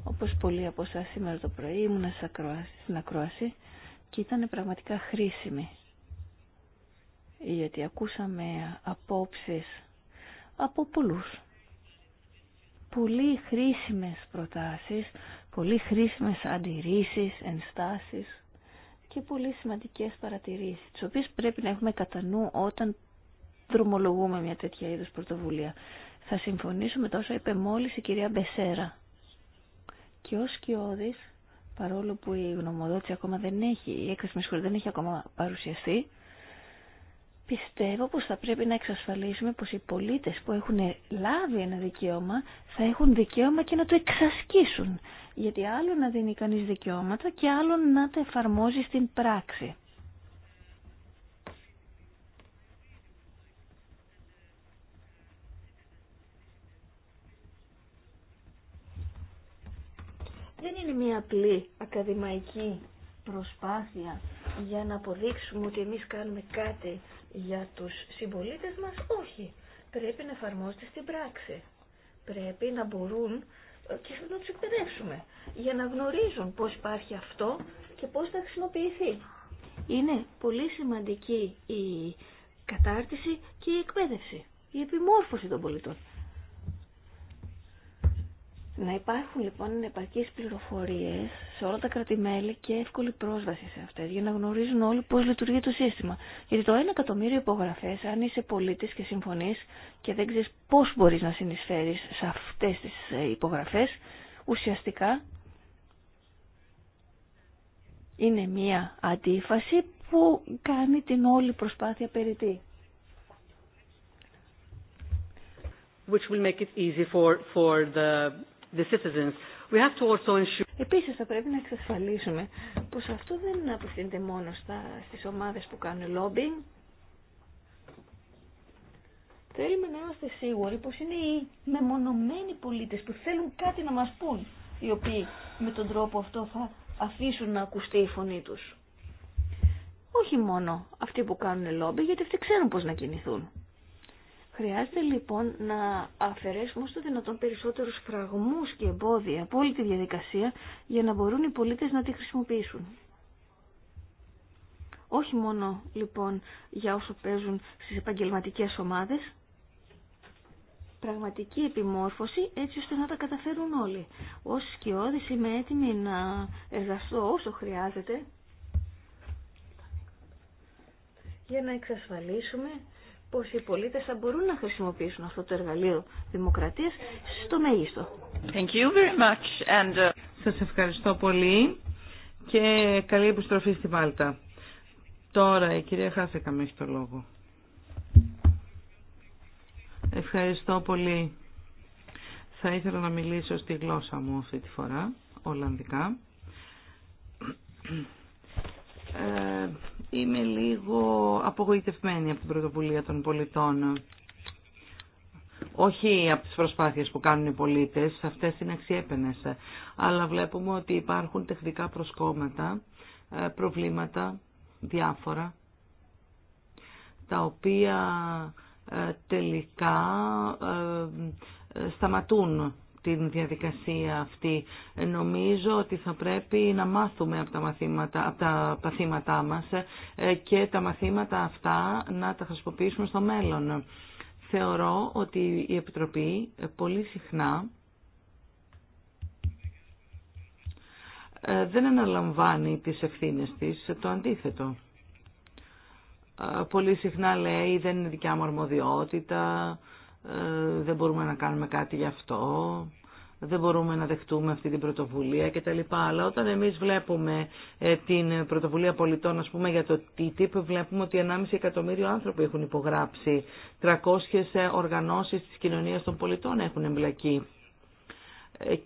Όπως πολλοί από εσάς σήμερα το πρωί ήμουν στην ακρόαση και ήταν πραγματικά χρήσιμη γιατί ακούσαμε απόψεις από πολλούς. Πολύ χρήσιμες προτάσεις, πολύ χρήσιμες αντιρρήσεις, ενστάσεις και πολύ σημαντικές παρατηρήσεις, τις οποίες πρέπει να έχουμε κατά νου όταν δρομολογούμε μια τέτοια είδους πρωτοβουλία. Θα συμφωνήσω με τόσο είπε μόλις η κυρία Μπεσέρα. Και ως κοιόδης, παρόλο που η γνωμοδότηση ακόμα δεν έχει, η έκθεση δεν έχει ακόμα παρουσιαστεί, πιστεύω πως θα πρέπει να εξασφαλίσουμε πως οι πολίτες που έχουν λάβει ένα δικαίωμα θα έχουν δικαίωμα και να το εξασκήσουν. Γιατί άλλο να δίνει κανείς δικαιώματα και άλλο να τα εφαρμόζει στην πράξη. Δεν είναι μία απλή ακαδημαϊκή προσπάθεια για να αποδείξουμε ότι εμείς κάνουμε κάτι για τους συμπολίτες μας. Όχι. Πρέπει να εφαρμόζεται στην πράξη. Πρέπει να μπορούν ε, και να τους εκπαιδεύσουμε για να γνωρίζουν πώς υπάρχει αυτό και πώς θα χρησιμοποιηθεί. Είναι πολύ σημαντική η κατάρτιση και η εκπαίδευση, η επιμόρφωση των πολιτών. Να υπάρχουν λοιπόν επαρκείς πληροφορίες σε όλα τα κρατημέλη και εύκολη πρόσβαση σε αυτές για να γνωρίζουν όλοι πώς λειτουργεί το σύστημα. Γιατί το 1 εκατομμύριο υπογραφές, αν είσαι πολίτης και συμφωνείς και δεν ξέρεις πώς μπορείς να συνεισφέρεις σε αυτές τις ε, υπογραφές, ουσιαστικά είναι μία αντίφαση που κάνει την όλη προσπάθεια περιττή. Which will make it easy for, for the the Επίσης θα πρέπει να εξασφαλίσουμε πως αυτό δεν απευθύνεται μόνο στα, στις ομάδες που κάνουν lobbying. Θέλουμε να είμαστε σίγουροι πως είναι οι μεμονωμένοι πολίτες που θέλουν κάτι να μας πούν, οι οποίοι με τον τρόπο αυτό θα αφήσουν να ακουστεί η φωνή τους. Όχι μόνο αυτοί που κάνουν λόμπι, γιατί αυτοί ξέρουν πώς να κινηθούν. Χρειάζεται λοιπόν να αφαιρέσουμε όσο δυνατόν περισσότερους φραγμούς και εμπόδια από όλη τη διαδικασία για να μπορούν οι πολίτες να τη χρησιμοποιήσουν. Όχι μόνο λοιπόν για όσο παίζουν στις επαγγελματικές ομάδες, πραγματική επιμόρφωση έτσι ώστε να τα καταφέρουν όλοι. Ως σκιώδης είμαι έτοιμη να εργαστώ όσο χρειάζεται για να εξασφαλίσουμε πως οι πολίτες θα μπορούν να χρησιμοποιήσουν αυτό το εργαλείο δημοκρατίας στο μέγιστο. Thank uh, Σας ευχαριστώ πολύ και καλή επιστροφή στη Μάλτα. Τώρα η κυρία με έχει το λόγο. Ευχαριστώ πολύ. Θα ήθελα να μιλήσω στη γλώσσα μου αυτή τη φορά, Ολλανδικά. Ε, είμαι λίγο απογοητευμένη από την πρωτοβουλία των πολιτών. Όχι από τις προσπάθειες που κάνουν οι πολίτες, αυτές είναι αξιέπαινες, αλλά βλέπουμε ότι υπάρχουν τεχνικά προσκόμματα, ε, προβλήματα διάφορα, τα οποία ε, τελικά ε, σταματούν την διαδικασία αυτή. Νομίζω ότι θα πρέπει να μάθουμε από τα, μαθήματα, από τα παθήματά μας ε, και τα μαθήματα αυτά να τα χρησιμοποιήσουμε στο μέλλον. Θεωρώ ότι η Επιτροπή ε, πολύ συχνά ε, δεν αναλαμβάνει τις ευθύνες της, το αντίθετο. Πολύ συχνά λέει δεν είναι δικιά μου αρμοδιότητα, ε, δεν μπορούμε να κάνουμε κάτι γι' αυτό, δεν μπορούμε να δεχτούμε αυτή την πρωτοβουλία κτλ. Αλλά όταν εμείς βλέπουμε ε, την πρωτοβουλία πολιτών, ας πούμε, για το TTIP, βλέπουμε ότι 1,5 εκατομμύριο άνθρωποι έχουν υπογράψει, 300 ε, οργανώσεις της κοινωνίας των πολιτών έχουν εμπλακεί.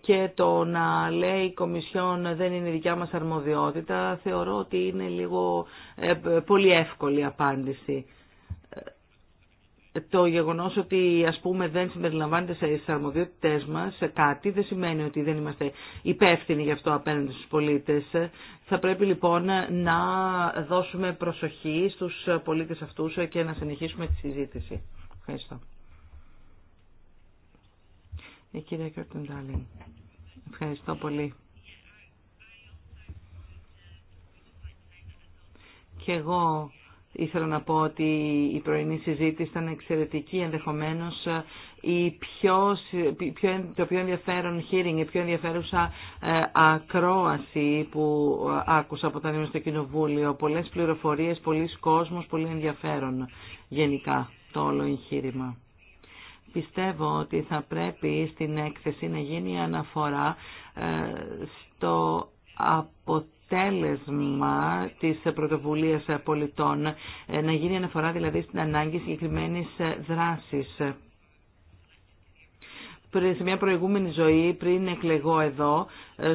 Και το να λέει η Κομισιόν δεν είναι δικιά μας αρμοδιότητα, θεωρώ ότι είναι λίγο πολύ εύκολη απάντηση το γεγονός ότι ας πούμε δεν συμπεριλαμβάνεται σε αρμοδιότητές μας σε κάτι δεν σημαίνει ότι δεν είμαστε υπεύθυνοι γι' αυτό απέναντι στους πολίτες. Θα πρέπει λοιπόν να δώσουμε προσοχή στους πολίτες αυτούς και να συνεχίσουμε τη συζήτηση. Ευχαριστώ. Η ε, κυρία Ευχαριστώ πολύ. Και εγώ Ήθελα να πω ότι η πρωινή συζήτηση ήταν εξαιρετική, ενδεχομένως η πιο, πιο, το πιο ενδιαφέρον hearing, η πιο ενδιαφέρουσα ε, ακρόαση που ε, άκουσα από τα ήμουν στο Κοινοβούλιο. Πολλές πληροφορίες, πολλοί κόσμος, πολύ ενδιαφέρον γενικά το όλο εγχείρημα. Πιστεύω ότι θα πρέπει στην έκθεση να γίνει αναφορά ε, στο αποτέλεσμα αποτέλεσμα της πρωτοβουλίας πολιτών ε, να γίνει αναφορά δηλαδή στην ανάγκη συγκεκριμένη ε, δράσης σε μια προηγούμενη ζωή πριν εκλεγώ εδώ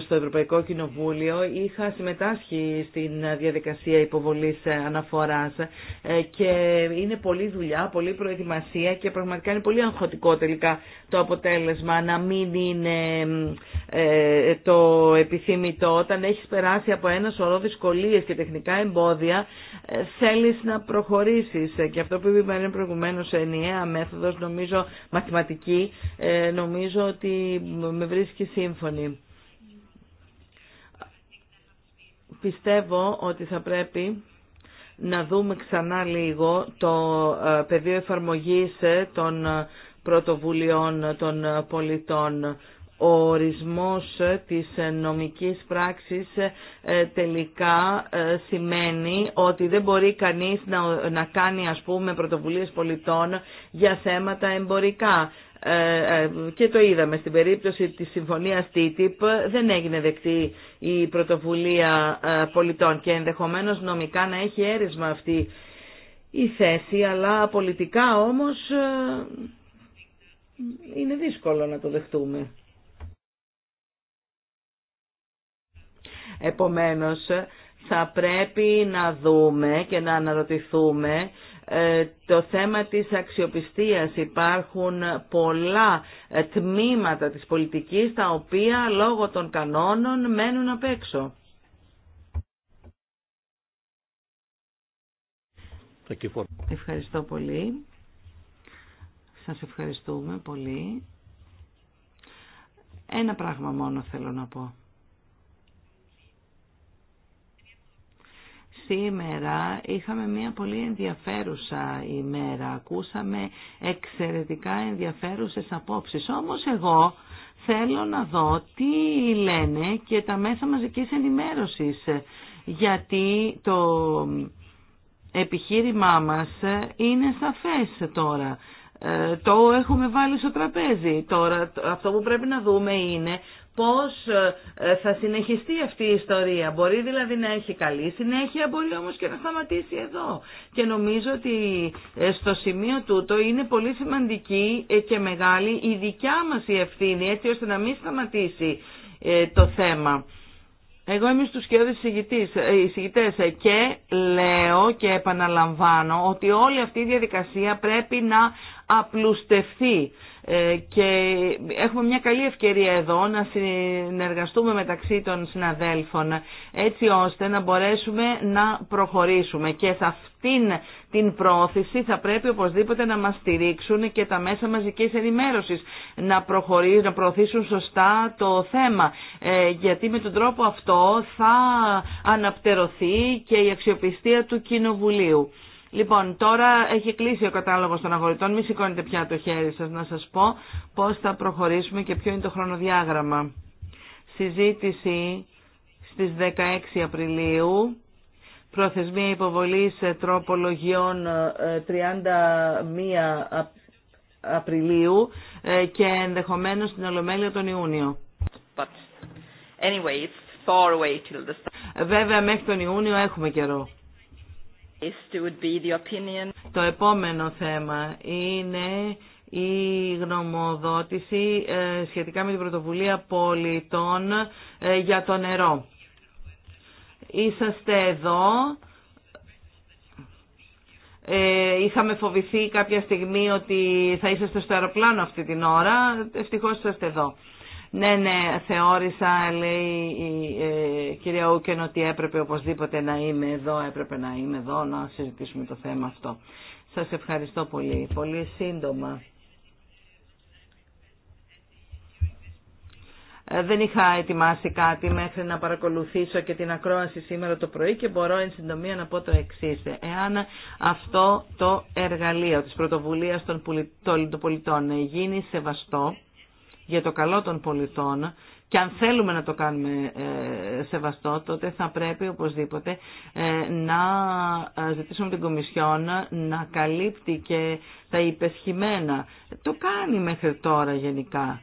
στο Ευρωπαϊκό Κοινοβούλιο είχα συμμετάσχει στην διαδικασία υποβολής αναφοράς ε, και είναι πολλή δουλειά, πολλή προετοιμασία και πραγματικά είναι πολύ αγχωτικό τελικά το αποτέλεσμα να μην είναι ε, το επιθυμητό όταν έχεις περάσει από ένα σωρό δυσκολίες και τεχνικά εμπόδια ε, θέλεις να προχωρήσεις και αυτό που είπε προηγουμένως ενιαία μέθοδος νομίζω μαθηματική νομίζω ότι με βρίσκει σύμφωνη. πιστεύω ότι θα πρέπει να δούμε ξανά λίγο το ε, πεδίο εφαρμογής ε, των ε, πρωτοβουλειών των πολιτών. Ο ορισμός της νομικής πράξης τελικά σημαίνει ότι δεν μπορεί κανείς να κάνει ας πούμε πρωτοβουλίες πολιτών για θέματα εμπορικά. Ε, ε, και το είδαμε στην περίπτωση της συμφωνίας TTIP δεν έγινε δεκτή η πρωτοβουλία ε, πολιτών και ενδεχομένως νομικά να έχει έρισμα αυτή η θέση αλλά πολιτικά όμως είναι δύσκολο να το δεχτούμε. Επομένως θα πρέπει να δούμε και να αναρωτηθούμε ε, το θέμα της αξιοπιστίας υπάρχουν πολλά ε, τμήματα της πολιτικής τα οποία λόγω των κανόνων μένουν απ' έξω. Ευχαριστώ πολύ. Σας ευχαριστούμε πολύ. Ένα πράγμα μόνο θέλω να πω. σήμερα είχαμε μια πολύ ενδιαφέρουσα ημέρα. Ακούσαμε εξαιρετικά ενδιαφέρουσες απόψεις. Όμως εγώ θέλω να δω τι λένε και τα μέσα μαζικής ενημέρωσης. Γιατί το επιχείρημά μας είναι σαφές τώρα. Ε, το έχουμε βάλει στο τραπέζι. Τώρα αυτό που πρέπει να δούμε είναι πώς ε, ε, θα συνεχιστεί αυτή η ιστορία. Μπορεί δηλαδή να έχει καλή συνέχεια, μπορεί όμως και να σταματήσει εδώ. Και νομίζω ότι ε, στο σημείο τούτο είναι πολύ σημαντική και μεγάλη η δικιά μας η ευθύνη, έτσι ώστε να μην σταματήσει το θέμα. Εγώ είμαι στους κοιόδες εισηγητές και λέω και επαναλαμβάνω ότι όλη αυτή η διαδικασία πρέπει να απλουστευθεί ε, και έχουμε μια καλή ευκαιρία εδώ να συνεργαστούμε μεταξύ των συναδέλφων έτσι ώστε να μπορέσουμε να προχωρήσουμε και σε αυτήν την πρόθεση θα πρέπει οπωσδήποτε να μας στηρίξουν και τα μέσα μαζικής ενημέρωσης να, προχωρήσουν, να προωθήσουν σωστά το θέμα ε, γιατί με τον τρόπο αυτό θα αναπτερωθεί και η αξιοπιστία του Κοινοβουλίου. Λοιπόν, τώρα έχει κλείσει ο κατάλογος των αγορητών. Μην σηκώνετε πια το χέρι σα να σας πω πώς θα προχωρήσουμε και ποιο είναι το χρονοδιάγραμμα. Συζήτηση στις 16 Απριλίου. Προθεσμία υποβολής ε, τροπολογιών 31 ε, Απριλίου ε, και ενδεχομένως την Ολομέλεια τον Ιούνιο. anyway, it's far away till the... Βέβαια μέχρι τον Ιούνιο έχουμε καιρό. Το επόμενο θέμα είναι η γνωμοδότηση ε, σχετικά με την πρωτοβουλία πολιτών ε, για το νερό. Είσαστε εδώ. Ε, είχαμε φοβηθεί κάποια στιγμή ότι θα είσαστε στο αεροπλάνο αυτή την ώρα. Ευτυχώς είσαστε εδώ. Ναι, ναι, θεώρησα, λέει η ε, κυρία Ούκεν, ότι έπρεπε οπωσδήποτε να είμαι εδώ, έπρεπε να είμαι εδώ, να συζητήσουμε το θέμα αυτό. Σας ευχαριστώ πολύ. Πολύ σύντομα. Ε, δεν είχα ετοιμάσει κάτι μέχρι να παρακολουθήσω και την ακρόαση σήμερα το πρωί και μπορώ εν συντομία να πω το εξής. Εάν αυτό το εργαλείο της πρωτοβουλίας των πολιτών γίνει σεβαστό, για το καλό των πολιτών και αν θέλουμε να το κάνουμε ε, σεβαστό, τότε θα πρέπει οπωσδήποτε ε, να ε, ζητήσουμε την Κομισιόν να καλύπτει και τα υπεσχημένα. Το κάνει μέχρι τώρα γενικά.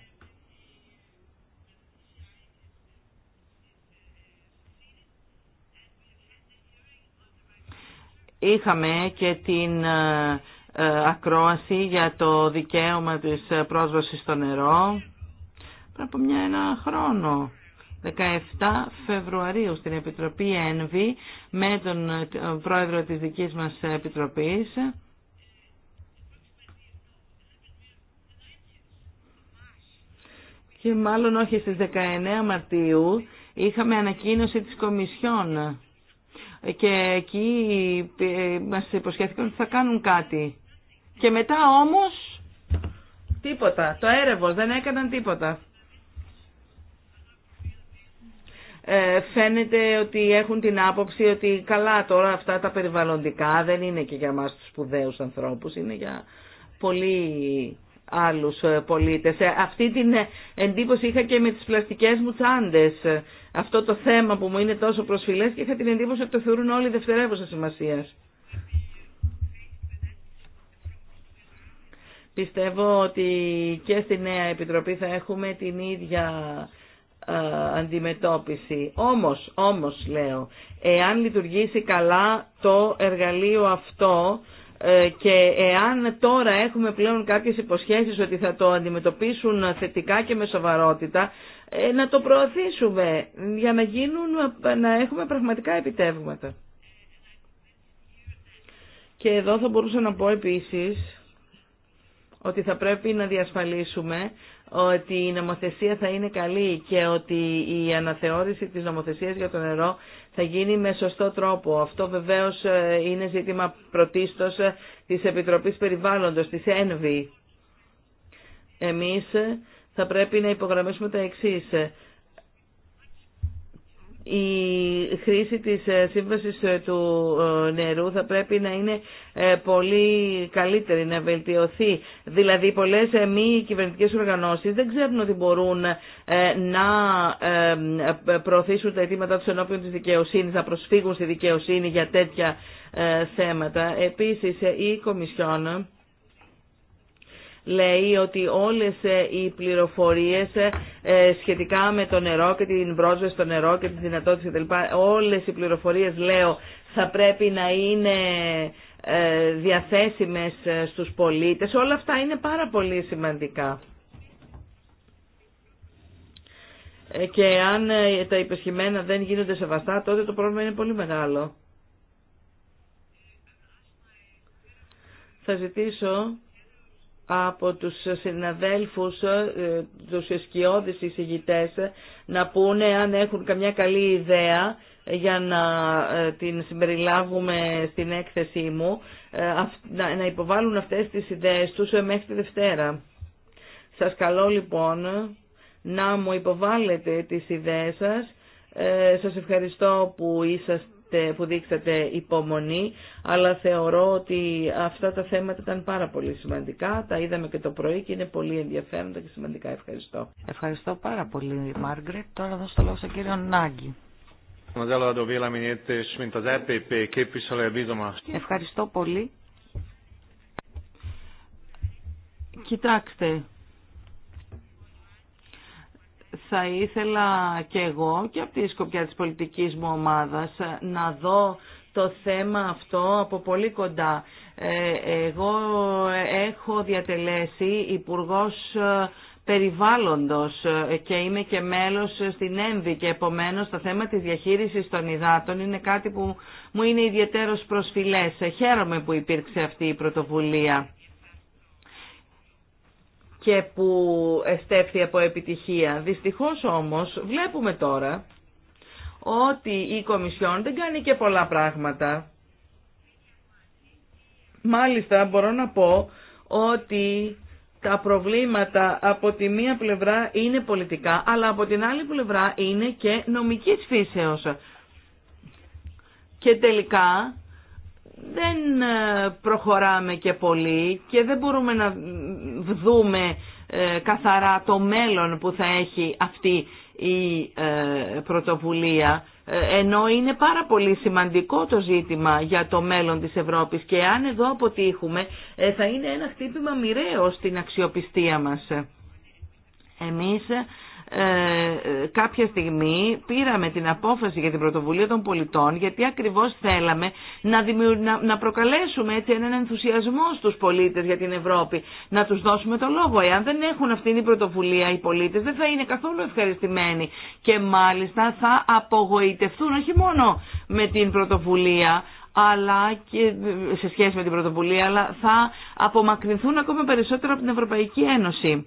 Είχαμε και την ακρόαση για το δικαίωμα της πρόσβασης στο νερό από μια, ένα χρόνο. 17 Φεβρουαρίου στην Επιτροπή ΕΝΒΗ με ε, τον πρόεδρο της δικής μας Επιτροπής. Και μάλλον όχι στις 19 Μαρτίου είχαμε ανακοίνωση της Κομισιόν και εκεί ε, μας υποσχέθηκαν ότι θα κάνουν κάτι. Και μετά όμως τίποτα. Το έρευος δεν έκαναν τίποτα. Ε, φαίνεται ότι έχουν την άποψη ότι καλά τώρα αυτά τα περιβαλλοντικά δεν είναι και για μας τους σπουδαίους ανθρώπους, είναι για πολύ άλλους ε, πολίτες. Ε, αυτή την εντύπωση είχα και με τις πλαστικές μου τσάντες. Αυτό το θέμα που μου είναι τόσο προσφυλές και είχα την εντύπωση ότι το θεωρούν όλοι δευτερεύουσα σημασία. Πιστεύω ότι και στη νέα επιτροπή θα έχουμε την ίδια ε, αντιμετώπιση. Όμως, όμως λέω, εάν λειτουργήσει καλά το εργαλείο αυτό ε, και εάν τώρα έχουμε πλέον κάποιες υποσχέσεις ότι θα το αντιμετωπίσουν θετικά και με σοβαρότητα, ε, να το προωθήσουμε για να, γίνουν, να έχουμε πραγματικά επιτεύγματα. Και εδώ θα μπορούσα να πω επίσης ότι θα πρέπει να διασφαλίσουμε ότι η νομοθεσία θα είναι καλή και ότι η αναθεώρηση της νομοθεσίας για το νερό θα γίνει με σωστό τρόπο. Αυτό βεβαίως ε, είναι ζήτημα πρωτίστως ε, της Επιτροπής Περιβάλλοντος, της ΕΝΒΗ. Εμείς ε, θα πρέπει να υπογραμμίσουμε τα εξής η χρήση της ε, σύμβασης ε, του ε, νερού θα πρέπει να είναι πολύ καλύτερη, να βελτιωθεί. Δηλαδή πολλές μη κυβερνητικές οργανώσεις δεν ξέρουν ότι μπορούν να προωθήσουν τα αιτήματά τους ενώπιον της δικαιοσύνης, να προσφύγουν στη δικαιοσύνη για τέτοια θέματα. Επίσης η Κομισιόν λέει ότι όλες ε, οι πληροφορίες ε, ε, σχετικά με το νερό και την πρόσβαση στο νερό και τις δυνατότητες κτλ. Όλες οι πληροφορίες, λέω, θα πρέπει να είναι διαθέσιμες στους πολίτες. Όλα αυτά είναι πάρα πολύ σημαντικά. Και αν τα υπεσχημένα δεν γίνονται σεβαστά, τότε το πρόβλημα είναι πολύ μεγάλο. Θα ζητήσω από τους συναδέλφους, ε, τους εσκιώδεις εισηγητές, να πούνε αν έχουν καμιά καλή ιδέα για να ε, την συμπεριλάβουμε στην έκθεσή μου, ε, να υποβάλουν αυτές τις ιδέες τους μέχρι τη Δευτέρα. Σας καλώ λοιπόν να μου υποβάλετε τις ιδέες σας. Σας ευχαριστώ που είσαστε που δείξατε υπομονή, αλλά θεωρώ ότι αυτά τα θέματα ήταν πάρα πολύ σημαντικά. Τα είδαμε και το πρωί και είναι πολύ ενδιαφέροντα και σημαντικά. Ευχαριστώ. Ευχαριστώ πάρα πολύ, Μάργκρετ. Τώρα δώσω το λόγο στον κύριο Νάγκη. Ευχαριστώ πολύ. Κοιτάξτε, θα ήθελα και εγώ και από τη σκοπιά της πολιτικής μου ομάδας να δω το θέμα αυτό από πολύ κοντά. Ε, εγώ έχω διατελέσει υπουργός ε, περιβάλλοντος ε, και είμαι και μέλος στην ΕΝΔΙ και επομένως το θέμα της διαχείρισης των υδάτων είναι κάτι που μου είναι ιδιαίτερος προσφυλές. Χαίρομαι που υπήρξε αυτή η πρωτοβουλία και που εστέφθη από επιτυχία. Δυστυχώς όμως βλέπουμε τώρα ότι η Κομισιόν δεν κάνει και πολλά πράγματα. Μάλιστα μπορώ να πω ότι τα προβλήματα από τη μία πλευρά είναι πολιτικά, αλλά από την άλλη πλευρά είναι και νομικής φύσεως. Και τελικά δεν ε, προχωράμε και πολύ και δεν μπορούμε να δούμε ε, καθαρά το μέλλον που θα έχει αυτή η ε, πρωτοβουλία ενώ είναι πάρα πολύ σημαντικό το ζήτημα για το μέλλον της Ευρώπης και αν εδώ αποτύχουμε θα είναι ένα χτύπημα μοιραίο στην αξιοπιστία μας. Εμείς ε, κάποια στιγμή πήραμε την απόφαση για την πρωτοβουλία των πολιτών γιατί ακριβώς θέλαμε να, να, προκαλέσουμε έτσι έναν ενθουσιασμό στους πολίτες για την Ευρώπη, να τους δώσουμε το λόγο. Εάν δεν έχουν αυτήν την πρωτοβουλία οι πολίτες δεν θα είναι καθόλου ευχαριστημένοι και μάλιστα θα απογοητευτούν όχι μόνο με την πρωτοβουλία αλλά και σε σχέση με την πρωτοβουλία, αλλά θα απομακρυνθούν ακόμα περισσότερο από την Ευρωπαϊκή Ένωση.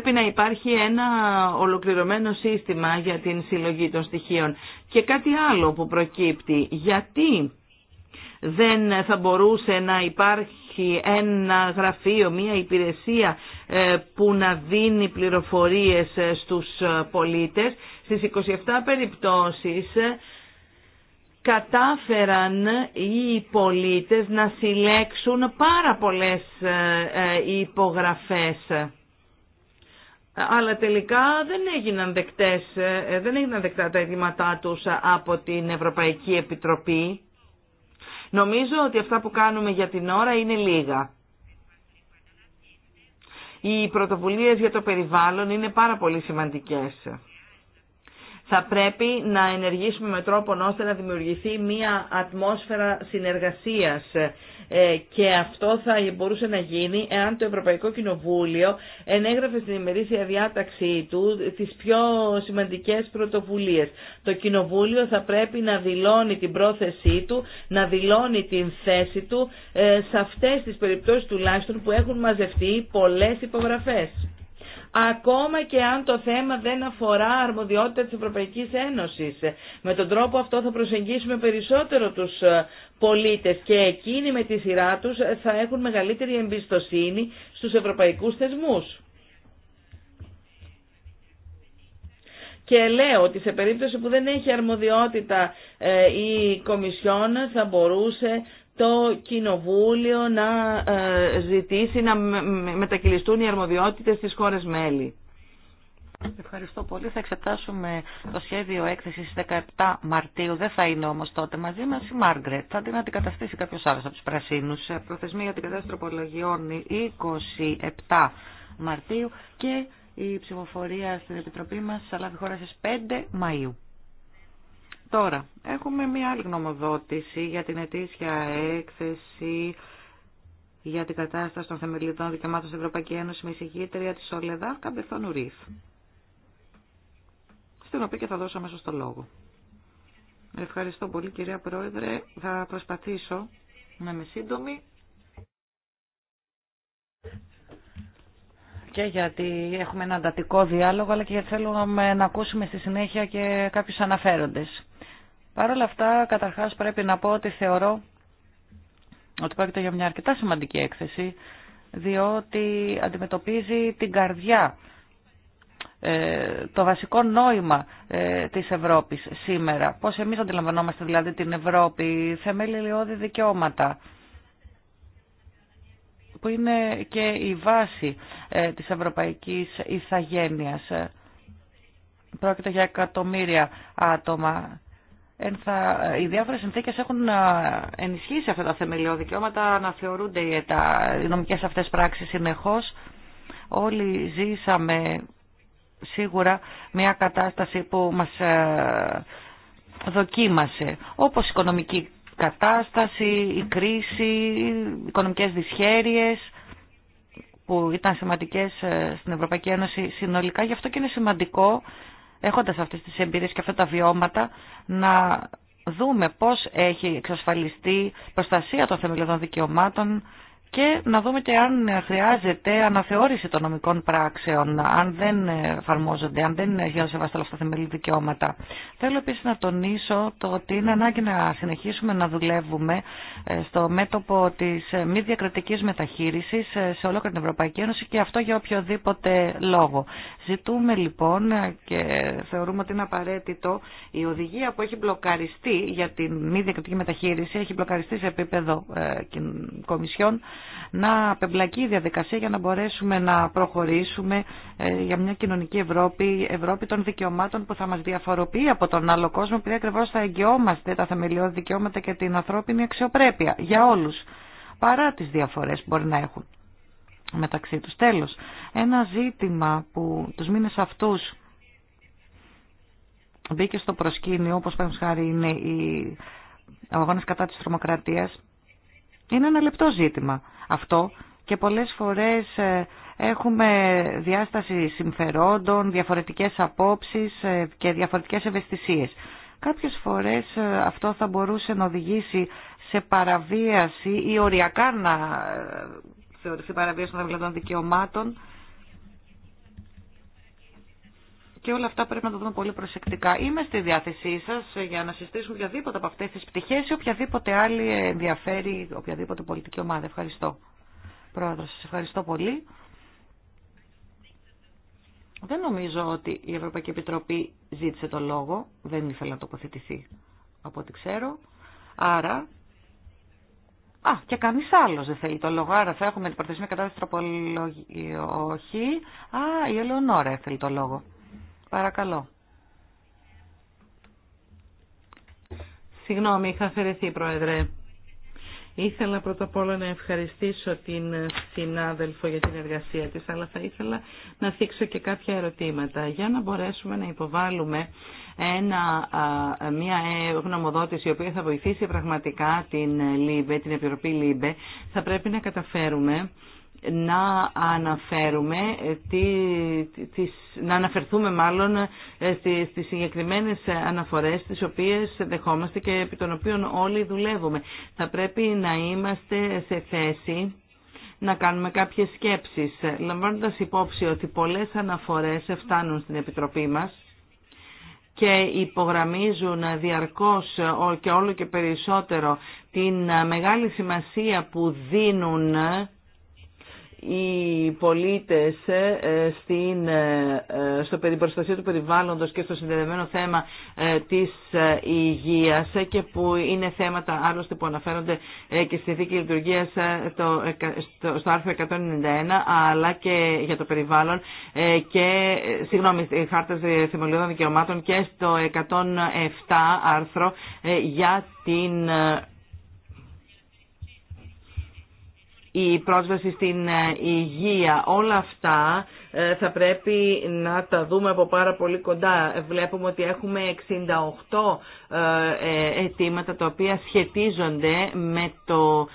πρέπει να υπάρχει ένα ολοκληρωμένο σύστημα για την συλλογή των στοιχείων. Και κάτι άλλο που προκύπτει. Γιατί δεν θα μπορούσε να υπάρχει ένα γραφείο, μία υπηρεσία ε, που να δίνει πληροφορίες ε, στους ε, πολίτες. Στις 27 περιπτώσεις κατάφεραν οι πολίτες να συλλέξουν πάρα πολλές υπογραφές αλλά τελικά δεν έγιναν, δεκτές, ε, ε, δεν έγιναν δεκτά τα αιτήματά τους ε, από την Ευρωπαϊκή Επιτροπή. Νομίζω ότι αυτά που κάνουμε για την ώρα είναι λίγα. Οι πρωτοβουλίες για το περιβάλλον είναι πάρα πολύ σημαντικές. Θα πρέπει να ενεργήσουμε με τρόπο ώστε να δημιουργηθεί μία ατμόσφαιρα συνεργασίας ε, και αυτό θα μπορούσε να γίνει εάν το Ευρωπαϊκό Κοινοβούλιο ενέγραφε στην ημερήσια διάταξή του τις πιο σημαντικές πρωτοβουλίες. Το Κοινοβούλιο θα πρέπει να δηλώνει την πρόθεσή του, να δηλώνει την θέση του ε, σε αυτές τις περιπτώσεις τουλάχιστον που έχουν μαζευτεί πολλές υπογραφές ακόμα και αν το θέμα δεν αφορά αρμοδιότητα της Ευρωπαϊκής Ένωσης. Με τον τρόπο αυτό θα προσεγγίσουμε περισσότερο τους ε, πολίτες και εκείνοι με τη σειρά τους θα έχουν μεγαλύτερη εμπιστοσύνη στους ευρωπαϊκούς θεσμούς. Και λέω ότι σε περίπτωση που δεν έχει αρμοδιότητα ε, η Κομισιόν θα μπορούσε το Κοινοβούλιο να ε, ζητήσει να μετακυλιστούν οι αρμοδιότητες στις χώρες μέλη. Ευχαριστώ πολύ. Θα εξετάσουμε το σχέδιο έκθεσης 17 Μαρτίου. Δεν θα είναι όμω τότε μαζί μα, η Μάργκρετ. Θα την αντικαταστήσει κάποιο άλλο από του Πρασίνους. Προθεσμία για την κατάσταση τροπολογιών 27 Μαρτίου και η ψηφοφορία στην Επιτροπή μα θα λάβει χώρα στι 5 Μαου. Τώρα, έχουμε μία άλλη γνωμοδότηση για την ετήσια έκθεση για την κατάσταση των θεμελιδών δικαιωμάτων στην Ευρωπαϊκή Ένωση με εισηγήτρια τη Σολεδά Καμπεθόνου Ρίφ στην οποία και θα δώσω αμέσως το λόγο. Ευχαριστώ πολύ κυρία Πρόεδρε. Θα προσπαθήσω να είμαι σύντομη. Και γιατί έχουμε ένα αντατικό διάλογο, αλλά και γιατί θέλουμε να ακούσουμε στη συνέχεια και κάποιους αναφέροντες. Παρ' όλα αυτά, καταρχάς πρέπει να πω ότι θεωρώ ότι πρόκειται για μια αρκετά σημαντική έκθεση, διότι αντιμετωπίζει την καρδιά ε, το βασικό νόημα ε, της Ευρώπης σήμερα. Πώς εμείς αντιλαμβανόμαστε δηλαδή την Ευρώπη, θεμελιώδη δικαιώματα που είναι και η βάση ε, της ευρωπαϊκής ηθαγένειας. Πρόκειται για εκατομμύρια άτομα. Οι διάφορες συνθήκες έχουν ενισχύσει αυτά τα θεμελιώδη δικαιώματα, τα οι νομικές αυτές πράξεις συνεχώς. Όλοι ζήσαμε σίγουρα μια κατάσταση που μας ε, δοκίμασε, όπως η οικονομική κατάσταση, η κρίση, οι οικονομικές δυσχέρειες που ήταν σημαντικές ε, στην Ευρωπαϊκή Ένωση συνολικά. Γι' αυτό και είναι σημαντικό, έχοντας αυτές τις εμπειρίες και αυτά τα βιώματα, να δούμε πώς έχει εξασφαλιστεί προστασία των θεμελιωδών δικαιωμάτων και να δούμε και αν χρειάζεται αναθεώρηση των νομικών πράξεων, αν δεν εφαρμόζονται, αν δεν γίνονται σεβαστά όλα αυτά τα θεμελή δικαιώματα. Θέλω επίση να τονίσω το ότι είναι ανάγκη να συνεχίσουμε να δουλεύουμε ε, στο μέτωπο τη ε, μη διακριτική μεταχείρισης ε, σε ολόκληρη την Ευρωπαϊκή Ένωση και αυτό για οποιοδήποτε λόγο. Ζητούμε λοιπόν και θεωρούμε ότι είναι απαραίτητο η οδηγία που έχει μπλοκαριστεί για την μη διακριτική μεταχείριση, έχει μπλοκαριστεί σε επίπεδο κομισιών να απεμπλακεί η διαδικασία για να μπορέσουμε να προχωρήσουμε ε, για μια κοινωνική Ευρώπη, Ευρώπη των δικαιωμάτων που θα μας διαφοροποιεί από τον άλλο κόσμο, επειδή ακριβώ θα εγγυόμαστε τα θεμελιώδη δικαιώματα και την ανθρώπινη αξιοπρέπεια για όλους, παρά τις διαφορές που μπορεί να έχουν μεταξύ τους. Τέλος, ένα ζήτημα που τους μήνες αυτούς μπήκε στο προσκήνιο, όπως πάνω χάρη είναι οι αγώνες κατά της τρομοκρατίας, είναι ένα λεπτό ζήτημα αυτό και πολλές φορές ε, έχουμε διάσταση συμφερόντων, διαφορετικές απόψεις ε, και διαφορετικές ευαισθησίες. Κάποιες φορές ε, αυτό θα μπορούσε να οδηγήσει σε παραβίαση ή οριακά να θεωρηθεί παραβίαση των δικαιωμάτων και όλα αυτά πρέπει να τα δούμε πολύ προσεκτικά. Είμαι στη διάθεσή σα για να συστήσουμε οποιαδήποτε από αυτέ τι πτυχέ ή οποιαδήποτε άλλη ενδιαφέρει οποιαδήποτε πολιτική ομάδα. Ευχαριστώ. Πρόεδρο, σα ευχαριστώ πολύ. Δεν νομίζω ότι η Ευρωπαϊκή Επιτροπή ζήτησε το λόγο. Δεν ήθελα να τοποθετηθεί από ό,τι ξέρω. Άρα. Α, και κανεί άλλο δεν θέλει το λόγο. Άρα θα έχουμε την προθεσμία κατάσταση τροπολογία. Όχι. Α, η Ελεονόρα θέλει το λόγο. Παρακαλώ. Συγγνώμη, είχα αφαιρεθεί, Πρόεδρε. Ήθελα πρώτα απ' όλα να ευχαριστήσω την συνάδελφο για την εργασία της, αλλά θα ήθελα να θίξω και κάποια ερωτήματα για να μπορέσουμε να υποβάλουμε ένα, μια γνωμοδότηση η οποία θα βοηθήσει πραγματικά την, ΛΥΜΠΕ, την Επιτροπή ΛΥΜΠΕ. Θα πρέπει να καταφέρουμε να αναφέρουμε ε, τις, να αναφερθούμε μάλλον ε, στις συγκεκριμένες αναφορές τις οποίες δεχόμαστε και επί των οποίων όλοι δουλεύουμε. Θα πρέπει να είμαστε σε θέση να κάνουμε κάποιες σκέψεις, λαμβάνοντας υπόψη ότι πολλές αναφορές φτάνουν στην Επιτροπή μας και υπογραμμίζουν διαρκώς και όλο και περισσότερο την μεγάλη σημασία που δίνουν οι πολίτες ε, ε, στην, ε, στο προστασία του περιβάλλοντος και στο συνδεδεμένο θέμα της υγείας και που είναι θέματα άλλωστε που αναφέρονται και στη θήκη λειτουργίας στο, στο άρθρο 191 αλλά και για το περιβάλλον και συγγνώμη χάρτες θεμελιωδών δικαιωμάτων και στο 107 άρθρο για την η πρόσβαση στην ε, υγεία, όλα αυτά ε, θα πρέπει να τα δούμε από πάρα πολύ κοντά. Βλέπουμε ότι έχουμε 68 ε, αιτήματα τα οποία σχετίζονται με το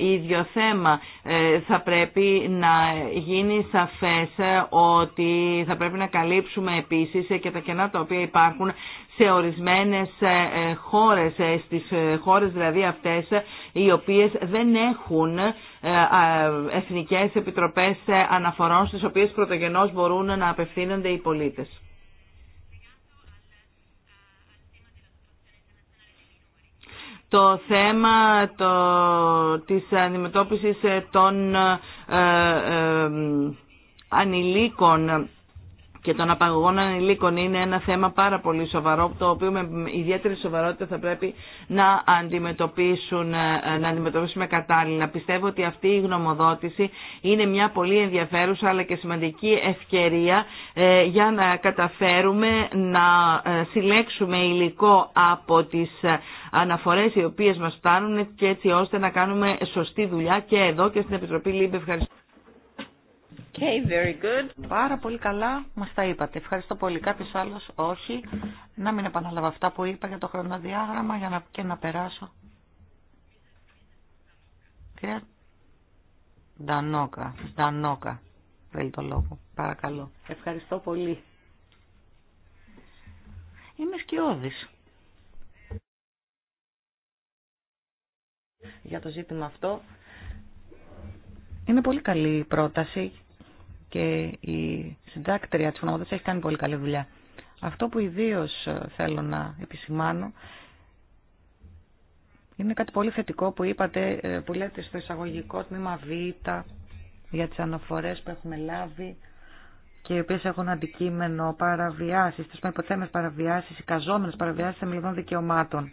ίδιο θέμα. Θα πρέπει να γίνει σαφές ότι θα πρέπει να καλύψουμε επίσης και τα κενά τα οποία υπάρχουν σε ορισμένες ε, ε, χώρες, ε, στις χώρες δηλαδή αυτές οι οποίες δεν έχουν εθνικές επιτροπές αναφορών στις οποίες πρωτογενώς μπορούν να απευθύνονται οι πολίτες. το θέμα το, της αντιμετώπισης των ε, ανηλίκων και των απαγωγών ανηλίκων είναι ένα θέμα πάρα πολύ σοβαρό, το οποίο με ιδιαίτερη σοβαρότητα θα πρέπει να, αντιμετωπίσουν, να αντιμετωπίσουμε κατάλληλα. Πιστεύω ότι αυτή η γνωμοδότηση είναι μια πολύ ενδιαφέρουσα αλλά και σημαντική ευκαιρία ε, για να καταφέρουμε να ε, συλλέξουμε υλικό από τις ε, αναφορές οι οποίες μας φτάνουν και έτσι ώστε να κάνουμε σωστή δουλειά και εδώ και στην Επιτροπή Λίμπε. Ευχαριστώ. Okay, very good. Πάρα πολύ καλά μα τα είπατε. Ευχαριστώ πολύ. Κάποιο άλλο όχι. Να μην επαναλάβω αυτά που είπα για το χρονοδιάγραμμα για να, και να περάσω. Κυρία Ντανόκα, Ντανόκα, θέλει το λόγο. Παρακαλώ. Ευχαριστώ πολύ. Είμαι σκιώδης. Για το ζήτημα αυτό. Είναι πολύ καλή η πρόταση και η συντάκτρια της φωνομοδότησης έχει κάνει πολύ καλή δουλειά. Αυτό που ιδίω ε, θέλω να επισημάνω είναι κάτι πολύ θετικό που είπατε, ε, που λέτε στο εισαγωγικό τμήμα Β για τις αναφορές που έχουμε λάβει και οι οποίες έχουν αντικείμενο παραβιάσεις, τις υποθέμες παραβιάσεις, καζόμενες παραβιάσεις θεμελιωδών δικαιωμάτων.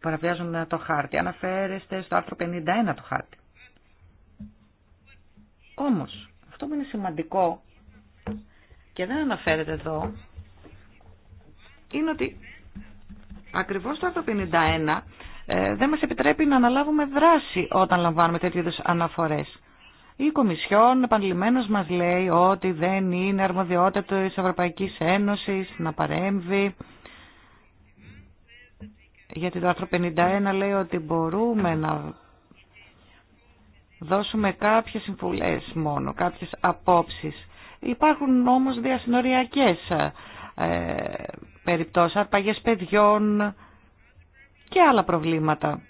Παραβιάζουν το χάρτη. Αναφέρεστε στο άρθρο 51 του χάρτη. Όμως, αυτό που είναι σημαντικό και δεν αναφέρεται εδώ, είναι ότι ακριβώς το άρθρο 51 ε, δεν μας επιτρέπει να αναλάβουμε δράση όταν λαμβάνουμε τέτοιες είδους αναφορές. Η Κομισιόν επανειλημμένως μας λέει ότι δεν είναι αρμοδιότητα της Ευρωπαϊκής Ένωσης να παρέμβει. Γιατί το άρθρο 51 λέει ότι μπορούμε να δώσουμε κάποιες συμβουλές μόνο, κάποιες απόψεις. Υπάρχουν όμως διασυνοριακές ε, περιπτώσεις, αρπαγές παιδιών και άλλα προβλήματα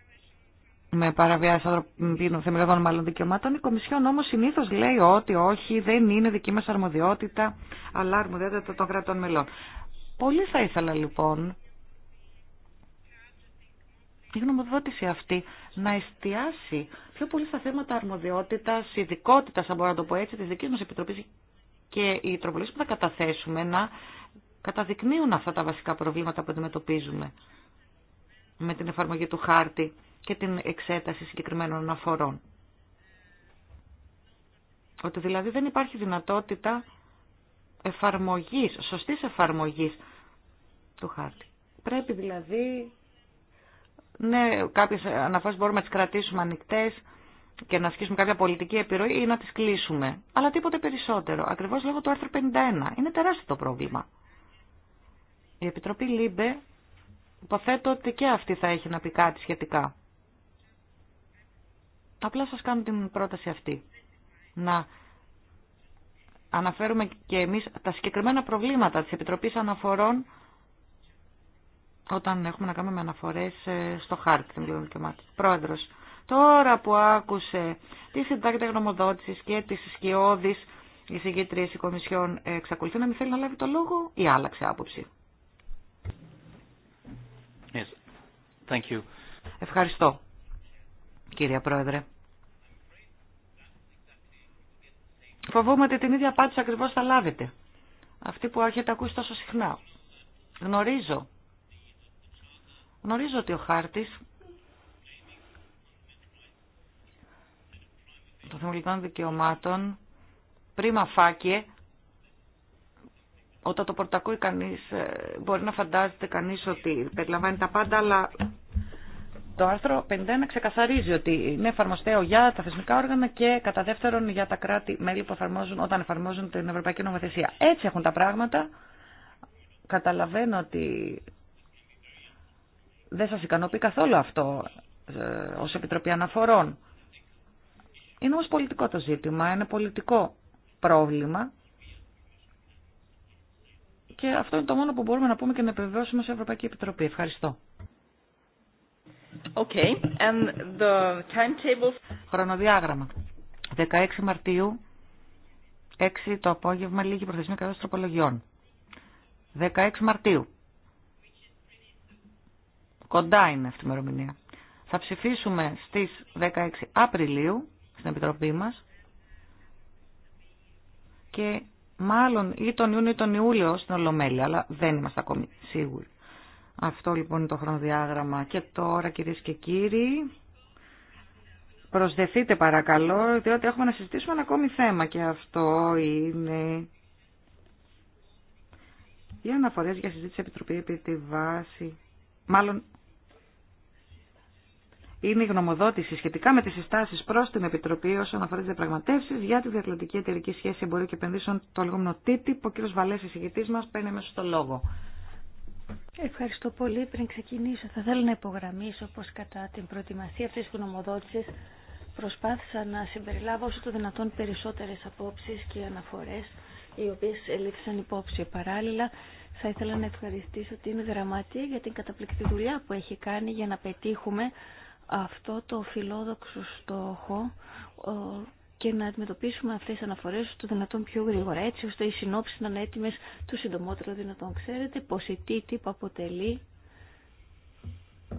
με παραβιάσεις ανθρωπίνων θεμελιωδών μάλλον δικαιωμάτων. Η Κομισιόν όμως συνήθως λέει ότι όχι, δεν είναι δική μας αρμοδιότητα, αλλά αρμοδιότητα των κρατών μελών. Πολύ θα ήθελα λοιπόν η γνωμοδότηση αυτή να εστιάσει πιο πολύ στα θέματα αρμοδιότητα, ειδικότητα, αν μπορώ να το πω έτσι, τη δική μα επιτροπή και οι τροπολίε που θα καταθέσουμε να καταδεικνύουν αυτά τα βασικά προβλήματα που αντιμετωπίζουμε με την εφαρμογή του χάρτη και την εξέταση συγκεκριμένων αναφορών. Ότι δηλαδή δεν υπάρχει δυνατότητα εφαρμογής, σωστής εφαρμογής του χάρτη. Πρέπει δηλαδή ναι, κάποιε αναφορές μπορούμε να τι κρατήσουμε ανοιχτέ και να ασκήσουμε κάποια πολιτική επιρροή ή να τις κλείσουμε. Αλλά τίποτε περισσότερο, ακριβώς λόγω του άρθρου 51. Είναι τεράστιο το πρόβλημα. Η Επιτροπή ΛΥΜΠΕ υποθέτω ότι και αυτή θα έχει να πει κάτι σχετικά. Απλά σας κάνω την πρόταση αυτή. Να αναφέρουμε και εμείς τα συγκεκριμένα προβλήματα της Επιτροπής Αναφορών όταν έχουμε να κάνουμε με αναφορές ε, στο χάρτη των κοινωνικών δικαιωμάτων. Πρόεδρος, τώρα που άκουσε τη συντάκτη γνωμοδότηση και τη σκιώδη εισηγήτρια η Κομισιόν ε, εξακολουθεί να μην θέλει να λάβει το λόγο ή άλλαξε άποψη. Yes. Thank you. Ευχαριστώ, κύριε Πρόεδρε. Φοβούμαι ότι την ίδια απάντηση ακριβώς θα λάβετε. Αυτή που έχετε ακούσει τόσο συχνά. Γνωρίζω Γνωρίζω ότι ο χάρτης των λοιπόν θεμελιωτών δικαιωμάτων πρίμα φάκε όταν το πορτακούει κανείς ε, μπορεί να φαντάζεται κανείς ότι περιλαμβάνει τα πάντα αλλά το άρθρο 51 ξεκαθαρίζει ότι είναι εφαρμοστέο για τα θεσμικά όργανα και κατά δεύτερον για τα κράτη-μέλη που εφαρμόζουν όταν εφαρμόζουν την Ευρωπαϊκή Νομοθεσία. Έτσι έχουν τα πράγματα. Καταλαβαίνω ότι δεν σας ικανοποιεί καθόλου αυτό ε, ως Επιτροπή Αναφορών. Είναι όμως πολιτικό το ζήτημα, είναι πολιτικό πρόβλημα και αυτό είναι το μόνο που μπορούμε να πούμε και να επιβεβαιώσουμε σε Ευρωπαϊκή Επιτροπή. Ευχαριστώ. Okay. And the Χρονοδιάγραμμα. 16 Μαρτίου, 6 το απόγευμα, λίγη προθεσμία κατάσταση τροπολογιών. 16 Μαρτίου. Κοντά είναι αυτή η ημερομηνία. Θα ψηφίσουμε στις 16 Απριλίου στην Επιτροπή μας και μάλλον ή τον Ιούνιο ή τον Ιούλιο στην Ολομέλεια, αλλά δεν είμαστε ακόμη σίγουροι. Αυτό λοιπόν είναι το χρονοδιάγραμμα. Και τώρα κυρίε και κύριοι, προσδεθείτε παρακαλώ, διότι έχουμε να συζητήσουμε ένα ακόμη θέμα και αυτό είναι οι αναφορές για συζήτηση Επιτροπή επί τη βάση, μάλλον είναι η γνωμοδότηση σχετικά με τι συστάσει προ την Επιτροπή όσον αφορά τι διαπραγματεύσει για τη διατλαντική εταιρική σχέση εμπορίου και επενδύσεων, το λεγόμενο που Ο κ. Βαλέ, εισηγητή μα, παίρνει μέσω το λόγο. Ευχαριστώ πολύ. Πριν ξεκινήσω, θα θέλω να υπογραμμίσω πω κατά την προετοιμασία αυτή τη γνωμοδότηση προσπάθησα να συμπεριλάβω όσο το δυνατόν περισσότερε απόψει και αναφορέ οι οποίε ελήφθησαν υπόψη. Παράλληλα, θα ήθελα να ευχαριστήσω την Γραμματεία για την καταπληκτική δουλειά που έχει κάνει για να πετύχουμε αυτό το φιλόδοξο στόχο και να αντιμετωπίσουμε αυτές τις αναφορές το δυνατόν πιο γρήγορα, έτσι ώστε οι συνόψεις να είναι έτοιμες το συντομότερο δυνατόν. Ξέρετε πως η που αποτελεί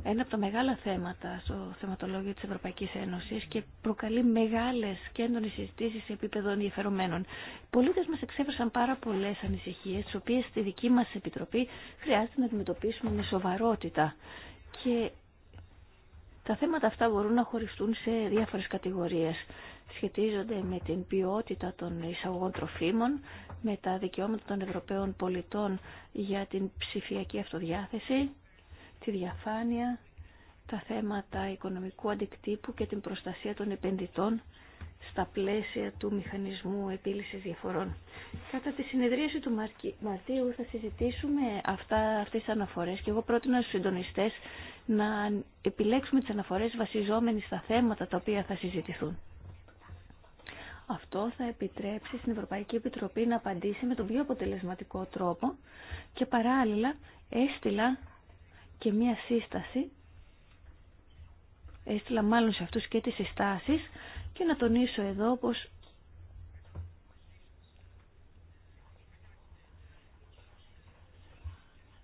ένα από τα μεγάλα θέματα στο θεματολόγιο της Ευρωπαϊκής Ένωσης και προκαλεί μεγάλες και έντονες συζητήσεις σε επίπεδο ενδιαφερομένων. Οι πολίτες μας εξέφρασαν πάρα πολλές ανησυχίες, τις οποίες στη δική μας Επιτροπή χρειάζεται να αντιμετωπίσουμε με σοβαρότητα. Και τα θέματα αυτά μπορούν να χωριστούν σε διάφορες κατηγορίες. Σχετίζονται με την ποιότητα των εισαγωγών τροφίμων, με τα δικαιώματα των Ευρωπαίων πολιτών για την ψηφιακή αυτοδιάθεση, τη διαφάνεια, τα θέματα οικονομικού αντικτύπου και την προστασία των επενδυτών στα πλαίσια του μηχανισμού επίλυσης διαφορών. Κατά τη συνεδρίαση του Μαρτίου θα συζητήσουμε αυτά, αυτές τις αναφορές και εγώ πρότεινα στους συντονιστές να επιλέξουμε τις αναφορές βασιζόμενοι στα θέματα τα οποία θα συζητηθούν. Αυτό θα επιτρέψει στην Ευρωπαϊκή Επιτροπή να απαντήσει με τον πιο αποτελεσματικό τρόπο και παράλληλα έστειλα και μία σύσταση, έστειλα μάλλον σε αυτούς και τις συστάσεις και να τονίσω εδώ πως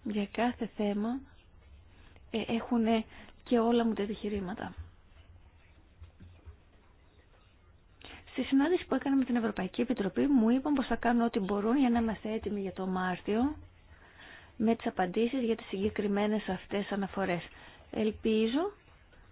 για κάθε θέμα ε, έχουν ε, και όλα μου τα επιχειρήματα. Στη συνάντηση που έκανα με την Ευρωπαϊκή Επιτροπή μου είπαν πως θα κάνω ό,τι μπορούν για να είμαστε έτοιμοι για το Μάρτιο με τις απαντήσεις για τις συγκεκριμένες αυτές αναφορές. Ελπίζω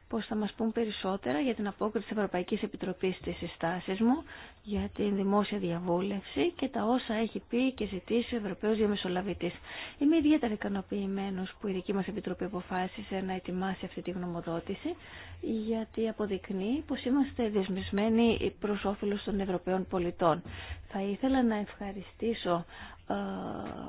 πως θα μας πούν περισσότερα για την απόκριση της Ευρωπαϊκής Επιτροπής στις συστάσεις μου, για την δημόσια διαβούλευση και τα όσα έχει πει και ζητήσει ο Ευρωπαίος Διαμεσολαβητής. Είμαι ιδιαίτερα ικανοποιημένο που η δική μας Επιτροπή αποφάσισε να ετοιμάσει αυτή τη γνωμοδότηση, γιατί αποδεικνύει πως είμαστε δεσμισμένοι προς όφελος των Ευρωπαίων πολιτών. Θα ήθελα να ευχαριστήσω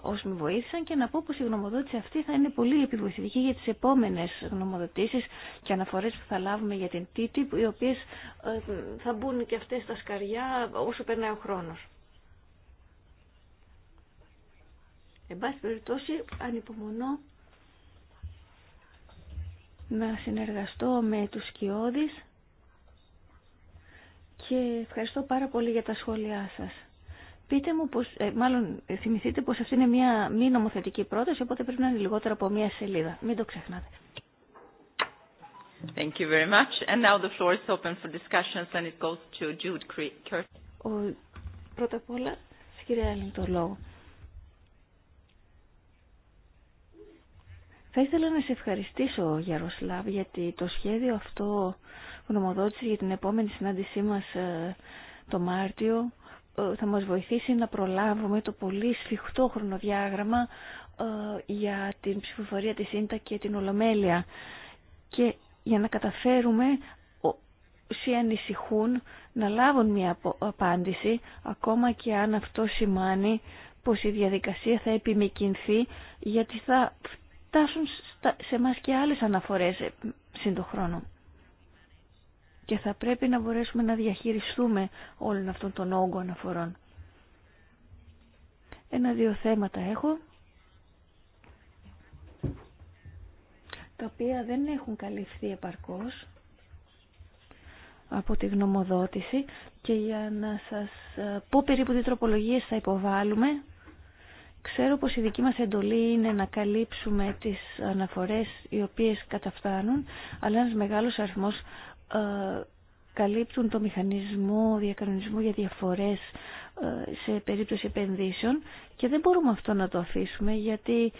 όσοι με βοήθησαν και να πω πως η γνωμοδότηση αυτή θα είναι πολύ επιβοηθητική για τις επόμενες γνωμοδοτήσεις και αναφορές που θα λάβουμε για την TTIP οι οποίες ε, θα μπουν και αυτές στα σκαριά όσο περνάει ο χρόνος. Εν πάση περιπτώσει ανυπομονώ να συνεργαστώ με τους Σκιώδης και ευχαριστώ πάρα πολύ για τα σχόλιά σας. Πείτε μου πως, ε, μάλλον ε, θυμηθείτε πως αυτή είναι μια μη νομοθετική πρόταση, οπότε πρέπει να είναι λιγότερο από μια σελίδα. Μην το ξεχνάτε. Thank you very much. πρώτα απ' όλα, κυρία το λόγο. Θα ήθελα να σε ευχαριστήσω, Γιαροσλάβ, γιατί το σχέδιο αυτό γνωμοδότησε για την επόμενη συνάντησή μας ε, το Μάρτιο ε, θα μας βοηθήσει να προλάβουμε το πολύ σφιχτό χρονοδιάγραμμα ε, για την ψηφοφορία της ΣΥΝΤΑ και την Ολομέλεια και για να καταφέρουμε όσοι ανησυχούν να λάβουν μια απάντηση ακόμα και αν αυτό σημάνει πως η διαδικασία θα επιμηκυνθεί γιατί θα φτάσουν σε μας και άλλες αναφορές ε, σύντο χρόνο και θα πρέπει να μπορέσουμε να διαχειριστούμε όλων αυτών των όγκων αναφορών. Ένα-δύο θέματα έχω, τα οποία δεν έχουν καλυφθεί επαρκώς από τη γνωμοδότηση και για να σας ε, πω περίπου τι τροπολογίες θα υποβάλουμε. Ξέρω πως η δική μας εντολή είναι να καλύψουμε τις αναφορές οι οποίες καταφτάνουν, αλλά ένας μεγάλος αριθμός ε, καλύπτουν το μηχανισμό διακανονισμού για διαφορές ε, σε περίπτωση επενδύσεων και δεν μπορούμε αυτό να το αφήσουμε γιατί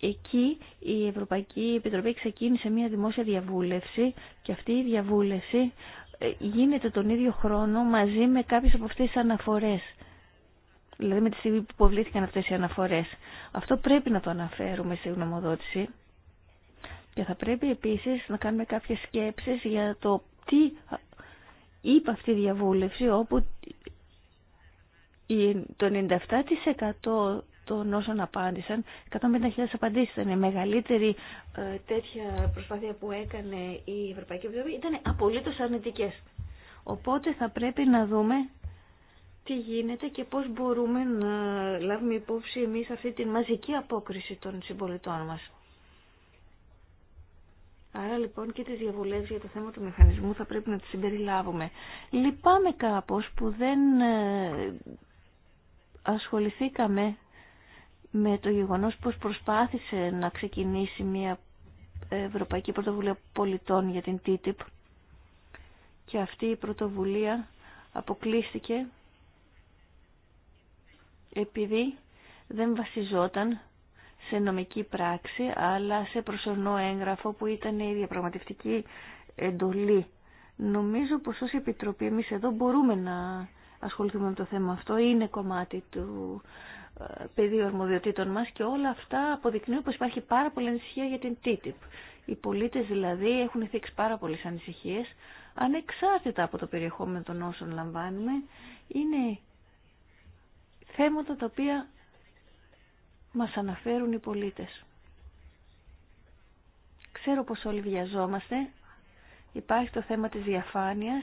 εκεί η Ευρωπαϊκή Επιτροπή ξεκίνησε μια δημόσια διαβούλευση και αυτή η διαβούλευση ε, γίνεται τον ίδιο χρόνο μαζί με κάποιες από αυτές τις αναφορές. Δηλαδή με τη στιγμή που υποβλήθηκαν αυτές οι αναφορές. Αυτό πρέπει να το αναφέρουμε στη γνωμοδότηση. Και θα πρέπει επίσης να κάνουμε κάποιες σκέψεις για το τι είπε αυτή η διαβούλευση όπου το 97% των όσων απάντησαν, 150.000 απαντήσεις ήταν η μεγαλύτερη ε, τέτοια προσπάθεια που έκανε η Ευρωπαϊκή Επιτροπή, ήταν απολύτως αρνητικές. Οπότε θα πρέπει να δούμε τι γίνεται και πώς μπορούμε να λάβουμε υπόψη εμείς αυτή τη μαζική απόκριση των συμπολιτών μας. Άρα λοιπόν και τις διαβουλές για το θέμα του μηχανισμού θα πρέπει να τις συμπεριλάβουμε. Λυπάμαι κάπως που δεν ε, ασχοληθήκαμε με το γεγονός πως προσπάθησε να ξεκινήσει μια Ευρωπαϊκή Πρωτοβουλία Πολιτών για την TTIP και αυτή η πρωτοβουλία αποκλείστηκε επειδή δεν βασιζόταν σε νομική πράξη, αλλά σε προσωρινό έγγραφο που ήταν η διαπραγματευτική εντολή. Νομίζω πως ως Επιτροπή εμείς εδώ μπορούμε να ασχοληθούμε με το θέμα αυτό. Είναι κομμάτι του ε, πεδίου αρμοδιοτήτων μας και όλα αυτά αποδεικνύουν πως υπάρχει πάρα πολλή ανησυχία για την TTIP. Οι πολίτες δηλαδή έχουν θίξει πάρα πολλέ ανησυχίες, ανεξάρτητα από το περιεχόμενο των όσων λαμβάνουμε. Είναι θέματα τα οποία μας αναφέρουν οι πολίτες. Ξέρω πως όλοι βιαζόμαστε. Υπάρχει το θέμα της διαφάνειας.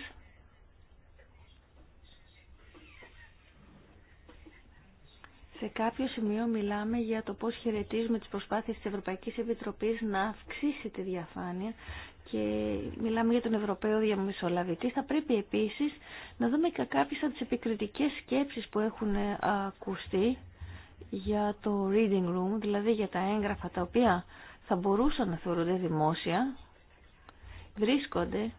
Σε κάποιο σημείο μιλάμε για το πώς χαιρετίζουμε τις προσπάθειες της Ευρωπαϊκής Επιτροπής να αυξήσει τη διαφάνεια και μιλάμε για τον Ευρωπαίο Διαμεσολαβητή. Θα πρέπει επίσης να δούμε και κάποιες από τις επικριτικές σκέψεις που έχουν ακουστεί για το reading room, δηλαδή για τα έγγραφα τα οποία θα μπορούσαν να θεωρούνται δημόσια, βρίσκονται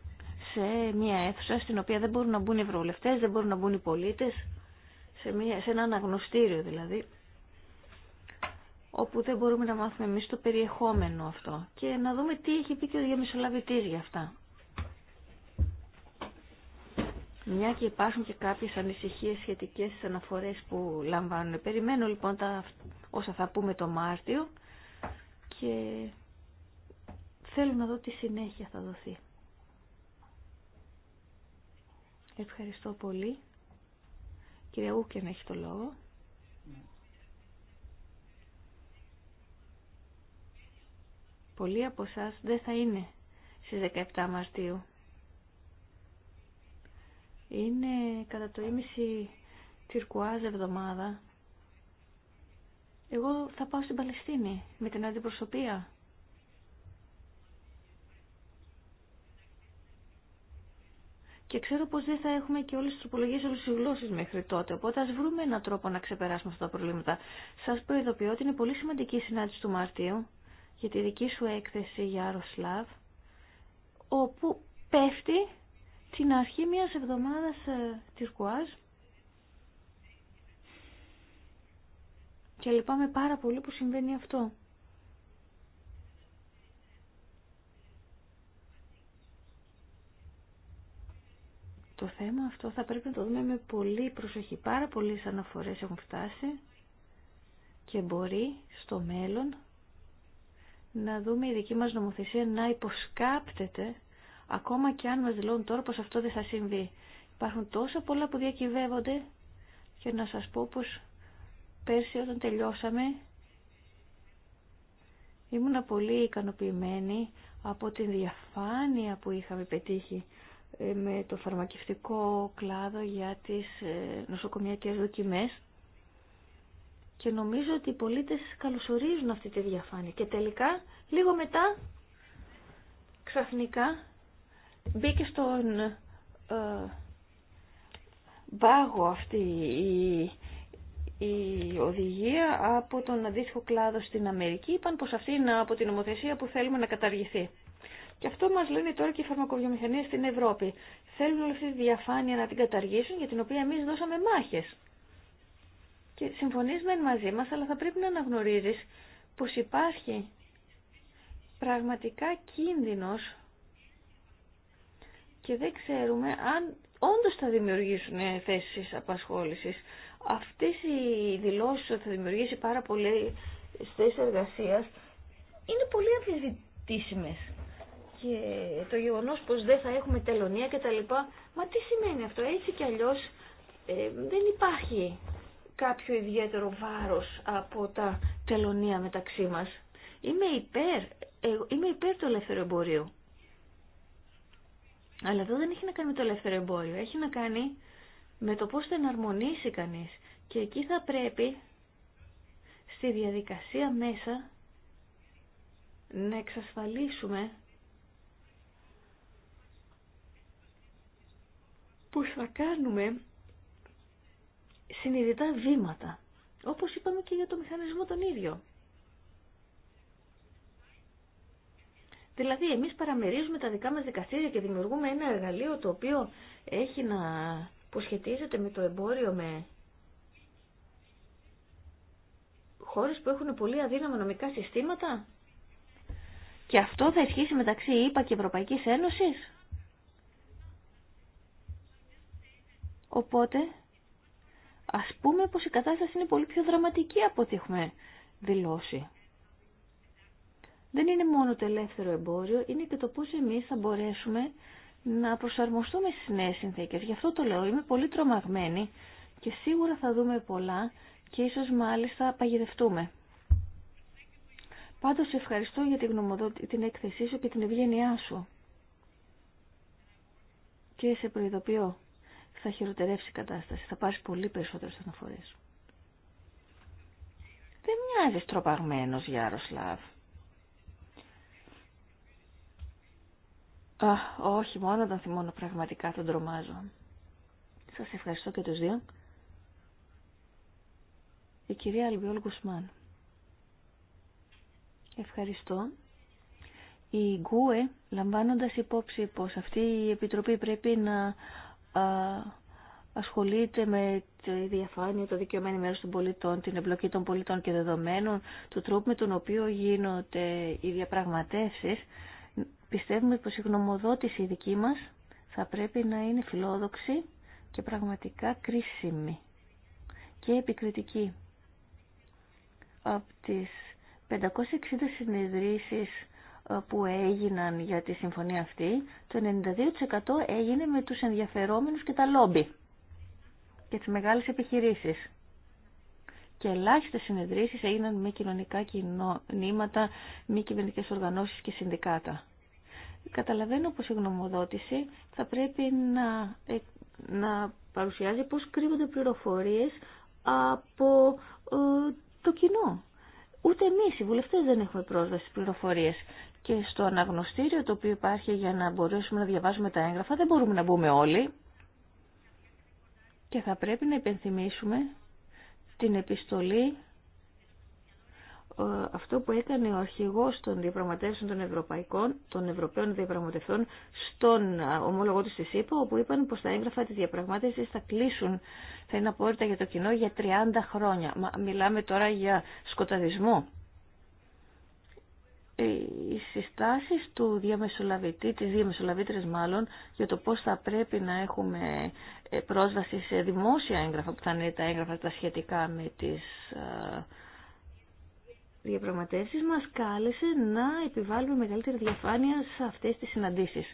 σε μια αίθουσα στην οποία δεν μπορούν να μπουν οι ευρωβουλευτές, δεν μπορούν να μπουν οι πολίτες, σε, μια, σε ένα αναγνωστήριο δηλαδή, όπου δεν μπορούμε να μάθουμε εμείς το περιεχόμενο αυτό και να δούμε τι έχει πει και ο διαμεσολαβητής για αυτά. μια και υπάρχουν και κάποιες ανησυχίες σχετικές στις αναφορές που λαμβάνουν. Περιμένω λοιπόν τα, όσα θα πούμε το Μάρτιο και θέλω να δω τι συνέχεια θα δοθεί. Ευχαριστώ πολύ. Κυρία Ούκεν έχει το λόγο. Πολλοί από εσά δεν θα είναι στις 17 Μαρτίου είναι κατά το ίμιση τυρκουάζ εβδομάδα. Εγώ θα πάω στην Παλαιστίνη με την αντιπροσωπεία. Και ξέρω πως δεν θα έχουμε και όλες τις τροπολογίες, όλες τις γλώσσες μέχρι τότε. Οπότε ας βρούμε έναν τρόπο να ξεπεράσουμε αυτά τα προβλήματα. Σας προειδοποιώ ότι είναι πολύ σημαντική η συνάντηση του Μαρτίου για τη δική σου έκθεση για Αροσλάβ, όπου πέφτει την αρχή μιας εβδομάδας ε, της ΚΟΑΣ και λυπάμαι πάρα πολύ που συμβαίνει αυτό. Το θέμα αυτό θα πρέπει να το δούμε με πολύ προσοχή. Πάρα πολλές αναφορές έχουν φτάσει και μπορεί στο μέλλον να δούμε η δική μας νομοθεσία να υποσκάπτεται ακόμα και αν μας δηλώνουν τώρα πως αυτό δεν θα συμβεί. Υπάρχουν τόσα πολλά που διακυβεύονται και να σας πω πως πέρσι όταν τελειώσαμε ήμουνα πολύ ικανοποιημένη από την διαφάνεια που είχαμε πετύχει ε, με το φαρμακευτικό κλάδο για τις ε, νοσοκομιακές δοκιμές και νομίζω ότι οι πολίτες καλωσορίζουν αυτή τη διαφάνεια και τελικά λίγο μετά ξαφνικά μπήκε στον ε, πάγο αυτή η, η οδηγία από τον αντίστοιχο κλάδο στην Αμερική. Είπαν πως αυτή είναι από την νομοθεσία που θέλουμε να καταργηθεί. Και αυτό μας λένε τώρα και οι φαρμακοβιομηχανίες στην Ευρώπη. Θέλουν όλη αυτή τη διαφάνεια να την καταργήσουν για την οποία εμείς δώσαμε μάχες. Και συμφωνείς μεν μαζί μας, αλλά θα πρέπει να αναγνωρίζεις πως υπάρχει πραγματικά κίνδυνος και δεν ξέρουμε αν όντως θα δημιουργήσουν θέσεις απασχόλησης. Αυτές οι δηλώσεις ότι θα δημιουργήσει πάρα πολλές θέσεις εργασίας είναι πολύ αμφισβητήσιμες. Και το γεγονός πως δεν θα έχουμε τελωνία κτλ. Μα τι σημαίνει αυτό, έτσι κι αλλιώς ε, δεν υπάρχει κάποιο ιδιαίτερο βάρος από τα τελωνία μεταξύ μας. Είμαι υπέρ, ε, είμαι υπέρ του ελεύθερου εμπορίου. Αλλά εδώ δεν έχει να κάνει με το ελεύθερο εμπόριο. Έχει να κάνει με το πώς θα εναρμονίσει κανείς. Και εκεί θα πρέπει στη διαδικασία μέσα να εξασφαλίσουμε που θα κάνουμε συνειδητά βήματα. Όπως είπαμε και για το μηχανισμό τον ίδιο. Δηλαδή εμείς παραμερίζουμε τα δικά μας δικαστήρια και δημιουργούμε ένα εργαλείο το οποίο έχει να που σχετίζεται με το εμπόριο με χώρες που έχουν πολύ αδύναμα νομικά συστήματα. Και αυτό θα ισχύσει μεταξύ ΕΠΑ ΕΕ και Ευρωπαϊκής Ένωσης. Οπότε, ας πούμε πως η κατάσταση είναι πολύ πιο δραματική από ό,τι έχουμε δηλώσει δεν είναι μόνο το ελεύθερο εμπόριο, είναι και το πώς εμείς θα μπορέσουμε να προσαρμοστούμε στις νέες συνθήκες. Γι' αυτό το λέω, είμαι πολύ τρομαγμένη και σίγουρα θα δούμε πολλά και ίσως μάλιστα παγιδευτούμε. Πάντως ευχαριστώ για την, την έκθεσή σου και την ευγένειά σου. Και σε προειδοποιώ, θα χειροτερεύσει η κατάσταση, θα πάρεις πολύ περισσότερες αναφορές. Δεν μοιάζεις τροπαγμένος, Γιάροσλαβ. Α, όχι, μόνο τον θυμώνω πραγματικά, τον τρομάζω. Σας ευχαριστώ και τους δύο. Η κυρία Αλβιόλ Γκουσμάν. Ευχαριστώ. Η Γκούε, λαμβάνοντας υπόψη πως αυτή η Επιτροπή πρέπει να ασχολείται με τη διαφάνεια, το δικαιωμένο μέρος των πολιτών, την εμπλοκή των πολιτών και δεδομένων, του τρόπου με τον οποίο γίνονται οι διαπραγματεύσεις, Πιστεύουμε πως η γνωμοδότηση δική μας θα πρέπει να είναι φιλόδοξη και πραγματικά κρίσιμη και επικριτική. Από τις 560 συνεδρίσεις ε, που έγιναν για τη συμφωνία αυτή, το 92% έγινε με τους ενδιαφερόμενους και τα λόμπι και τις μεγάλες επιχειρήσεις. Και ελάχιστε συνεδρίσεις έγιναν με κοινωνικά κοινωνήματα, μη κυβερνητικές οργανώσεις και συνδικάτα. Καταλαβαίνω πως η γνωμοδότηση θα πρέπει να, ε, να παρουσιάζει πως κρύβονται πληροφορίες από ε, το κοινό. Ούτε εμείς οι βουλευτές δεν έχουμε πρόσβαση στις πληροφορίες και στο αναγνωστήριο το οποίο υπάρχει για να μπορέσουμε να διαβάζουμε τα έγγραφα δεν μπορούμε να μπούμε όλοι και θα πρέπει να υπενθυμίσουμε την επιστολή ε, αυτό που έκανε ο αρχηγός των διαπραγματεύσεων των, Ευρωπαϊκών, των Ευρωπαίων διαπραγματευτών στον ε, ομόλογο του στη ΣΥΠΟ, όπου είπαν πως τα έγγραφα της διαπραγμάτευσης θα κλείσουν, θα είναι απόρριτα για το κοινό για 30 χρόνια. Μα, μιλάμε τώρα για σκοταδισμό. Ε, οι συστάσεις του διαμεσολαβητή, της διαμεσολαβήτρες μάλλον, για το πώς θα πρέπει να έχουμε πρόσβαση σε δημόσια έγγραφα, που θα είναι τα έγγραφα τα σχετικά με τις διαπραγματεύσεις μας κάλεσε να επιβάλλουμε μεγαλύτερη διαφάνεια σε αυτές τις συναντήσεις.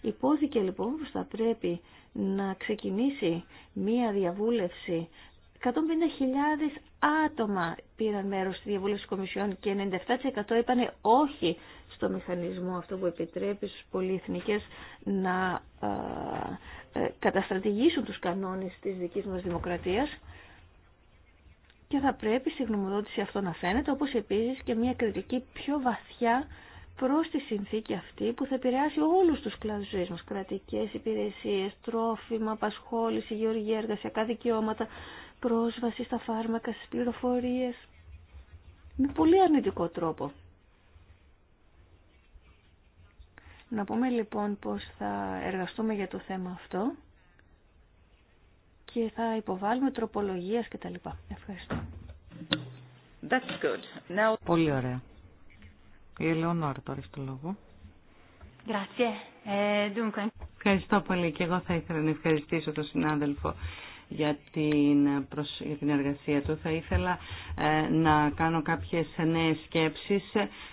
Υπόθηκε λοιπόν πως θα πρέπει να ξεκινήσει μία διαβούλευση 150.000 άτομα πήραν μέρος στη διαβούλευση Κομισιόν και 97% είπαν όχι στο μηχανισμό αυτό που επιτρέπει στους πολυεθνικές να ε, ε, καταστρατηγήσουν τους κανόνες της δικής μας δημοκρατίας και θα πρέπει στη γνωμοδότηση αυτό να φαίνεται, όπως επίσης και μια κριτική πιο βαθιά προς τη συνθήκη αυτή που θα επηρεάσει όλους τους κλάδους ζωής μας, κρατικές υπηρεσίες, τρόφιμα, απασχόληση, γεωργία, εργασιακά δικαιώματα, πρόσβαση στα φάρμακα, στις πληροφορίες, με πολύ αρνητικό τρόπο. Να πούμε λοιπόν πως θα εργαστούμε για το θέμα αυτό και θα υποβάλουμε τροπολογίες κτλ. Ευχαριστώ. That's good. Πολύ ωραία. Η Ελεονόρα τώρα έχει το λόγο. Ε, Ευχαριστώ πολύ και εγώ θα ήθελα να ευχαριστήσω τον συνάδελφο για την, για την εργασία του. Θα ήθελα ε, να κάνω κάποιες νέες σκέψεις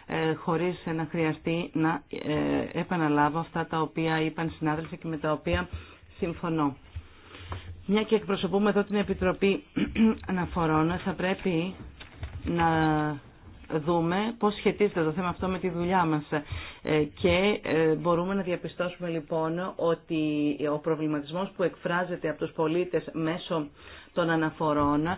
ε, χωρίς να χρειαστεί να ε, επαναλάβω αυτά τα οποία είπαν συνάδελφοι και με τα οποία συμφωνώ. Μια και εκπροσωπούμε εδώ την Επιτροπή Αναφορών, θα πρέπει να δούμε πώς σχετίζεται το θέμα αυτό με τη δουλειά μας. Ε, και ε, μπορούμε να διαπιστώσουμε λοιπόν ότι ο προβληματισμός που εκφράζεται από τους πολίτες μέσω των αναφορών ε,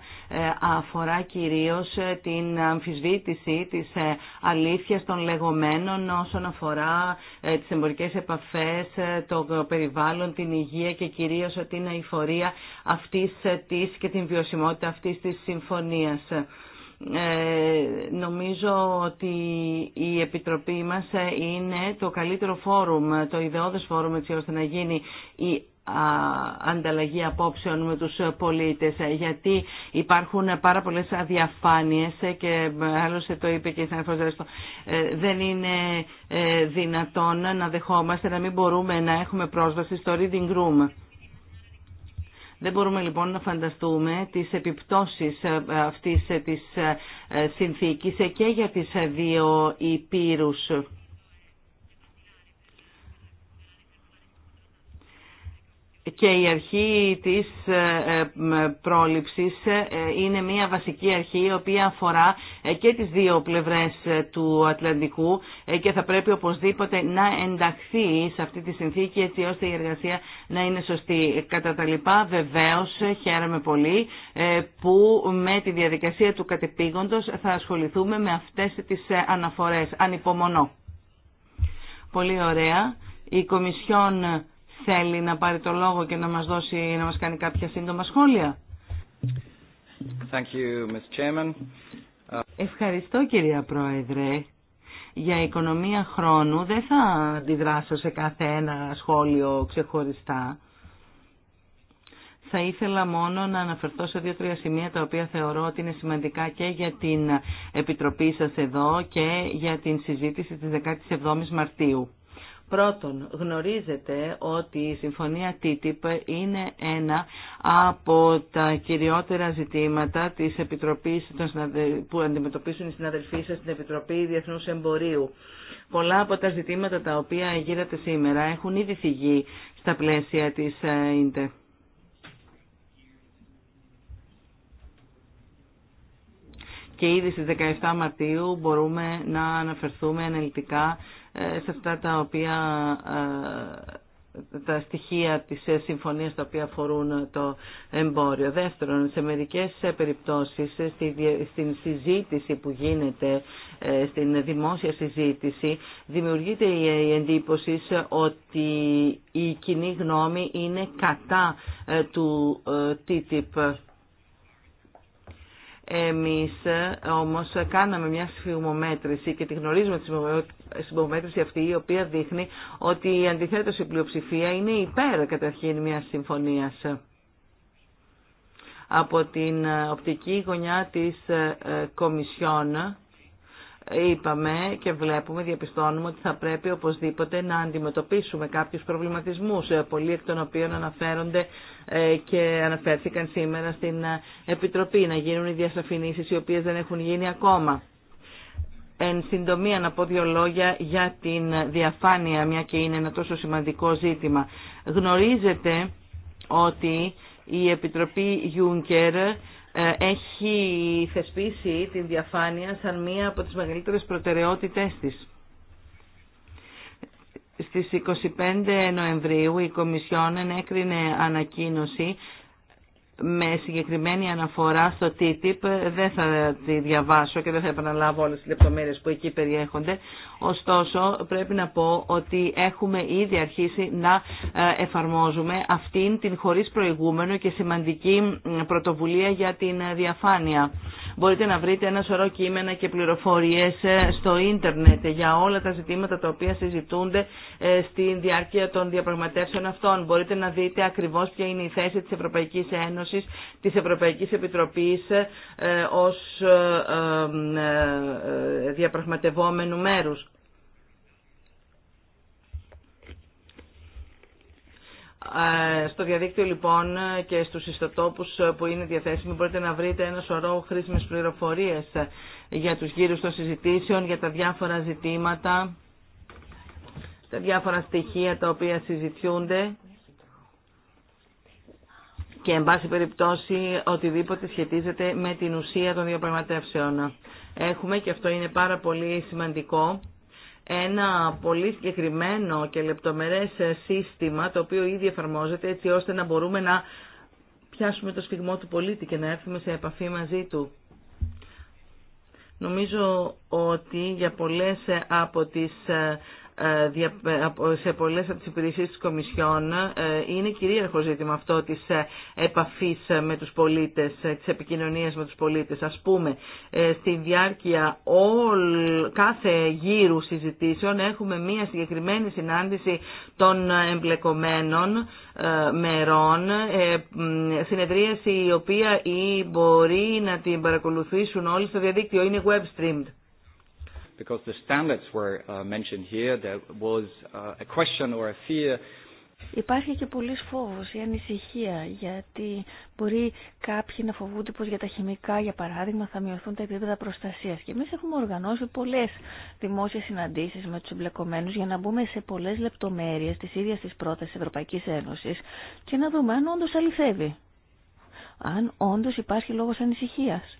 αφορά κυρίως ε, την αμφισβήτηση της ε, αλήθειας των λεγόμενων όσον αφορά τις εμπορικές επαφές, το περιβάλλον, την υγεία και κυρίως την αηφορία αυτής της και την βιωσιμότητα αυτής της συμφωνίας. νομίζω ότι η Επιτροπή μας είναι το καλύτερο φόρουμ, το ιδεώδες φόρουμ έτσι ώστε να γίνει η ανταλλαγή απόψεων με τους πολίτες ε, γιατί υπάρχουν πάρα πολλές αδιαφάνειες ε, και ε, άλλωστε το είπε και η Σανεφός δεν είναι δυνατόν να δεχόμαστε να μην μπορούμε να έχουμε πρόσβαση στο reading room. Δεν μπορούμε λοιπόν να φανταστούμε τις επιπτώσεις αυτής της συνθήκης και για τις δύο υπήρους. και η αρχή της ε, ε, πρόληψης ε, είναι μια βασική αρχή η οποία αφορά και τις δύο πλευρές του Ατλαντικού και θα πρέπει οπωσδήποτε να ενταχθεί σε αυτή τη συνθήκη έτσι ώστε η εργασία να είναι σωστή. Κατά τα λοιπά βεβαίως χαίρομαι πολύ που με τη διαδικασία του κατεπήγοντος θα ασχοληθούμε με αυτές τις αναφορές. Ανυπομονώ. Πολύ ωραία. Η Κομισιόν θέλει να πάρει το λόγο και να μας δώσει, να μας κάνει κάποια σύντομα σχόλια. Thank you, Ευχαριστώ κυρία Πρόεδρε. Για οικονομία χρόνου δεν θα αντιδράσω σε κάθε ένα σχόλιο ξεχωριστά. Θα ήθελα μόνο να αναφερθώ σε δύο-τρία σημεία τα οποία θεωρώ ότι είναι σημαντικά και για την Επιτροπή σας εδώ και για την συζήτηση της 17ης Μαρτίου. Πρώτον, γνωρίζετε ότι η συμφωνία TTIP είναι ένα από τα κυριότερα ζητήματα της Επιτροπής που αντιμετωπίσουν οι συναδελφοί σας στην Επιτροπή Διεθνούς Εμπορίου. Πολλά από τα ζητήματα τα οποία γίνεται σήμερα έχουν ήδη φυγεί στα πλαίσια της ε, ΙΝΤΕ. Και ήδη στις 17 Μαρτίου μπορούμε να αναφερθούμε αναλυτικά ε, σε αυτά τα οποία ε, τα στοιχεία της συμφωνίας τα οποία αφορούν το εμπόριο. Δεύτερον, σε μερικές περιπτώσεις στην συζήτηση που γίνεται, ε, στην δημόσια συζήτηση, δημιουργείται η εντύπωση ότι η κοινή γνώμη είναι κατά του TTIP εμείς ε, όμως κάναμε μια σφιγμομέτρηση και τη γνωρίζουμε τη σφιγμομέτρηση αυτή η οποία δείχνει ότι αντιθέτως η πλειοψηφία είναι υπέρ καταρχήν μια συμφωνίας. Από την ε, οπτική γωνιά της ε, Κομισιόν είπαμε και βλέπουμε, διαπιστώνουμε ότι θα πρέπει οπωσδήποτε να αντιμετωπίσουμε κάποιους προβληματισμούς, ε, πολλοί εκ των οποίων αναφέρονται ε, και αναφέρθηκαν σήμερα στην ε, Επιτροπή, να γίνουν οι διασαφηνίσεις οι οποίες δεν έχουν γίνει ακόμα. Εν συντομία να πω δύο λόγια για την διαφάνεια, μια και είναι ένα τόσο σημαντικό ζήτημα. Γνωρίζετε ότι η Επιτροπή Juncker ε, έχει θεσπίσει την διαφάνεια σαν μία από τις μεγαλύτερες προτεραιότητές της. Στις 25 Νοεμβρίου η Κομισιόν ενέκρινε ανακοίνωση με συγκεκριμένη αναφορά στο TTIP. Δεν θα τη διαβάσω και δεν θα επαναλάβω όλες τις λεπτομέρειες που εκεί περιέχονται. Ωστόσο, πρέπει να πω ότι έχουμε ήδη αρχίσει να ε, εφαρμόζουμε αυτήν την χωρίς προηγούμενο και σημαντική πρωτοβουλία για την ε, διαφάνεια μπορείτε να βρείτε ένα σωρό κείμενα και πληροφορίες ε, στο ίντερνετ για όλα τα ζητήματα τα οποία συζητούνται ε, στη διάρκεια των διαπραγματεύσεων αυτών. Μπορείτε να δείτε ακριβώς ποια είναι η θέση της Ευρωπαϊκής Ένωσης, της Ευρωπαϊκής Επιτροπής ε, ως διαπραγματευόμενου μέρους. Στο διαδίκτυο λοιπόν και στους ιστοτόπους που είναι διαθέσιμοι μπορείτε να βρείτε ένα σωρό χρήσιμες πληροφορίες για τους γύρους των συζητήσεων, για τα διάφορα ζητήματα, τα διάφορα στοιχεία τα οποία συζητιούνται και εν πάση περιπτώσει οτιδήποτε σχετίζεται με την ουσία των διαπραγματεύσεων. Έχουμε, και αυτό είναι πάρα πολύ σημαντικό, ένα πολύ συγκεκριμένο και λεπτομερές σύστημα το οποίο ήδη εφαρμόζεται έτσι ώστε να μπορούμε να πιάσουμε το σφιγμό του πολίτη και να έρθουμε σε επαφή μαζί του. Νομίζω ότι για πολλές από τις ε, σε πολλές από τις υπηρεσίες της Κομισιόν ε, είναι κυρίαρχο ζήτημα αυτό της ε, επαφής με τους πολίτες, ε, της επικοινωνίας με τους πολίτες. Ας πούμε, στη διάρκεια κάθε γύρου συζητήσεων έχουμε μία συγκεκριμένη συνάντηση των εμπλεκομένων μερών, συνεδρίαση η οποία ή μπορεί να την παρακολουθήσουν όλοι στο διαδίκτυο, είναι web streamed because the standards were uh, mentioned here, was uh, a question or a fear. Υπάρχει και πολλή φόβος ή ανησυχία γιατί μπορεί κάποιοι να φοβούνται πως για τα χημικά για παράδειγμα θα μειωθούν τα επίπεδα προστασίας και εμείς έχουμε οργανώσει πολλές δημόσιες συναντήσεις με τους εμπλεκομένους για να μπούμε σε πολλές λεπτομέρειες της ίδιας της πρότασης Ευρωπαϊκής Ένωσης και να δούμε αν όντως αληθεύει, αν όντως υπάρχει λόγος ανησυχίας.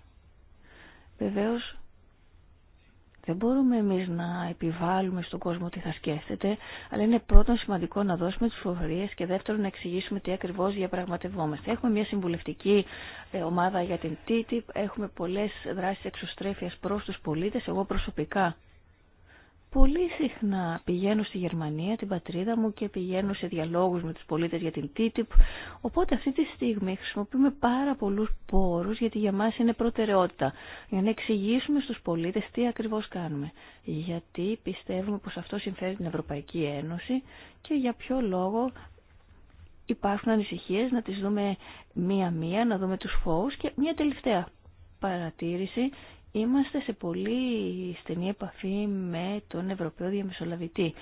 Βεβαίως δεν μπορούμε εμείς να επιβάλλουμε στον κόσμο τι θα σκέφτεται, αλλά είναι πρώτον σημαντικό να δώσουμε τις φοβερίε και δεύτερον να εξηγήσουμε τι ακριβώς διαπραγματευόμαστε. Έχουμε μια συμβουλευτική ε, ομάδα για την TTIP, έχουμε πολλές δράσεις εξωστρέφειας προς τους πολίτες. Εγώ προσωπικά Πολύ συχνά πηγαίνω στη Γερμανία, την πατρίδα μου και πηγαίνω σε διαλόγους με τους πολίτες για την TTIP. Οπότε αυτή τη στιγμή χρησιμοποιούμε πάρα πολλούς πόρους γιατί για μας είναι προτεραιότητα. Για να εξηγήσουμε στους πολίτες τι ακριβώς κάνουμε. Γιατί πιστεύουμε πως αυτό συμφέρει την Ευρωπαϊκή Ένωση και για ποιο λόγο υπάρχουν ανησυχίες να τις δούμε μία-μία, να δούμε τους φόβους και μία τελευταία παρατήρηση Είμαστε σε πολύ στενή επαφή με τον Ευρωπαίο Διαμεσολαβητή.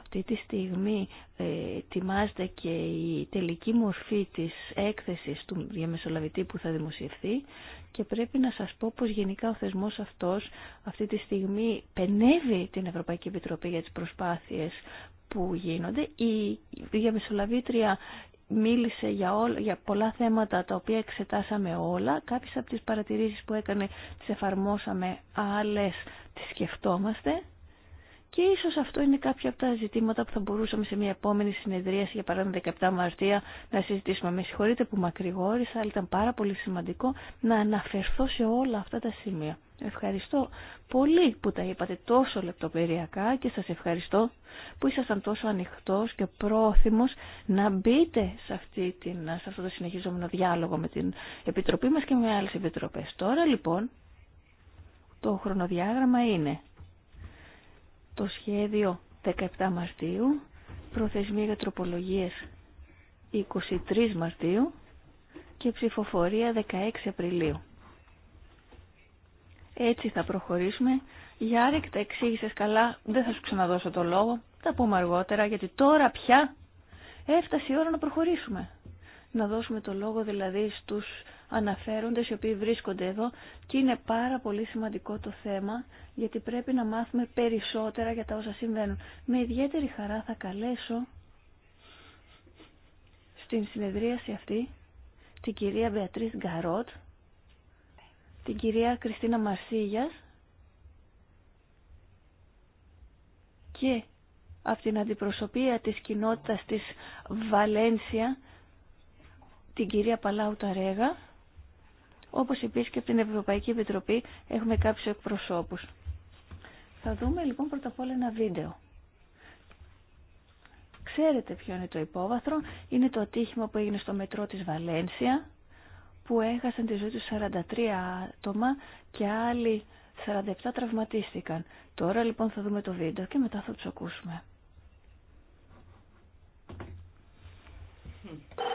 Αυτή τη στιγμή ε, ετοιμάζεται και η τελική μορφή της έκθεσης του Διαμεσολαβητή που θα δημοσιευθεί και πρέπει να σας πω πως γενικά ο θεσμός αυτός αυτή τη στιγμή πενεύει την Ευρωπαϊκή Επιτροπή για τις προσπάθειες που γίνονται. Η διαμεσολαβήτρια μίλησε για, όλα, για πολλά θέματα τα οποία εξετάσαμε όλα. Κάποιες από τις παρατηρήσεις που έκανε τις εφαρμόσαμε, άλλες τις σκεφτόμαστε. Και ίσως αυτό είναι κάποια από τα ζητήματα που θα μπορούσαμε σε μια επόμενη συνεδρίαση, για παράδειγμα 17 Μαρτία, να συζητήσουμε. Με συγχωρείτε που μακρηγόρησα, αλλά ήταν πάρα πολύ σημαντικό να αναφερθώ σε όλα αυτά τα σημεία. Ευχαριστώ πολύ που τα είπατε τόσο λεπτοπεριακά και σας ευχαριστώ που ήσασταν τόσο ανοιχτός και πρόθυμος να μπείτε σε, αυτή την, σε αυτό το συνεχιζόμενο διάλογο με την Επιτροπή μας και με άλλες επιτροπές. Τώρα λοιπόν το χρονοδιάγραμμα είναι το σχέδιο 17 Μαρτίου, προθεσμία για τροπολογίες 23 Μαρτίου και ψηφοφορία 16 Απριλίου. Έτσι θα προχωρήσουμε. Γιάρικ, τα εξήγησες καλά, δεν θα σου ξαναδώσω το λόγο. Τα πούμε αργότερα, γιατί τώρα πια έφτασε η ώρα να προχωρήσουμε. Να δώσουμε το λόγο δηλαδή στους αναφέροντες οι οποίοι βρίσκονται εδώ και είναι πάρα πολύ σημαντικό το θέμα γιατί πρέπει να μάθουμε περισσότερα για τα όσα συμβαίνουν. Με ιδιαίτερη χαρά θα καλέσω στην συνεδρίαση αυτή την κυρία Μπεατρίς Γκαρότ την κυρία Κριστίνα Μαρσίγιας και από την αντιπροσωπεία της κοινότητας της Βαλένσια την κυρία Παλάου Ταρέγα όπως επίσης και από την Ευρωπαϊκή Επιτροπή έχουμε κάποιους εκπροσώπους. Θα δούμε λοιπόν πρώτα απ' όλα ένα βίντεο. Ξέρετε ποιο είναι το υπόβαθρο, είναι το ατύχημα που έγινε στο μετρό της Βαλένσια που έχασαν τη ζωή του 43 άτομα και άλλοι 47 τραυματίστηκαν. Τώρα λοιπόν θα δούμε το βίντεο και μετά θα του ακούσουμε. Hm.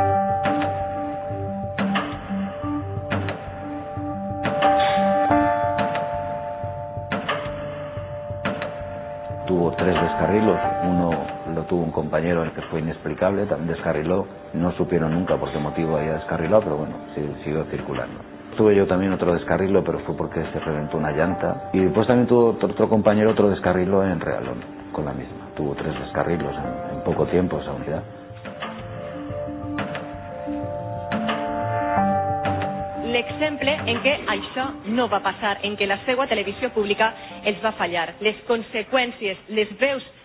descarrilos. Uno lo tuvo un compañero que fue inexplicable, también descarriló. No supieron nunca por qué motivo había descarrilado, pero bueno, siguió circulando. Tuve yo también otro descarrilo, pero fue porque se reventó una llanta. Y después también tuvo otro, compañero otro descarrilo en Realón, con la misma. Tuvo tres descarrilos en, en poco tiempo esa unidad. l'exemple en què això no va a pasar en què la seva televisión pública els va a fallar. Les consecuencias. les veus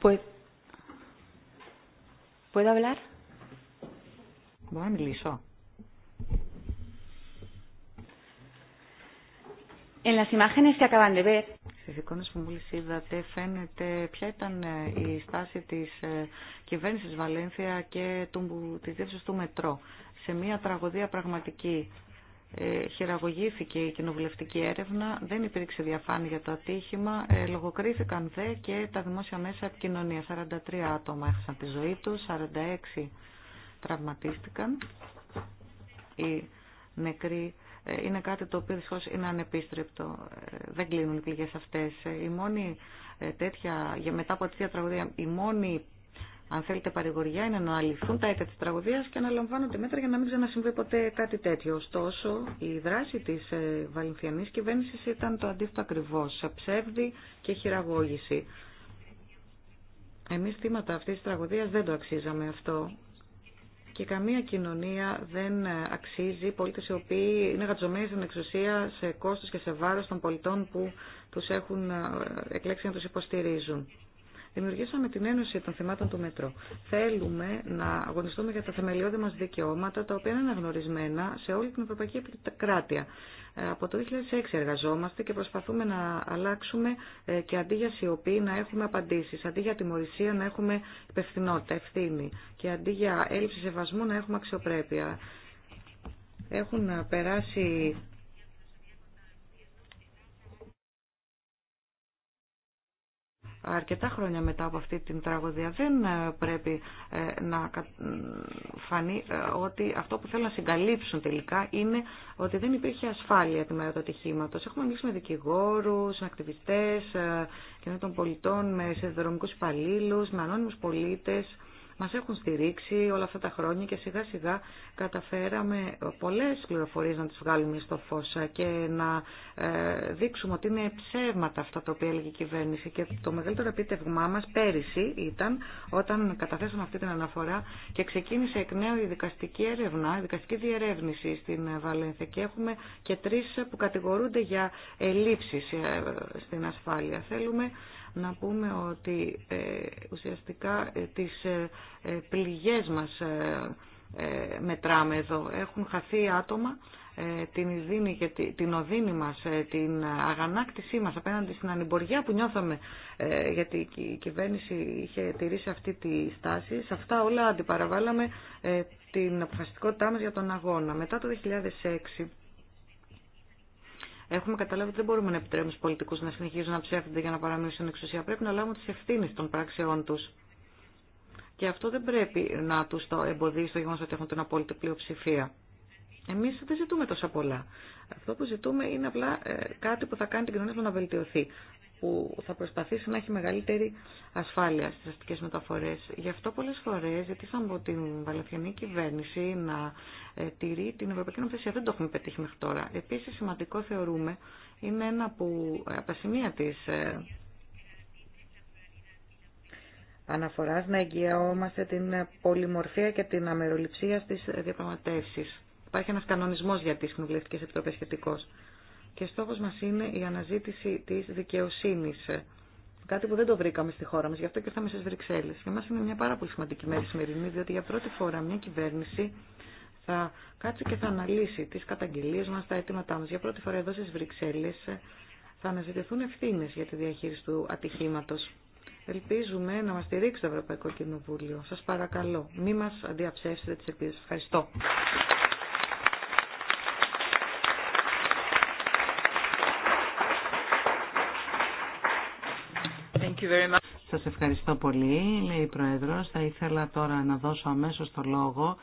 ¿Puedo hablar? να μιλήσω. En las imágenes acaban de ver, στις εικόνες που μόλις είδατε φαίνεται ποια ήταν ε, η στάση της ε, κυβέρνησης Βαλένθια και του, της διεύθυνσης του μετρό σε μια τραγωδία πραγματική ε, χειραγωγήθηκε η κοινοβουλευτική έρευνα, δεν υπήρξε διαφάνεια για το ατύχημα, ε, λογοκρίθηκαν δε και τα δημόσια μέσα επικοινωνία. 43 άτομα έχασαν τη ζωή τους, 46 τραυματίστηκαν. Οι νεκροί ε, είναι κάτι το οποίο δυστυχώς είναι ανεπίστρεπτο. Δεν κλείνουν οι πληγές αυτές. Η μόνη τέτοια, για μετά από τη τραγωδία, η μόνη αν θέλετε παρηγοριά, είναι να αληθούν τα αίτια της τραγωδίας και να λαμβάνονται μέτρα για να μην ξανασυμβεί ποτέ κάτι τέτοιο. Ωστόσο, η δράση της ε, βαλυνθιανής κυβέρνηση ήταν το αντίθετο ακριβώς, ψεύδι και χειραγώγηση. Εμείς θύματα αυτής της τραγωδίας δεν το αξίζαμε αυτό. Και καμία κοινωνία δεν ε, αξίζει πολίτες οι οποίοι είναι γατζωμένοι στην εξουσία σε κόστος και σε βάρος των πολιτών που τους έχουν ε, εκλέξει να τους υποστηρίζουν. Δημιουργήσαμε την Ένωση των Θεμάτων του Μετρό. Θέλουμε να αγωνιστούμε για τα θεμελιώδη μα δικαιώματα, τα οποία είναι αναγνωρισμένα σε όλη την Ευρωπαϊκή Επικράτεια. Ε, από το 2006 εργαζόμαστε και προσπαθούμε να αλλάξουμε ε, και αντί για σιωπή να έχουμε απαντήσει, αντί για τιμωρησία να έχουμε υπευθυνότητα, ευθύνη και αντί για έλλειψη σεβασμού να έχουμε αξιοπρέπεια. Έχουν περάσει αρκετά χρόνια μετά από αυτή την τραγωδία δεν ε, πρέπει ε, να φανεί ε, ότι αυτό που θέλουν να συγκαλύψουν τελικά είναι ότι δεν υπήρχε ασφάλεια τη μέρα του ατυχήματο. Έχουμε μιλήσει με δικηγόρου, με ακτιβιστέ, τον των πολιτών, με συνδρομικού υπαλλήλου, με ανώνυμου πολίτε μας έχουν στηρίξει όλα αυτά τα χρόνια και σιγά σιγά καταφέραμε πολλές πληροφορίες να τις βγάλουμε στο φως και να ε, δείξουμε ότι είναι ψέματα αυτά τα οποία έλεγε η κυβέρνηση και το μεγαλύτερο επίτευγμά μας πέρυσι ήταν όταν καταθέσαμε αυτή την αναφορά και ξεκίνησε εκ νέου η δικαστική έρευνα, η δικαστική διερεύνηση στην Βαλένθια και έχουμε και τρεις που κατηγορούνται για ελλείψεις ε, στην ασφάλεια. Θέλουμε να πούμε ότι ε, ουσιαστικά ε, τις ε, πληγές μας μετράμε εδώ. Έχουν χαθεί άτομα την οδύνη και την οδύνη μας, την αγανάκτησή μας απέναντι στην ανυμποριά που νιώθαμε γιατί η κυβέρνηση είχε τηρήσει αυτή τη στάση. Σε αυτά όλα αντιπαραβάλαμε την αποφασιστικότητά μας για τον αγώνα. Μετά το 2006 Έχουμε καταλάβει ότι δεν μπορούμε να επιτρέπουμε στου πολιτικού να συνεχίζουν να ψεύδονται για να παραμείνουν στην εξουσία. Πρέπει να λάβουμε τι ευθύνε των πράξεών του. Και αυτό δεν πρέπει να του το εμποδίσει το γεγονό ότι έχουν την απόλυτη πλειοψηφία. Εμείς δεν ζητούμε τόσα πολλά. Αυτό που ζητούμε είναι απλά ε, κάτι που θα κάνει την κοινωνία να βελτιωθεί που θα προσπαθήσει να έχει μεγαλύτερη ασφάλεια στις αστικές μεταφορές. Γι' αυτό πολλές φορές ζητήσαμε από την βαλαθιανή κυβέρνηση να ε, τηρεί την Ευρωπαϊκή Νομοθεσία. Δεν το έχουμε πετύχει μέχρι τώρα. Επίσης σημαντικό θεωρούμε είναι ένα που ε, από τα σημεία της αναφοράς να εγγυαόμαστε την πολυμορφία και την αμεροληψία στις διαπραγματεύσεις. Υπάρχει ένα κανονισμό για τι κοινοβουλευτικέ επιτροπέ σχετικώ. Και στόχο μα είναι η αναζήτηση τη δικαιοσύνη. Κάτι που δεν το βρήκαμε στη χώρα μα, γι' αυτό και ήρθαμε στις Βρυξέλλες. Για μα είναι μια πάρα πολύ σημαντική μέρη σημερινή, διότι για πρώτη φορά μια κυβέρνηση θα κάτσει και θα αναλύσει τι καταγγελίε μα τα αιτήματά μα. Για πρώτη φορά εδώ στις Βρυξέλλες θα αναζητηθούν ευθύνε για τη διαχείριση του ατυχήματο. Ελπίζουμε να μα στηρίξει το Ευρωπαϊκό Κοινοβούλιο. Σα παρακαλώ, μη μας αντιαψεύσετε τις ελπίδε. Ευχαριστώ. Σας ευχαριστώ πολύ, λέει η Πρόεδρος. Θα ήθελα τώρα να δώσω αμέσως το λόγο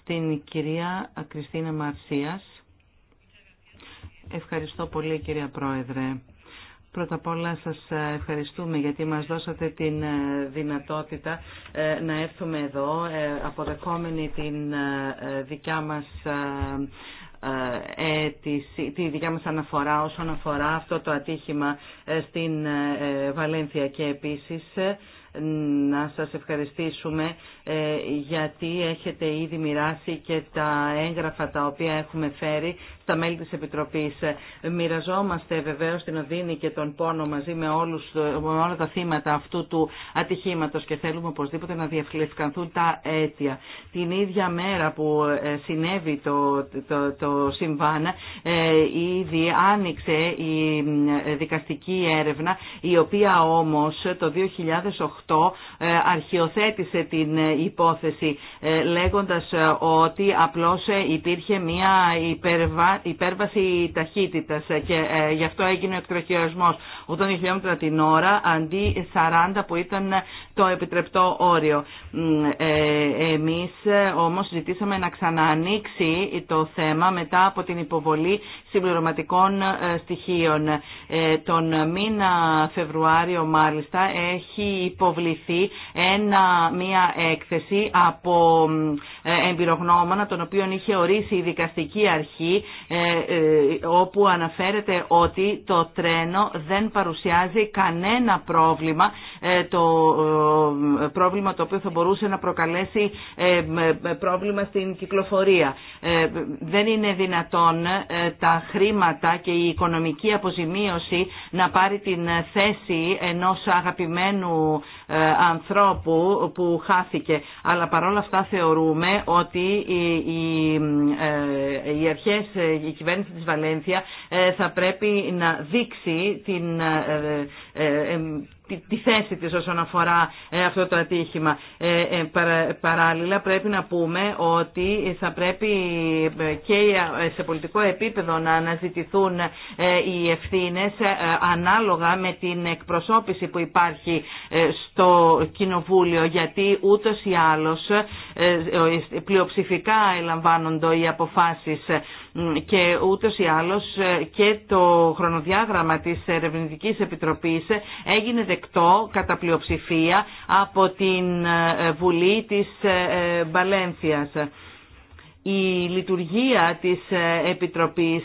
στην κυρία Κριστίνα Μαρσίας. Ευχαριστώ πολύ κυρία Πρόεδρε. Πρώτα απ' όλα σας ευχαριστούμε γιατί μας δώσατε την ε, δυνατότητα ε, να έρθουμε εδώ ε, αποδεκόμενοι την δικιά μας Ετη ε, τη δικιά μας αναφορά όσον αφορά αυτό το ατύχημα ε, στην ε, Βαλένθια και επίσης να σας ευχαριστήσουμε γιατί έχετε ήδη μοιράσει και τα έγγραφα τα οποία έχουμε φέρει στα μέλη της Επιτροπής. Μοιραζόμαστε βεβαίως την οδύνη και τον πόνο μαζί με, όλους, όλα τα θύματα αυτού του ατυχήματος και θέλουμε οπωσδήποτε να διευκλευκανθούν τα αίτια. Την ίδια μέρα που ε, συνέβη το, το, συμβάν, ε, ήδη άνοιξε η ε, δικαστική έρευνα, η οποία όμως το 2008 αρχιοθέτησε την υπόθεση λέγοντας ότι απλώς υπήρχε μια υπέρβαση ταχύτητα. και ε, γι' αυτό έγινε ο εκτροχιασμό 80 χιλιόμετρα την ώρα αντί 40 που ήταν το επιτρεπτό όριο. Ε, εμείς ε, όμως ζητήσαμε να ξαναανοίξει το θέμα μετά από την υποβολή συμπληρωματικών στοιχείων. Τον μήνα Φεβρουάριο μάλιστα έχει υποβληθεί ένα, μια έκθεση από εμπειρογνώμονα τον οποίο είχε ορίσει η δικαστική αρχή ε, ε, όπου αναφέρεται ότι το τρένο δεν παρουσιάζει κανένα πρόβλημα, ε, το πρόβλημα το οποίο θα μπορούσε να προκαλέσει πρόβλημα στην κυκλοφορία. Δεν είναι δυνατόν τα χρήματα και η οικονομική αποζημίωση να πάρει την θέση ενός αγαπημένου ε, ανθρώπου που χάθηκε. Αλλά παρόλα αυτά θεωρούμε ότι οι ε, αρχές, ε, η κυβέρνηση της Βαλένθια θα πρέπει να δείξει την ε, ε, τη θέση της όσον αφορά ε, αυτό το ατύχημα. Παράλληλα πρέπει να πούμε ότι θα πρέπει και σε πολιτικό επίπεδο να αναζητηθούν οι ευθύνες ανάλογα με την εκπροσώπηση που υπάρχει στο Κοινοβούλιο γιατί ούτως ή άλλως πλειοψηφικά ελαμβάνονται οι αποφάσεις και ούτως ή άλλως και το χρονοδιάγραμμα της Ερευνητικής Επιτροπής έγινε δεκτό κατά πλειοψηφία από την ε, Βουλή της Μπαλένθιας. Ε, ε, Η λειτουργία της Επιτροπής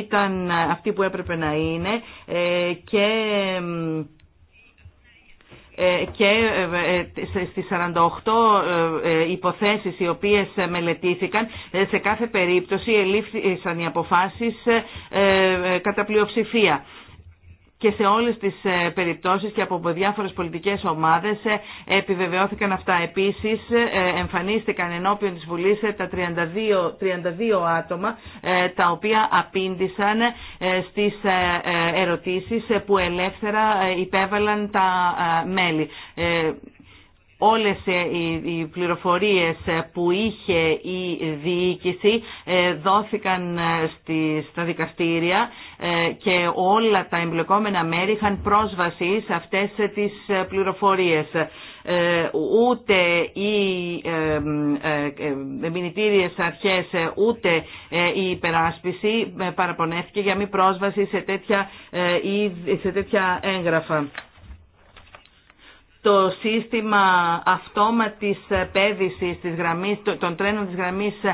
ήταν αυτή που έπρεπε να είναι και και στις 48 υποθέσεις οι οποίες μελετήθηκαν σε κάθε περίπτωση ελήφθησαν οι αποφάσεις κατά πλειοψηφία και σε όλες τις ε, περιπτώσεις και από διάφορες πολιτικές ομάδες ε, επιβεβαιώθηκαν αυτά. Επίσης ε, εμφανίστηκαν ενώπιον της Βουλής τα 32, 32 άτομα τα οποία απήντησαν στις ερωτήσεις που ελεύθερα υπέβαλαν τα μέλη όλες ε, οι πληροφορίες ε, που είχε η διοίκηση ε, δόθηκαν στα δικαστήρια και όλα τα εμπλεκόμενα μέρη είχαν πρόσβαση σε αυτές τις πληροφορίες. Ούτε οι μηνυτήριες αρχές ούτε η υπεράσπιση παραπονέθηκε για μη πρόσβαση σε τέτοια έγγραφα το σύστημα αυτόματης πέδησης της γραμμής, των τρένων της γραμμής 1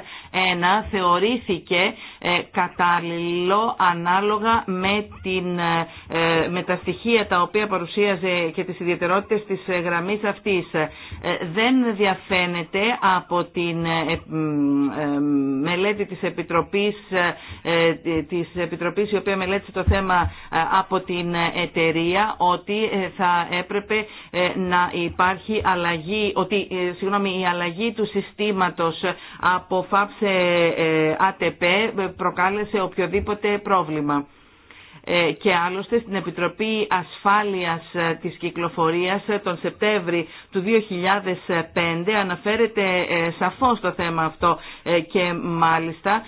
θεωρήθηκε ε, κατάλληλο ανάλογα με, την, ε, ε, με τα στοιχεία τα οποία παρουσίαζε και τις ιδιαιτερότητες της γραμμής αυτής. Δεν διαφαίνεται από την μελέτη της Επιτροπής, της Επιτροπής η οποία μελέτησε το θέμα από την εταιρεία ότι θα έπρεπε να υπάρχει αλλαγή, ότι ε, συγγνώμη, η αλλαγή του συστήματος από ΦΑΠΣΕ ε, ΑΤΠ ε, προκάλεσε οποιοδήποτε πρόβλημα. Ε, και άλλωστε στην Επιτροπή Ασφάλειας ε, της Κυκλοφορίας ε, τον Σεπτέμβρη του 2005 αναφέρεται σαφώς το θέμα αυτό και μάλιστα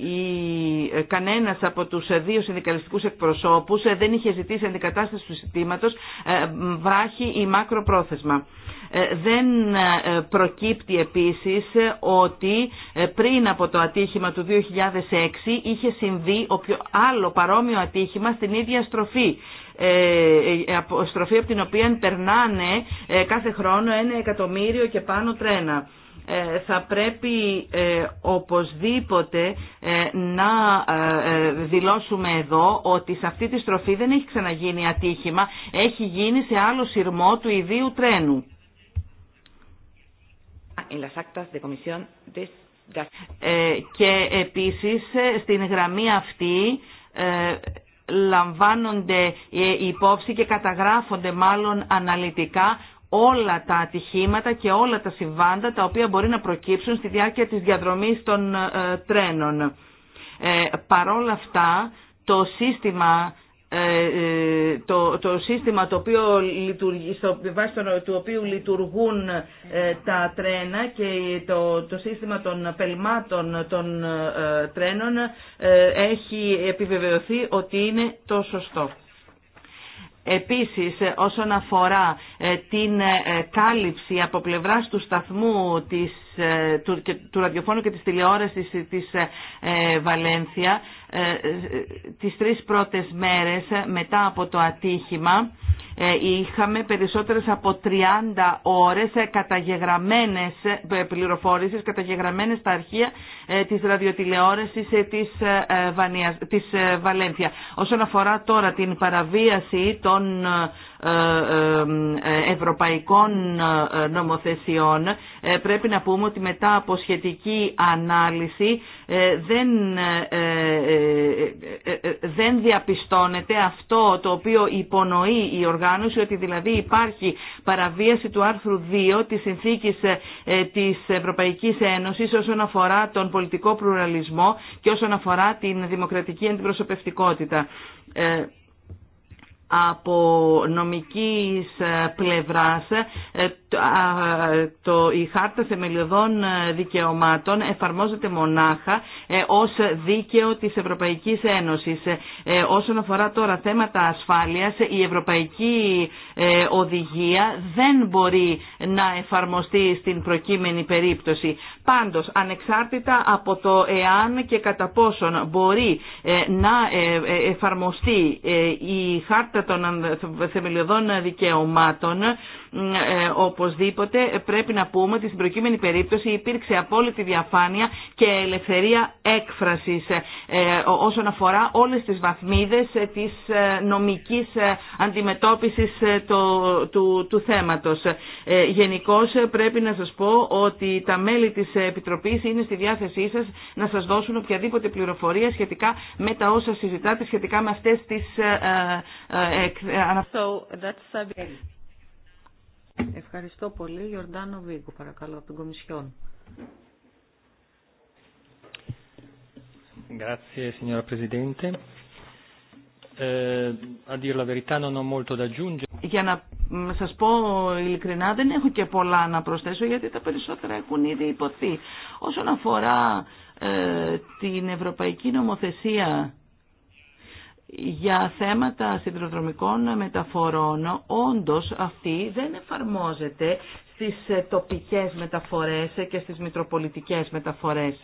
η, κανένας από τους δύο συνδικαλιστικούς εκπροσώπους δεν είχε ζητήσει αντικατάσταση του συστήματος βράχη ή μακροπρόθεσμα. Ε, δεν ε, προκύπτει επίσης ότι ε, πριν από το ατύχημα του 2006 είχε συμβεί άλλο παρόμοιο ατύχημα στην ίδια στροφή στροφή από την οποία περνάνε κάθε χρόνο ένα εκατομμύριο και πάνω τρένα. Θα πρέπει οπωσδήποτε να δηλώσουμε εδώ ότι σε αυτή τη στροφή δεν έχει ξαναγίνει ατύχημα, έχει γίνει σε άλλο σειρμό του ιδίου τρένου. Ε, και επίσης ε, στην γραμμή αυτή ε, λαμβάνονται υπόψη και καταγράφονται μάλλον αναλυτικά όλα τα ατυχήματα και όλα τα συμβάντα τα οποία μπορεί να προκύψουν στη διάρκεια της διαδρομής των τρένων. Παρόλα αυτά το σύστημα ε, ε, το, το σύστημα το οποίο λειτουργεί, στο, του οποίου λειτουργούν ε, τα τρένα και το, το σύστημα των πελμάτων των τρένων έχει επιβεβαιωθεί ότι είναι το σωστό. Επίσης, όσον αφορά την κάλυψη από πλευράς του σταθμού της, του, του ραδιοφώνου και της τηλεόρασης της Βαλένθια, ε, τις τρεις πρώτες μέρες ε, μετά από το ατύχημα ε, είχαμε περισσότερες από 30 ώρες καταγεγραμμένες πληροφόρησης, καταγεγραμμένες στα αρχεία της ραδιοτηλεόρασης της, Βανίας, της Βαλένθια. Όσον αφορά τώρα την παραβίαση των ε, ε, ε, ευρωπαϊκών νομοθεσιών πρέπει να πούμε ότι μετά από σχετική ανάλυση δεν, δεν διαπιστώνεται αυτό το οποίο υπονοεί η οργάνωση ότι δηλαδή υπάρχει παραβίαση του άρθρου 2 της συνθήκης της Ευρωπαϊκής Ένωσης όσον αφορά τον πολιτικό πλουραλισμό και όσον αφορά την δημοκρατική αντιπροσωπευτικότητα από νομικής ε, πλευράς ε, το, η χάρτα θεμελιωδών ε, δικαιωμάτων εφαρμόζεται μονάχα ως δίκαιο της Ευρωπαϊκής Ένωσης. όσον αφορά τώρα θέματα ασφάλειας, η Ευρωπαϊκή Οδηγία δεν μπορεί να εφαρμοστεί στην προκείμενη περίπτωση. Πάντως, ανεξάρτητα από το εάν και κατά πόσον μπορεί να εφαρμοστεί η χάρτα των θεμελιωδών δικαιωμάτων ε, οπωσδήποτε πρέπει να πούμε ότι στην προκείμενη περίπτωση υπήρξε απόλυτη διαφάνεια και ελευθερία έκφρασης ε, ε, όσον αφορά όλες τις βαθμίδες της νομικής αντιμετώπισης του, του θέματος. Γενικώ πρέπει να σας πω ότι τα μέλη της Επιτροπής είναι στη διάθεσή σας να σας δώσουν οποιαδήποτε πληροφορία σχετικά με τα όσα συζητάτε, σχετικά με αυτές τις ε, Ευχαριστώ πολύ. Γιορτάνο Βίγκο, παρακαλώ, από την Κομισιόν. Grazie, signora Presidente. Ε, a Για να σας πω ειλικρινά δεν έχω και πολλά να προσθέσω γιατί τα περισσότερα έχουν ήδη υποθεί. Όσον αφορά ε, την ευρωπαϊκή νομοθεσία για θέματα συνδροδρομικών μεταφορών, όντως αυτή δεν εφαρμόζεται στις τοπικές μεταφορές και στις μητροπολιτικές μεταφορές.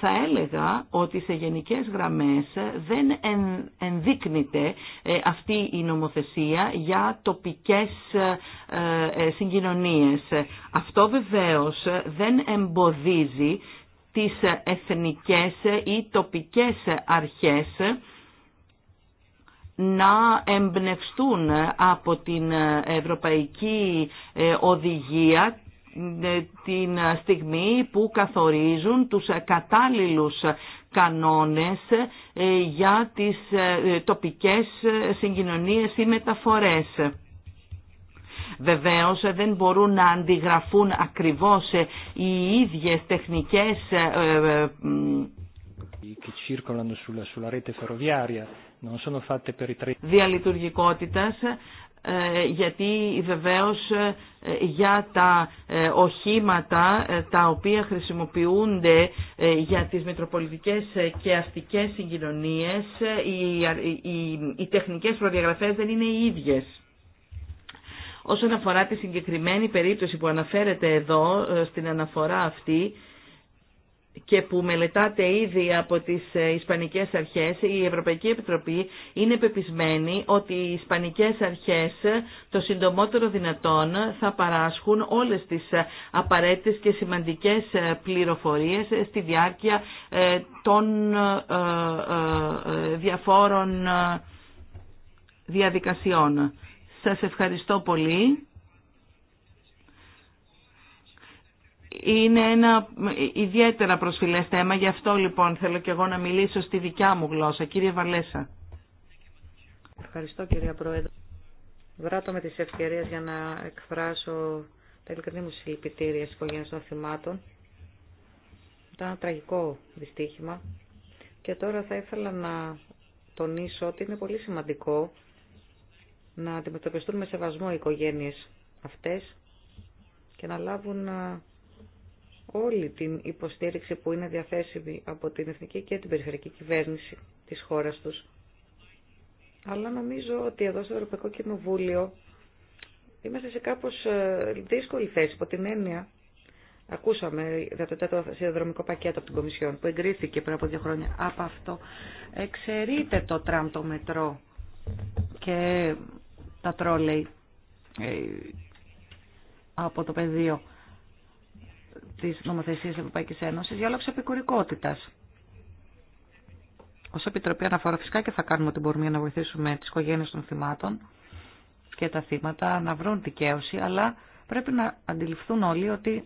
Θα έλεγα ότι σε γενικές γραμμές δεν ενδείκνυται ε, αυτή η νομοθεσία για τοπικές ε, ε, συγκοινωνίες. Αυτό βεβαίως δεν εμποδίζει τις εθνικές ή τοπικές αρχές να εμπνευστούν από την Ευρωπαϊκή ε, Οδηγία ε, την στιγμή που καθορίζουν τους κατάλληλους κανόνες ε, για τις τοπικές συγκοινωνίες ή μεταφορές. Βεβαίως ε, δεν μπορούν να αντιγραφούν ακριβώς ε, οι ίδιες τεχνικές ε, διαλειτουργικότητας γιατί βεβαίως για τα οχήματα τα οποία χρησιμοποιούνται για τις μετροπολιτικές και αστικές συγκοινωνίες οι, οι, οι τεχνικές προδιαγραφές δεν είναι οι ίδιες. Όσον αφορά τη συγκεκριμένη περίπτωση που αναφέρεται εδώ, ε, στην αναφορά αυτή, και που μελετάτε ήδη από τις ε, Ισπανικές Αρχές, η Ευρωπαϊκή Επιτροπή είναι πεπισμένη ότι οι Ισπανικές Αρχές ε, το συντομότερο δυνατόν θα παράσχουν όλες τις απαραίτητες και σημαντικές πληροφορίες στη διάρκεια των διαφόρων διαδικασιών. Σας ευχαριστώ πολύ. Είναι ένα ιδιαίτερα προσφυλές θέμα, γι' αυτό λοιπόν θέλω και εγώ να μιλήσω στη δικιά μου γλώσσα. Κύριε Βαλέσα. Ευχαριστώ κυρία Πρόεδρε. Βράτω με τις ευκαιρίες για να εκφράσω τα ειλικρινή μου συλληπιτήρια στις οικογένειες των θυμάτων. Ήταν ένα τραγικό δυστύχημα. Και τώρα θα ήθελα να τονίσω ότι είναι πολύ σημαντικό να αντιμετωπιστούν με σεβασμό οι οικογένειες αυτές και να λάβουν όλη την υποστήριξη που είναι διαθέσιμη από την εθνική και την περιφερειακή κυβέρνηση της χώρας τους. Αλλά νομίζω ότι εδώ στο Ευρωπαϊκό Κοινοβούλιο είμαστε σε κάπως δύσκολη θέση, από την έννοια Ακούσαμε για το τέτοιο σιδηροδρομικό πακέτο από την Κομισιόν που εγκρίθηκε πριν από δύο χρόνια. Από αυτό εξαιρείται το τραμ το μετρό και τα τρόλεϊ ε, από το πεδίο της νομοθεσίας Ευρωπαϊκής Ένωσης για λόγους επικουρικότητας. Ως Επιτροπή Αναφορά φυσικά και θα κάνουμε ό,τι μπορούμε να βοηθήσουμε τις οικογένειες των θυμάτων και τα θύματα να βρουν δικαίωση, αλλά πρέπει να αντιληφθούν όλοι ότι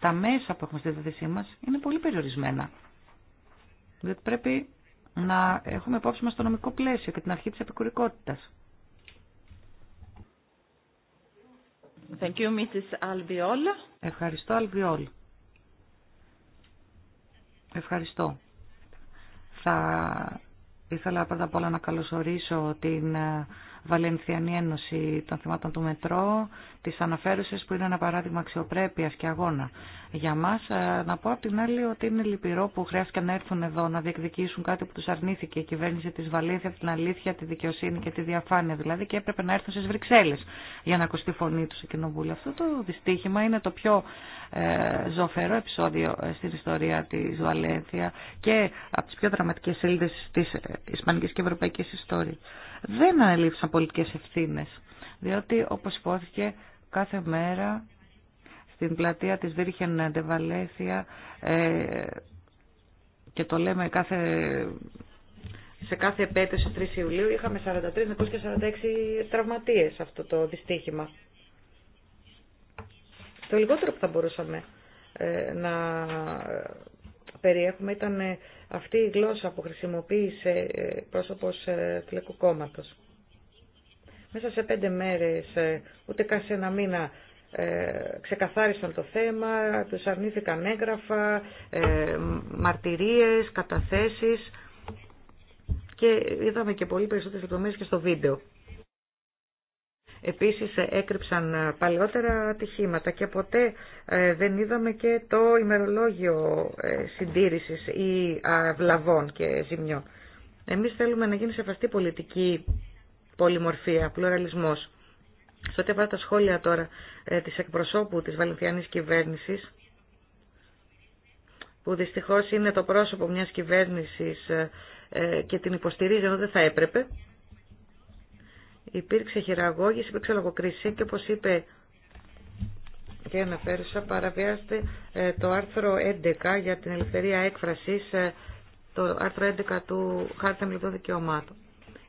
τα μέσα που έχουμε στη διάθεσή μας είναι πολύ περιορισμένα. Διότι πρέπει να έχουμε υπόψη μας το νομικό πλαίσιο και την αρχή της επικουρικότητας. Thank you, Mrs. Albiol. Ευχαριστώ, Αλβιόλ. Ευχαριστώ. Θα ήθελα πρώτα απ' όλα να καλωσορίσω την ε, Βαλενθιανή Ένωση των Θυμάτων του Μετρό, τη αναφέρουσε που είναι ένα παράδειγμα αξιοπρέπεια και αγώνα για μα. Ε, να πω απ' την άλλη ότι είναι λυπηρό που χρειάστηκε να έρθουν εδώ να διεκδικήσουν κάτι που του αρνήθηκε η κυβέρνηση τη Βαλένθια, την αλήθεια, τη δικαιοσύνη και τη διαφάνεια δηλαδή και έπρεπε να έρθουν στι Βρυξέλλε για να ακουστεί φωνή του σε κοινοβούλιο. Αυτό το δυστύχημα είναι το πιο ε, ζωφερό επεισόδιο ε, στην ιστορία τη Βαλένθια και από τι πιο δραματικέ σελίδε τη ε, Ισπανική και Ευρωπαϊκή Ιστορία δεν ανελήφθησαν πολιτικές ευθύνες. Διότι, όπως υπόθηκε, κάθε μέρα στην πλατεία της Βίρχεν Ντεβαλέθια ε, και το λέμε κάθε, σε κάθε επέτειο 3 Ιουλίου είχαμε 43 νεκρούς και 46 τραυματίες αυτό το δυστύχημα. Το λιγότερο που θα μπορούσαμε ε, να περιέχουμε ήταν ε, αυτή η γλώσσα που χρησιμοποίησε ε, πρόσωπος του ε, Κόμματος. Μέσα σε πέντε μέρες, ούτε καν σε ένα μήνα, ξεκαθάρισαν το θέμα, τους αρνήθηκαν έγγραφα, μαρτυρίες, καταθέσεις και είδαμε και πολύ περισσότερες λεπτομέρειες και στο βίντεο. Επίσης ε, έκρυψαν ε, παλαιότερα ατυχήματα και ποτέ ε, δεν είδαμε και το ημερολόγιο συντήρησης ή βλαβών και ζημιών. Εμείς θέλουμε να γίνει σεβαστή πολιτική πολυμορφία, πλουραλισμός. Σε ό,τι αφορά τα σχόλια τώρα της εκπροσώπου της Βαλενθιανής Κυβέρνησης, που δυστυχώς είναι το πρόσωπο μιας κυβέρνησης και την υποστηρίζει ενώ δεν θα έπρεπε, υπήρξε χειραγώγηση, υπήρξε λογοκρισία και όπως είπε και αναφέρουσα παραβιάζεται ε, το άρθρο 11 για την ελευθερία έκφρασης, ε, το άρθρο 11 του Χάρτη Θεμελιωδών Δικαιωμάτων.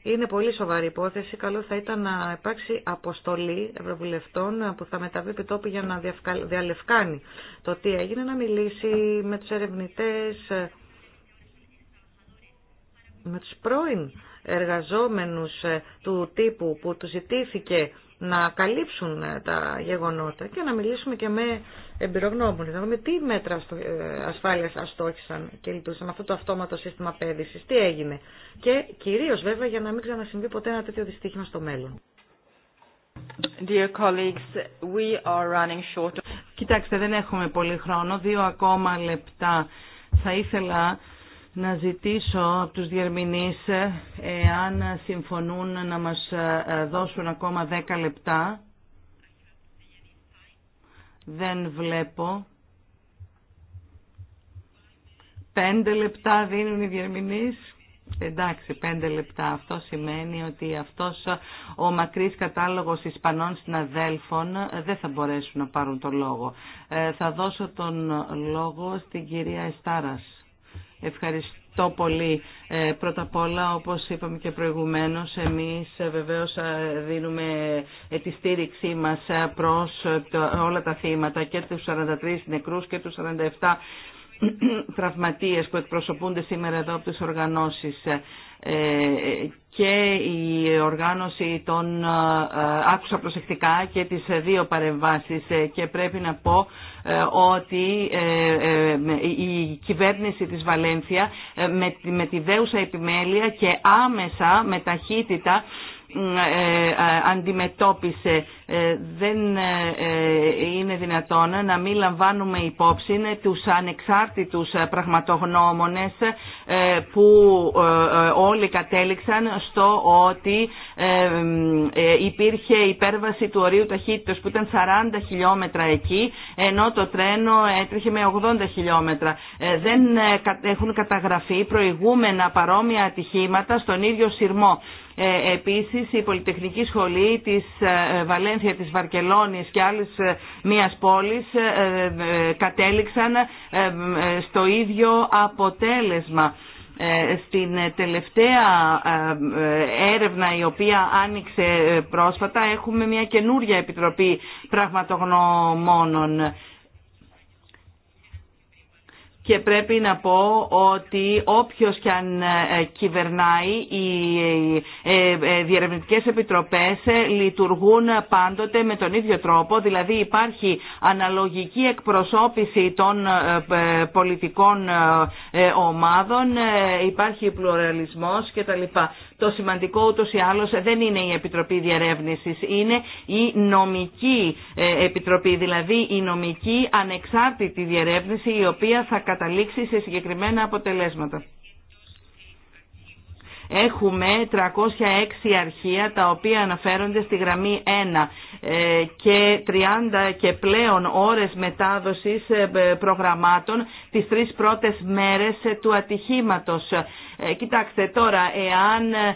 Είναι πολύ σοβαρή υπόθεση. Καλό θα ήταν να υπάρξει αποστολή ευρωβουλευτών ε, που θα μεταβεί επιτόπου για να διαλευκάνει το τι έγινε, να μιλήσει με τους ερευνητές, με τους πρώην εργαζόμενους ε, του τύπου που του ζητήθηκε να καλύψουν ε, τα γεγονότα και να μιλήσουμε και με εμπειρογνώμονε. να δούμε τι μέτρα ε, ασφάλειας αστόχησαν και με αυτό το αυτόματο σύστημα πέδηση, τι έγινε και κυρίω, βέβαια για να μην ξανασυμβεί ποτέ ένα τέτοιο δυστύχημα στο μέλλον. Dear colleagues, we are running short. Κοιτάξτε, δεν έχουμε πολύ χρόνο, δύο ακόμα λεπτά. Θα ήθελα να ζητήσω από τους διερμηνείς ε, εάν συμφωνούν να μας ε, δώσουν ακόμα 10 λεπτά. Δεν βλέπω. Πέντε λεπτά δίνουν οι διερμηνείς. Εντάξει, πέντε λεπτά. Αυτό σημαίνει ότι αυτός ο μακρύς κατάλογος Ισπανών συναδέλφων ε, δεν θα μπορέσουν να πάρουν το λόγο. θα δώσω τον λόγο στην κυρία Εστάρας. Ευχαριστώ πολύ. Ε, πρώτα απ' όλα, όπως είπαμε και προηγουμένως, εμείς ε, βεβαίως ε, δίνουμε τη στήριξή μας προς όλα τα θύματα και τους 43 νεκρούς και τους 47 τραυματίες που εκπροσωπούνται σήμερα εδώ από τις οργανώσεις. Ε, και η οργάνωση των ε, άκουσα προσεκτικά και τις δύο παρεμβάσεις ε, και πρέπει να πω ότι η κυβέρνηση της Βαλένθια με τη δέουσα επιμέλεια και άμεσα με ταχύτητα ε, ε, αντιμετώπισε. Ε, δεν είναι δυνατόν να μην λαμβάνουμε υπόψη τους ανεξάρτητους πραγματογνώμονες που όλοι κατέληξαν στο ότι υπήρχε υπέρβαση του ορίου ταχύτητος που ήταν 40 χιλιόμετρα εκεί ενώ το τρένο έτρεχε με 80 χιλιόμετρα. Δεν έχουν καταγραφεί προηγούμενα παρόμοια ατυχήματα στον ίδιο σειρμό. Ε, επίσης η Πολυτεχνική Σχολή της ε, Βαλένθια, της Βαρκελόνης και άλλης ε, μίας πόλης κατέληξαν στο ίδιο αποτέλεσμα. Στην τελευταία έρευνα η οποία άνοιξε πρόσφατα έχουμε μια καινούρια επιτροπή πραγματογνωμόνων και πρέπει να πω ότι όποιος και αν ε, κυβερνάει οι ε, ε, διερευνητικές επιτροπές λειτουργούν πάντοτε με τον ίδιο τρόπο, δηλαδή υπάρχει αναλογική εκπροσώπηση των πολιτικών ομάδων, υπάρχει πλουραλισμός κτλ. Το σημαντικό ούτως ή άλλως δεν είναι η Επιτροπή Διερεύνησης, είναι η νομική ε, Επιτροπή, δηλαδή η νομική ανεξάρτητη διερεύνηση η νομικη ανεξαρτητη διαρευνηση η οποια θα καταλήξει σε συγκεκριμένα αποτελέσματα. Έχουμε 306 αρχεία τα οποία αναφέρονται στη γραμμή 1 ε, και 30 και πλέον ώρες μετάδοσης ε, προγραμμάτων τις τρεις πρώτες μέρες του ατυχήματος. Ε, κοιτάξτε τώρα, εάν ε,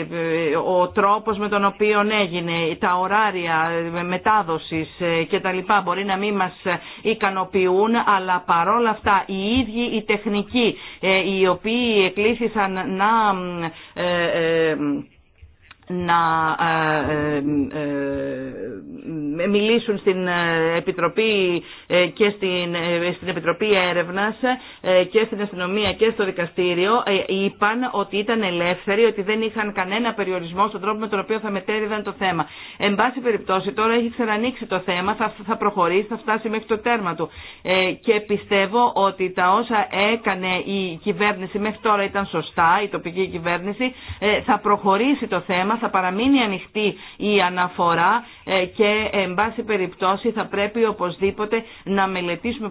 ε, ο τρόπος με τον οποίο έγινε, τα ωράρια μετάδοσης και τα λοιπά μπορεί να μην μας ικανοποιούν, αλλά παρόλα αυτά οι ίδιοι οι τεχνικοί οι οποίοι εκλήθησαν να να ε, ε, ε, μιλήσουν στην Επιτροπή και στην, στην Επιτροπή Έρευνας και στην αστυνομία και στο δικαστήριο είπαν ότι ήταν ελεύθεροι, ότι δεν είχαν κανένα περιορισμό στον τρόπο με τον οποίο θα μετέριδαν το θέμα. Εν πάση περιπτώσει τώρα έχει ξανανοίξει το θέμα, θα, θα προχωρήσει, θα φτάσει μέχρι το τέρμα του. και πιστεύω ότι τα όσα έκανε η κυβέρνηση μέχρι τώρα ήταν σωστά, η τοπική κυβέρνηση, θα προχωρήσει το θέμα, θα παραμείνει ανοιχτή η αναφορά ε, και εν πάση περιπτώσει θα πρέπει οπωσδήποτε να μελετήσουμε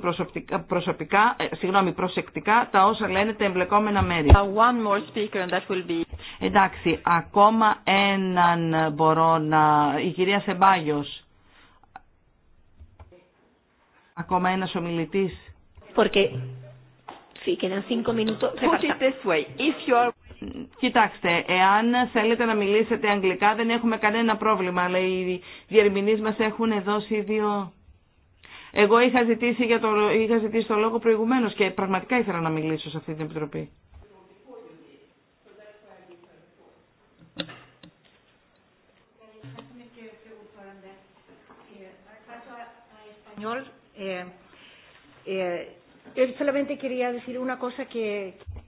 προσωπικά, ε, συγγνώμη, προσεκτικά τα όσα λένε τα εμπλεκόμενα μέρη. Uh, one more speaker and that will be... Εντάξει, ακόμα έναν μπορώ να... Η κυρία Σεμπάγιος. Ακόμα ένας ομιλητής. Porque... Sí, quedan cinco minutos. Put it If Κοιτάξτε, εάν θέλετε να μιλήσετε αγγλικά δεν έχουμε κανένα πρόβλημα, αλλά οι διερμηνείς μας έχουν δώσει δύο... Εγώ είχα ζητήσει, για το, είχα ζητήσει το λόγο προηγουμένως και πραγματικά ήθελα να μιλήσω σε αυτή την επιτροπή.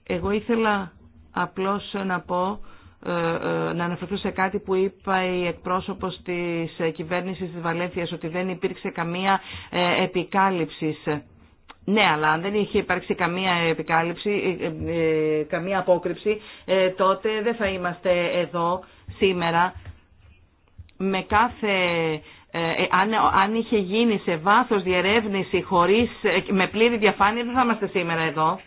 Εγώ ήθελα απλώς να πω ε, ε, να αναφερθώ σε κάτι που είπα η εκπρόσωπος της κυβέρνησης της Βαλένθιας ότι δεν υπήρξε καμία ε, επικάλυψη. Ναι, αλλά αν δεν είχε υπάρξει καμία επικάλυψη, καμία απόκρυψη, τότε δεν θα είμαστε εδώ σήμερα με κάθε αν, αν είχε γίνει σε βάθος διερεύνηση χωρίς, με πλήρη διαφάνεια δεν θα είμαστε σήμερα εδώ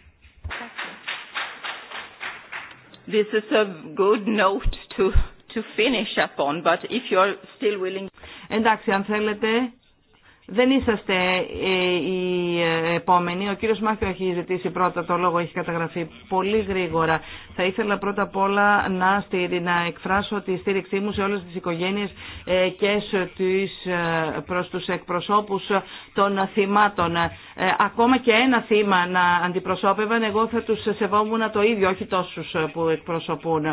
this is a good note to, to finish upon, but if you're still willing... Εντάξει, αν θέλετε, δεν είσαστε ε, οι ε, επόμενοι. Ο κύριος Μάχιο έχει ζητήσει πρώτα το λόγο, έχει καταγραφεί πολύ γρήγορα. Θα ήθελα πρώτα απ' όλα να, να εκφράσω τη στήριξή μου σε όλες τις οικογένειες ε, και στους, προς τους εκπροσώπους των θυμάτων. Ακόμα και ένα θύμα να αντιπροσώπευαν, εγώ θα τους σεβόμουν το ίδιο, όχι τόσους που εκπροσωπούν.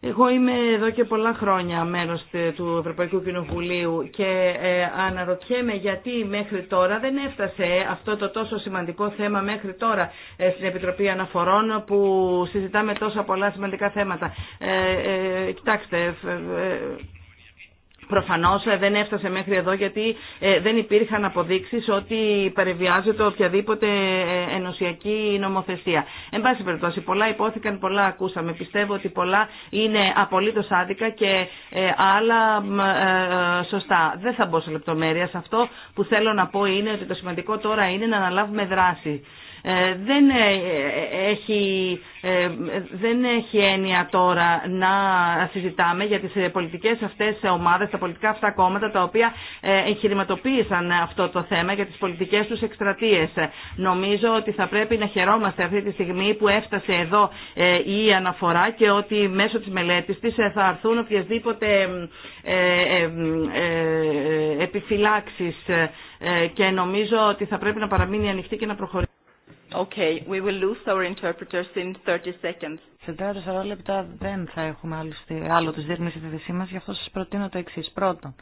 Εγώ είμαι εδώ και πολλά χρόνια μέλος του Ευρωπαϊκού Κοινοβουλίου και ε, αναρωτιέμαι γιατί μέχρι τώρα δεν έφτασε αυτό το τόσο σημαντικό θέμα μέχρι τώρα ε, στην Επιτροπή Αναφορών που συζητάμε τόσα πολλά σημαντικά θέματα. Ε, κοιτάξτε, Προφανώ ε, δεν έφτασε μέχρι εδώ γιατί ε, δεν υπήρχαν αποδείξεις ότι παρεβιάζεται οποιαδήποτε ε, ενωσιακή νομοθεσία. Εν πάση περιπτώσει, πολλά υπόθηκαν, πολλά ακούσαμε. Πιστεύω ότι πολλά είναι απολύτως άδικα και άλλα σωστά. Δεν θα μπω σε λεπτομέρειες. Αυτό που θέλω να πω είναι ότι το σημαντικό τώρα είναι να αναλάβουμε δράση. Ε, δεν, ε, έχει, ε, δεν έχει έννοια τώρα να συζητάμε για τις πολιτικές αυτές ομάδες, τα πολιτικά αυτά κόμματα τα οποία εγχειρηματοποίησαν αυτό το θέμα για τις πολιτικές τους εκστρατείες. Νομίζω ότι θα πρέπει να χαιρόμαστε αυτή τη στιγμή που έφτασε εδώ η αναφορά και ότι μέσω της μελέτης της θα έρθουν οποιασδήποτε επιφυλάξεις και νομίζω ότι θα πρέπει να παραμείνει ανοιχτή και να προχωρήσει. Okay, we will lose our interpreters in 30 seconds. Σε 30 δευτερόλεπτα δεν θα έχουμε άλλο, άλλο τους διερμήσεις στη θέση γι' αυτό σας προτείνω το εξής. Πρώτον,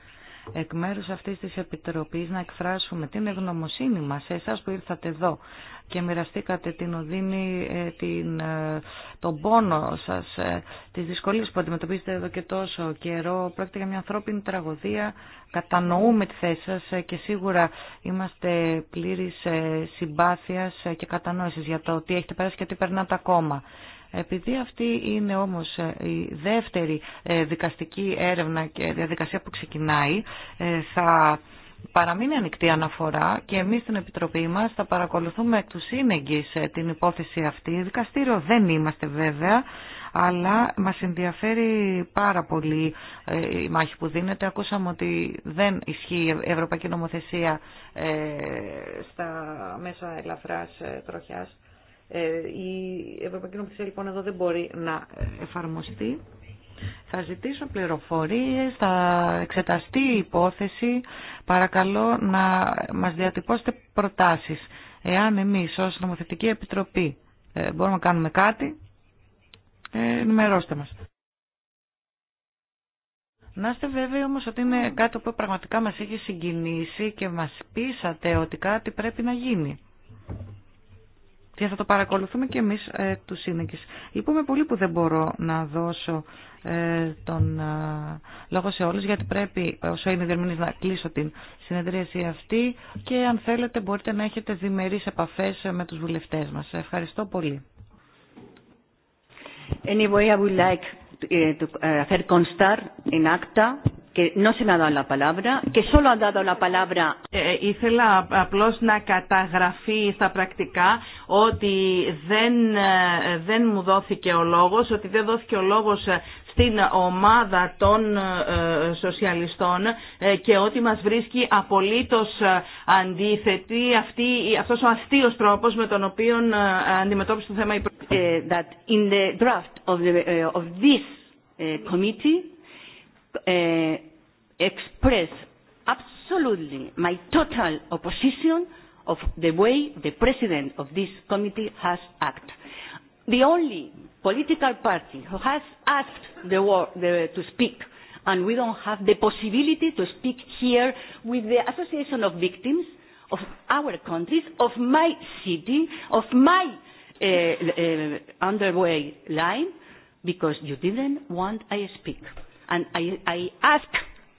εκ μέρους αυτής της Επιτροπής να εκφράσουμε την ευγνωμοσύνη μας σε εσάς που ήρθατε εδώ και μοιραστήκατε την οδύνη, ε, την, ε, τον πόνο σας, ε, τις δυσκολίες που αντιμετωπίζετε εδώ και τόσο καιρό. Πρόκειται για μια ανθρώπινη τραγωδία. Κατανοούμε τη θέση σας και σίγουρα είμαστε πλήρης συμπάθειας και κατανόησης για το τι έχετε περάσει και τι περνάτε ακόμα. Επειδή αυτή είναι όμως ε, η δεύτερη ε, δικαστική έρευνα και διαδικασία που ξεκινάει, ε, θα παραμείνει ανοιχτή αναφορά και εμείς στην Επιτροπή μας θα παρακολουθούμε εκ του σύνεγγυς την υπόθεση αυτή. Δικαστήριο δεν είμαστε βέβαια, αλλά μας ενδιαφέρει πάρα πολύ η μάχη που δίνεται. Ακούσαμε ότι δεν ισχύει η Ευρωπαϊκή Νομοθεσία στα μέσα ελαφράς τροχιάς. Ε, η Ευρωπαϊκή Νομοθεσία λοιπόν εδώ δεν μπορεί να εφαρμοστεί. Θα ζητήσω πληροφορίες, θα εξεταστεί η υπόθεση. Παρακαλώ να μας διατυπώσετε προτάσεις. Εάν εμείς ως νομοθετική επιτροπή ε, μπορούμε να κάνουμε κάτι, ε, ενημερώστε μας. Να είστε βέβαιοι όμως ότι είναι κάτι που πραγματικά μας έχει συγκινήσει και μας πείσατε ότι κάτι πρέπει να γίνει και θα το παρακολουθούμε και εμείς ε, του σύνεκες. Λυπούμε πολύ που δεν μπορώ να δώσω ε, τον ε, λόγο σε όλους, γιατί πρέπει όσο είναι διερμηνής να κλείσω την συνεδρίαση αυτή και αν θέλετε μπορείτε να έχετε διμερείς επαφές με τους βουλευτές μας. Ευχαριστώ πολύ. Anyway, would like ε, to, uh, constar in acta que no se me ha dado la palabra, que solo ha dado la palabra. Eh, ήθελα απλώς να καταγραφεί στα πρακτικά ότι δεν, ε, δεν μου δόθηκε ο λόγος, ότι δεν δόθηκε ο λόγος στην ομάδα των ε, σοσιαλιστών ε, και ότι μας βρίσκει απολύτως αντίθετη αυτή, αυτός ο αστείος τρόπος με τον οποίο ε, αντιμετώπισε το θέμα η uh, that in the draft of, the, uh, of this uh, committee express absolutely my total opposition of the way the president of this committee has acted. The only political party who has asked the to speak and we don't have the possibility to speak here with the Association of Victims of our countries, of my city, of my underway line, because you didn't want I speak and I ask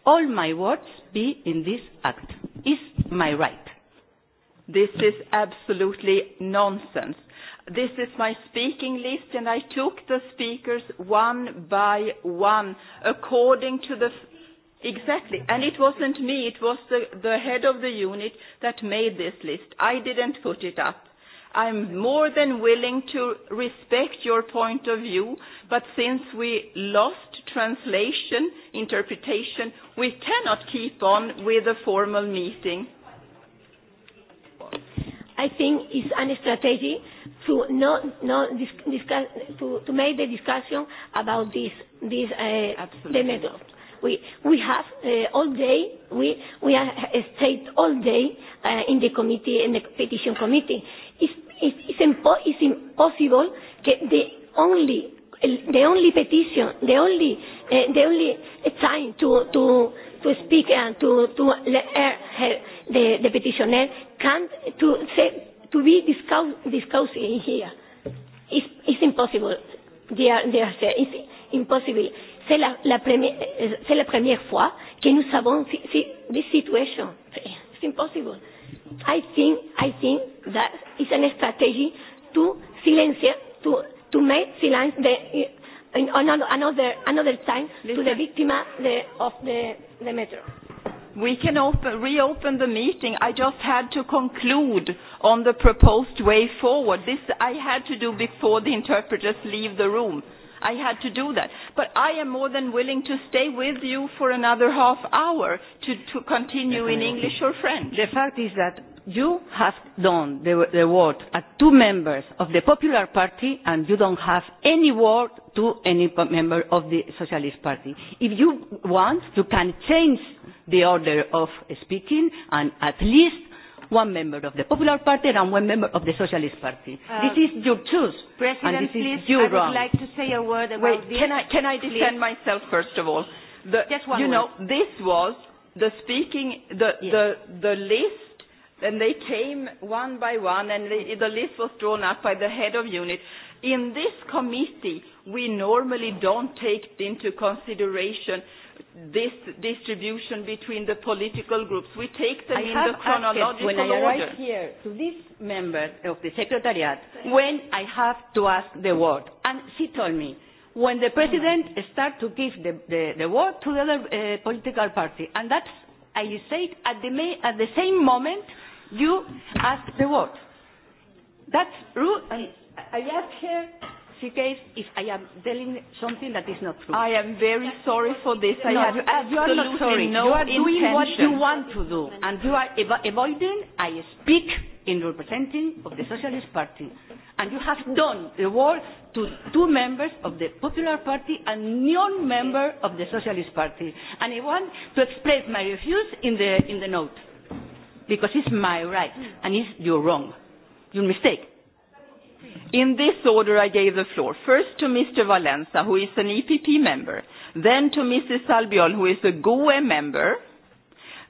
all my words be in this act. Is my right? This is absolutely nonsense. This is my speaking list and I took the speakers one by one according to the Exactly. And it wasn't me, it was the, the head of the unit that made this list. I didn't put it up. I'm more than willing to respect your point of view, but since we lost translation, interpretation. We cannot keep on with a formal meeting. I think it's a strategy to not, not to, to make the discussion about this, this uh, We, we have all day, we, we have stayed all day in the committee, in the petition committee. It's, it's, it's impossible that the only the only petition, the only, uh, the only time to, to, to speak and to, to let her, the, the petitioner can to, say, to be discussed in here. It's, it's impossible. They are, they are, it's impossible. C'est la, la, première, c'est la première fois que nous savons this situation. It's impossible. I think, I think that it's a strategy to silence, to to make silence another, another time to the victim of the, the metro. We can open, reopen the meeting. I just had to conclude on the proposed way forward. This I had to do before the interpreters leave the room. I had to do that. But I am more than willing to stay with you for another half hour to, to continue in English or French. The fact is that you have done the, the word at two members of the Popular Party and you don't have any word to any member of the Socialist Party. If you want, you can change the order of speaking and at least one member of the Popular Party and one member of the Socialist Party. this is your choice. President, and this please, is your I would like to say a word about Wait, this. Can I, can I defend myself first of all? The, Just you know, this was the speaking, the, the, the list And they came one by one, and the list was drawn up by the head of unit. In this committee, we normally don't take into consideration this distribution between the political groups. We take them in the chronological order. When I arrive here to this member of the secretariat, when I have to ask the word, and she told me, when the president starts to give the, the, the word to the other political party, and that's I said at the, at the same moment you ask the word. That's rude. I ask her, she if I am telling something that is not true. I am very sorry for this. I have you are not sorry. No you are doing what you want to do. And you are avoiding, I speak in representing of the Socialist Party. And you have done the work to two members of the Popular Party and non-member of the Socialist Party. And I want to express my refuse in the, in the note, because it's my right and it's your wrong, your mistake. In this order I gave the floor, first to Mr. Valenza, who is an EPP member, then to Mrs. Albiol, who is a GUE member,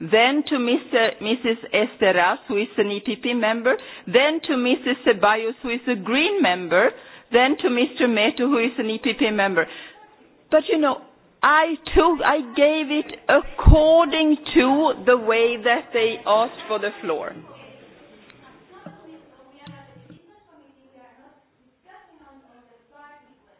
then to Mr Mrs. Estera, who is an EPP member, then to Mrs. Ceballos, who is a Green member, then to Mr. Meto, who is an EPP member. But you know, I took, I gave it according to the way that they asked for the floor.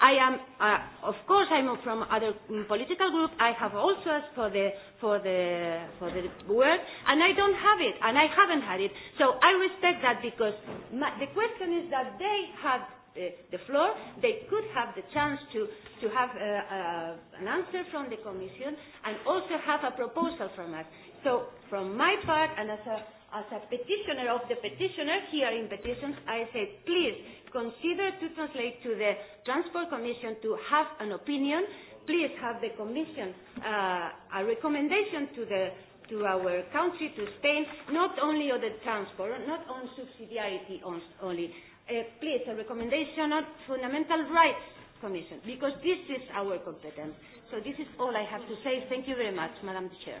I am, uh, of course, I'm from other political group. I have also asked for the for the for the work, and I don't have it, and I haven't had it. So I respect that because the question is that they have the floor, they could have the chance to to have an answer from the Commission and also have a proposal from us. So, from my part, and as a as a petitioner of the petitioner here in petitions, I said, please consider to translate to the Transport Commission to have an opinion. Please have the Commission uh, a recommendation to the to our country, to Spain, not only on the transport, not on subsidiarity only. Uh, please, a recommendation on fundamental rights Commission, because this is our competence. So this is all I have to say. Thank you very much, Madam Chair.